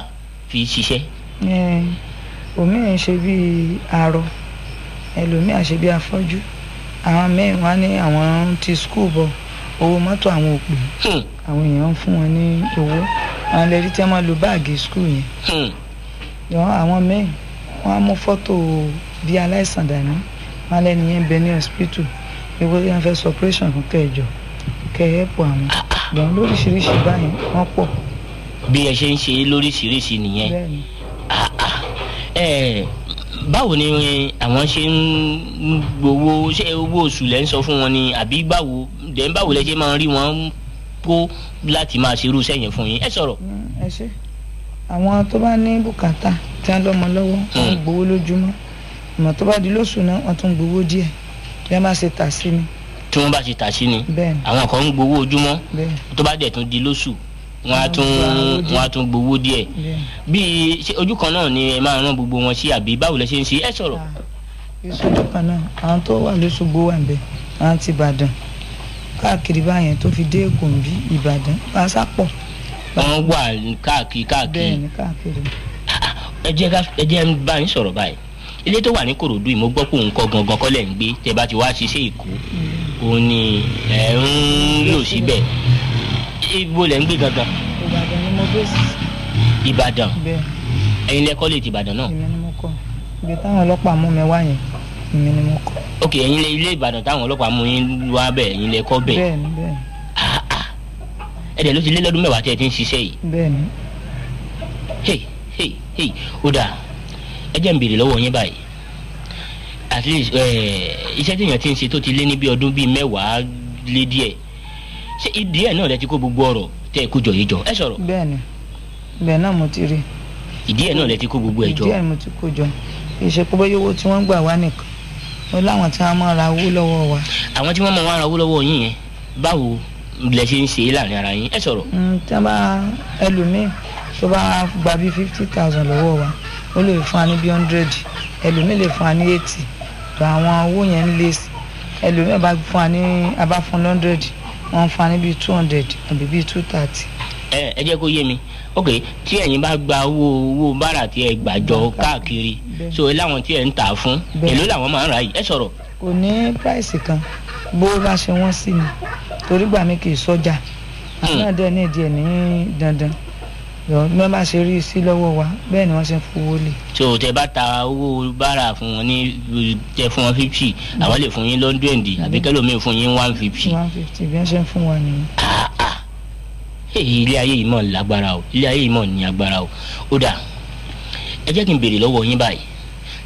fi ṣiṣẹ́. omi eh, ẹ̀ ń ṣe bíi arọ ẹlòmíà ṣe bíi afọ́jú àwọn mẹ́rin wá ní àwọn ti skul bọ̀ owó mọ́tò àwọn òpè hmm. àwọn èèyàn ń fún wọn ní owó àwọn lẹ́rí tí wọ́n máa lo báàgì skul yẹn hmm. àwọn mẹ́rin wọ́n á mú fọ́tò bíi aláìsàn dání wọ́n á lẹ́ni yẹn bẹ ní hospital ewé yẹn fẹ́ sọ operation kankan ẹ̀jọ̀ kẹ́ ẹ̀pù àwọn ṣùgbọ́n lóríṣiríṣi báyìí wọ́n pọ̀. bí ẹ ṣe ń ṣe lóríṣiríṣi nìyẹn ah, ah. báwo ni àwọn ṣe ń gbowó ṣé owó oṣù lẹ́ ń sọ fún wọn ni àbí báwo dẹ̀ báwo lẹ ṣe máa ń rí wọn kó láti máa ṣerú sẹ́yìn fún yín ẹ sọ̀rọ̀. Mm, ẹ ṣe àwọn tó bá ní bùkátà tí wọ́n lọ́mọ lọ́wọ́ wọ́n hmm. gbowó lójúmọ́ ìmọ̀ tó bá di lóṣù náà wọ́n tún gbowó díẹ̀ bí wọ́n bá ṣe tà sí ni tí wọ́n bá ṣe tà sí ni àwọn kan ń gbowó ojúmọ́ tó bá dẹ̀ tún di lóṣù wọ́n á tún wọ́n á tún gbowó díẹ̀ bíi ojú kan náà ni ẹ máa rán gbogbo wọn sí àbí báwo lẹ ṣe ń ṣe ẹ sọ̀rọ̀. ìṣojú ah, kan náà àwọn tó wà lóṣogbo wà ń bẹ àwọn ti bàdàn káàkiri báyẹn tó fi dé èkó ń bí ìbàdàn pàṣàpọ̀. wọ́n wà káàkiri káàkiri. bẹ́ẹ̀ni káàkiri. ẹ jẹ́ ẹ jẹ́ ń bá yín sọ̀rọ̀ báyìí ilé tó wà ní Kòròdú yìí mo gangan kọ́lẹ̀ ń gbé tẹ bá ti wá ṣiṣẹ́ Èkó mm òun ni ẹ̀ ń lò síbẹ̀ ibo lẹ̀ ń gbé gangan. Ìbàdàn ni mo gbé sí. Ìbàdàn ẹ̀yin lẹ kọ́lé ti Ìbàdàn náà. èmi ni mo kọ́ ibi táwọn ọlọ́pàá mú mi wá yẹn èmi ni mo kọ́. ok ẹ̀yin lẹ ilé Ìbàdàn táwọn ọlọ́pàá mú yín wá bẹ̀ ẹ̀yin lẹ kọ́ bẹ̀. bẹ́ẹ̀ni bẹ́ẹ̀ni. Ah, ah. ẹ̀dẹ̀ ló ti lé lọ́dún mẹ́wàá tí ẹ ti ń ṣiṣẹ́ yìí. bẹ́ẹ̀ni. hey hey hey ó dáa ẹ jẹ́ n béèrè lọ́wọ́ yín báyìí at least eh, iṣẹ́ tí èèyàn ti ń ṣe tó ti lé ní bí ọdún bíi mẹ́wàá lé díẹ̀ ṣé ìdí ẹ̀ náà lẹ ti kó gbogbo ọ̀rọ̀ tẹ́ ẹ kó jọ yìí jọ ẹ sọ̀rọ̀. bẹ́ẹ̀ni bẹ́ẹ̀ náà mo ti rí. ìdí ẹ̀ náà lẹ ti kó gbogbo ẹ jọ. ìdí ẹ̀ mo ti kó jọ ìṣèpọ̀bọ̀ yòówó tí wọ́n gbà wá nìkan ó láwọn tí wọ́n máa ra owó lọ́wọ́ wa. àwọn tí wọ́n máa wá ra owó lọ́wọ́ yín yẹn báwo lẹ ṣe ń ṣe láàrin ara yín ẹ sọ̀rọ̀. Hmm, tí wọ́n bá ẹlòmíì tó fifty thousand lọ́wọ́ wa ó lè fún hundred ẹlòmíì lè fún wa ní eighty tó àwọn owó yẹn ń lé sí ẹlòmíì bá fún wa ní abá fún hundred wọ́n fún wa ní bíi two hundred àbí bíi two thirty. ẹ ẹ jẹ́ kó yé mi ok tí ẹ̀yin bá gba owó owó bára tí ẹ gbàjọ káàkiri so láwọn tí ẹ ń tà fún èló làwọn máa ń ra yìí ẹ sọ̀rọ̀. kò ní price kan bó bá ṣe wọ́n sí ni torí gbà mí kì í sọ́jà àwọn náà hmm. dẹ́ ní ìdí ẹ̀ ní dandan ní bá ṣe rí sí lọ́wọ́ wa bẹ́ẹ̀ ni wọ́n ṣe ń fowó lè. so tẹ bá ta owó bára fún wọn ní tẹ fún wọn fifty àwọn lè fún yín lọ́ndẹ̀ndì àbí kẹlòmíì fún yín one fifty. one fifty bí wọ́n ṣe ń fún wa nìyẹn. Ah, ah. ilé ayé yìí mọ̀ lágbára o ilé ayé yìí mọ̀ ní agbára o ó dà ẹ jẹ́ kí n béèrè lọ́wọ́ yín báyìí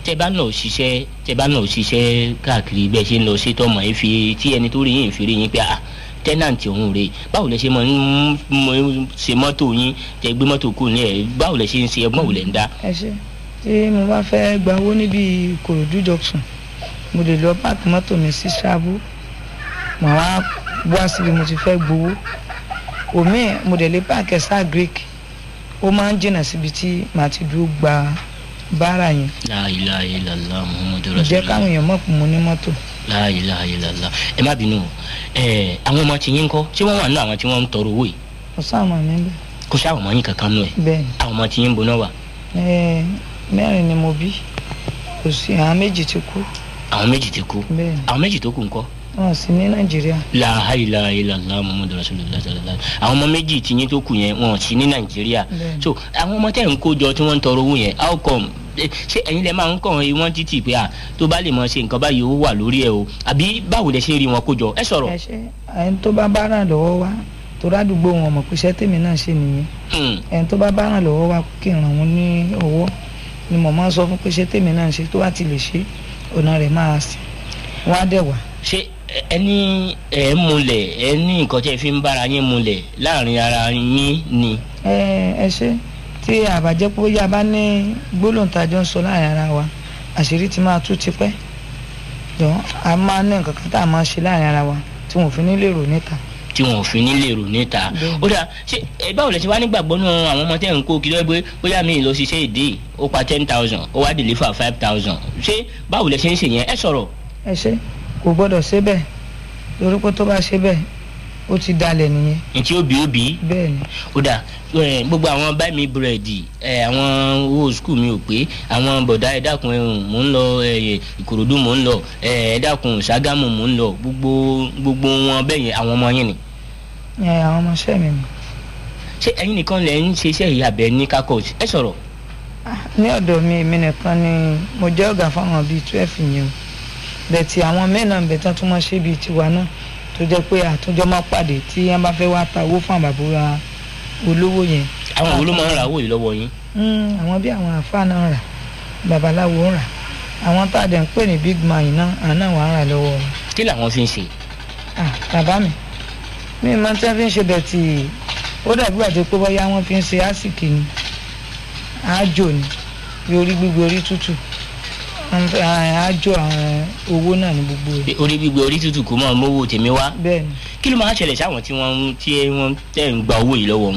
tẹ bá náà ṣiṣẹ́ tẹ bá náà ṣiṣẹ́ káàkiri bẹ́ẹ̀ ṣe ń lọ sí tọmọ ẹ fi tí ẹni tó rí yín fi rí yín pé ah tenant òun rè báwo lẹ ṣe mọ ṣe mọ́tò yín tẹ gbé mọ́tò kù ní ẹ̀ báwo lẹ ṣe ń ṣe ọgbọ́n òwúlẹ̀ dá. ẹ ṣe tí mo bá fẹ́ gba owó níbi Ìkòròdú junction mo lè lọ páàkì mọ́tò mi sí ṣáàbù mà wá wá síbi mo ti fẹ́ gbowó òmí mo dẹ̀ lè páàkì ẹ̀ sáà greek ó máa ń jìnnà síbi tí màá ti dúró gba báárà yẹn. láìláìlá muhammadu rasulillah. jẹ́ káwọn èèyàn mọ̀ pé mo ní la ilaha illallah ẹ má bínú ẹ àwọn ọmọ tí yín kọ́ ṣé wọ́n wà nínú àwọn tí wọ́n ń tọrọ owó yìí. kò sáàmà mi bẹ. kò sáàmà mọ́ yín kankan nù ẹ. bẹ́ẹ̀ni àwọn ọmọ tí yín bo náà wà. ẹẹ mẹ́rin ni mo bí kò sí àwọn méjì ti kú. àwọn méjì ti kú. bẹ́ẹ̀ni àwọn méjì tó kù ńkọ́ wọn sì ní nàìjíríà. la ilaha illallah muhammadu rasulillah sallallahu àwọn ọmọ méjì tí yín tó kù yẹn wọn sì ní nàìjíríà so àwọn ọmọ tẹ́ ń kó jọ tí wọ́n ń tọrọ owó yẹn how come ṣé ẹ̀yin lẹ máa ń kàn ẹ wọ́n títì pé à tó bá lè mọ ṣe nǹkan báyìí ó wà lórí ẹ o àbí báwo lẹ ṣe rí wọn kó jọ ẹ sọ̀rọ̀. ẹ ṣe ẹni tó bá bá ràn lọ́wọ́ wá tó rádùúgbò wọn mọ̀ pé iṣẹ́ tèmi náà ṣe nìyẹn hmm. ẹni tó bá bá ràn lọ́wọ́ ni mo máa ń sọ fún pé iṣẹ́ tèmi náà ṣe tó bá ẹni ẹ ń múlẹ̀ ẹ ní nǹkan tí ẹ fi ń bára yín múlẹ̀ láàrin ara yín ni. ẹ ẹ ṣe tí àbàjẹ́ pé bóyá a bá ní gbólóhùn tá a jọ ń sọ láàrin ara wa àṣírí ti máa tú tipẹ́ jọ a máa ní nǹkan kan tá a máa ṣe láàrin ara wa tí wọn ò fi ní lè rò níta tí wọn ò fi ní lè rò níta ó dà ṣe ẹ báwo lẹ ṣe wá nígbàgbọ́ nù àwọn ọmọ tẹ̀ ń kó kí lọ́ọ́ pé bóyá mi lọ ṣiṣẹ́ èdè ó pa ten thousand ó wá deliver five thousand ṣé báwo lẹ ṣe ń ṣe yẹn ẹ sọ̀rọ̀. ẹ ṣe kò gbọ́dọ̀ ṣe bẹ́ẹ̀ torí pé tó bá ṣe bẹ́ẹ̀ ó ti dalẹ̀ nìyẹn. ntí òbí òbí. bẹ́ẹ̀ni. ó dà gbogbo àwọn bá mi búrẹ́dì àwọn owó skul mi ò pé àwọn bọ̀dá ẹ dákun mò ń lọ ìkòròdú mò ń lọ ẹ dákun ṣàgámù mò ń lọ gbogbo gbogbo wọn bẹ́ẹ̀ yẹn àwọn ọmọ yẹn ni. ẹ àwọn ọmọ iṣẹ́ mi ni. ṣé ẹ̀yin nìkan lẹ ń ṣe iṣẹ́ ìyàbẹ ní kakọọsì ẹ sọ̀rọ̀. Ah, ní ọ̀dọ̀ mi èmi nìkan ni mo jẹ́ ọ̀gá fáwọn bíi twelve yẹn o bẹ̀tì àwọn mẹ́nà bẹ̀tàn tún máa ṣe bíi tiwa náà tó jẹ́ pé àtúnjọ́ máa pàdé tí wọ́n bá fẹ́ wá ta owó fún àbàbúrà olówó yẹn. àwọn wo ló máa ń ra owó yìí lọ́wọ́ yín. Hmm, àwọn bí àwọn àfa náà rà babaláwo rà àwọn tá a dẹ̀ ń pè ní big man iná àná wà á rà lọ́wọ́ wọn. kí làwọn fi ń ṣe. bàbá mi mi máa ń tẹ́ fi ń ṣe bẹ̀tì ó dàbí àti pé bóyá wọ́n fi ń ṣe ásìkì ni àájò ni bí orí orí tútù àjọ àwọn owó náà ní gbogbo rẹ. orí gbígbé orí tútù kò mọ owó tèmi wá. kí ló máa ṣẹlẹ̀ sáwọn tí wọ́n tí wọ́n tẹ̀ ń gba owó yìí lọ́wọ́ wọn.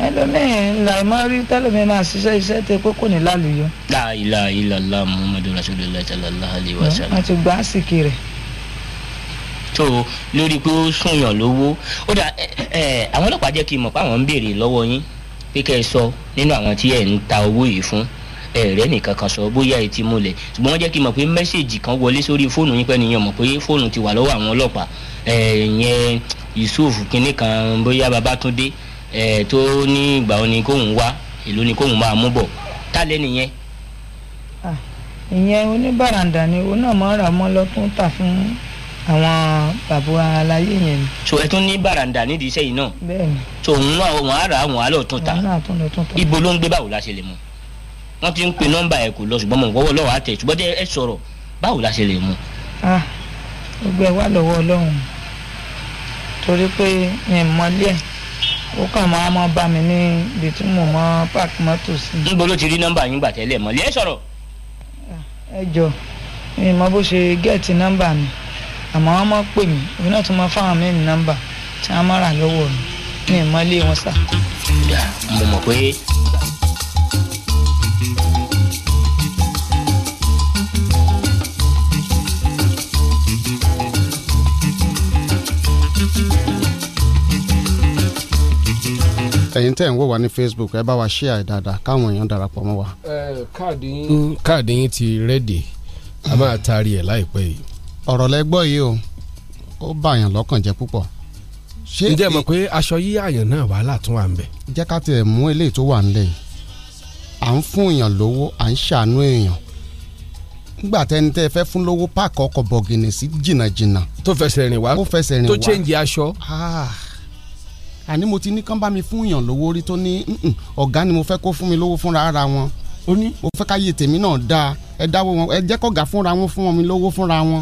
ẹlòmíín làìmọ́ rí tẹ́lẹ̀mí máa ṣiṣẹ iṣẹ tẹ pé kò ní lálùyọ. la ilaha muhammadu rasulillah sallallahu alayhi wa sallam. wọ́n ti gba rẹ̀. tó o lórí pé ó lówó ó dà ta owó ẹ̀rẹ́ nìkan kan sọ bóyá etí múlẹ̀ ṣùgbọ́n wọ́n jẹ́ kí n mọ̀ pé mẹ́sẹ̀gì kan wọlé sórí fóònù yín pẹ́ nìyẹn mọ̀ pé fóònù ti wà lọ́wọ́ àwọn ọlọ́pàá ẹ̀yẹn Yusuf kínní kan bóyá Babátúndé ẹ̀ tó ní ìgbà òní kóhùn wá èló ni kóhùn máa mú bọ̀ tálẹ́ nìyẹn. ìyẹn oníbàràǹdà ni òun náà máa rà mọ́ lọ́tún tà fún àwọn bàbá aláyé yẹn ni. so ẹ tún ní baranda nídìí iṣẹ́ yìí náà. bẹ́ẹ̀ni. so òun náà wọn á rà á wọn á lọ tún ta. òun náà tún lọ tún ta. ibo ló ń gbé báwo la ṣe lè mọ̀ wọ́n ti ń pe nọ́mbà ẹ̀ kò lọ ṣùgbọ́n mọ̀ wọ́wọ́ lọ́wọ́ àtẹ̀ ṣùgbọ́n dé ẹ sọ̀rọ̀ báwo la ṣe lè mú. Ah, gbogbo ẹ wá lọ́wọ́ ọlọ́run torí pé mi ò mọlé ẹ̀ ó kàn máa mọ bá mi ní ibi tí mo mọ páàkì mọ́tò sí. níbo ló ti rí nọ́mbà yín gbà tẹ́lẹ̀ mọ́lé ẹ sọ̀rọ̀. Ah, ẹ jọ mi mọ bó ṣe gẹ́ẹ̀tì nọ́mbà mi àmọ́ wọ́n mọ̀ pè mí òun náà tún mọ fáwọn mí ní nọ́mbà tí wọ́n mọ̀ rà lọ́wọ́ mi mi ò wọn sà. mo mọ̀ pé ẹ̀yin tẹ̀ ń wò wá ní facebook ẹ bá wa share ẹ̀ dáadáa káwọn èèyàn darapọ̀ mọ́ wa. káàdì yín mm, káàdì yín ti rẹ́dì a hmm. máa taari ẹ̀ láìpẹ́ yìí. ọ̀rọ̀ lẹ gbọ́ yìí o ó bàyàn lọ́kàn jẹ́ púpọ̀. ǹjẹ́ mọ̀ pé aṣọ yíyàyàn náà wàhálà tún wà ń bẹ̀. jẹ́ ká tiẹ̀ mú eléyìí tó wà ńlẹ̀ yìí à ń fún èèyàn lówó à ń ṣàánú èèyàn nígbà tẹni tẹ fẹ́ fún lówó páàkì ọkọ̀ bọ̀gìnì sí jìnnàjìnnà. tó fẹsẹ̀ rìn wá tó fẹsẹ̀ rìn wá tó chẹ́ǹgì aṣọ. Ah àní mo ti ní kán bá mi fún yàn lówó rí tó ní ọ̀gá ni mo fẹ́ kó fún mi lówó fúnra ara wọn ó ní mo fẹ́ káyé tèmi náà dáa ẹ dáwó wọn ẹ jẹ́ kọ̀gá fúnra wọn fún mi lówó fúnra wọn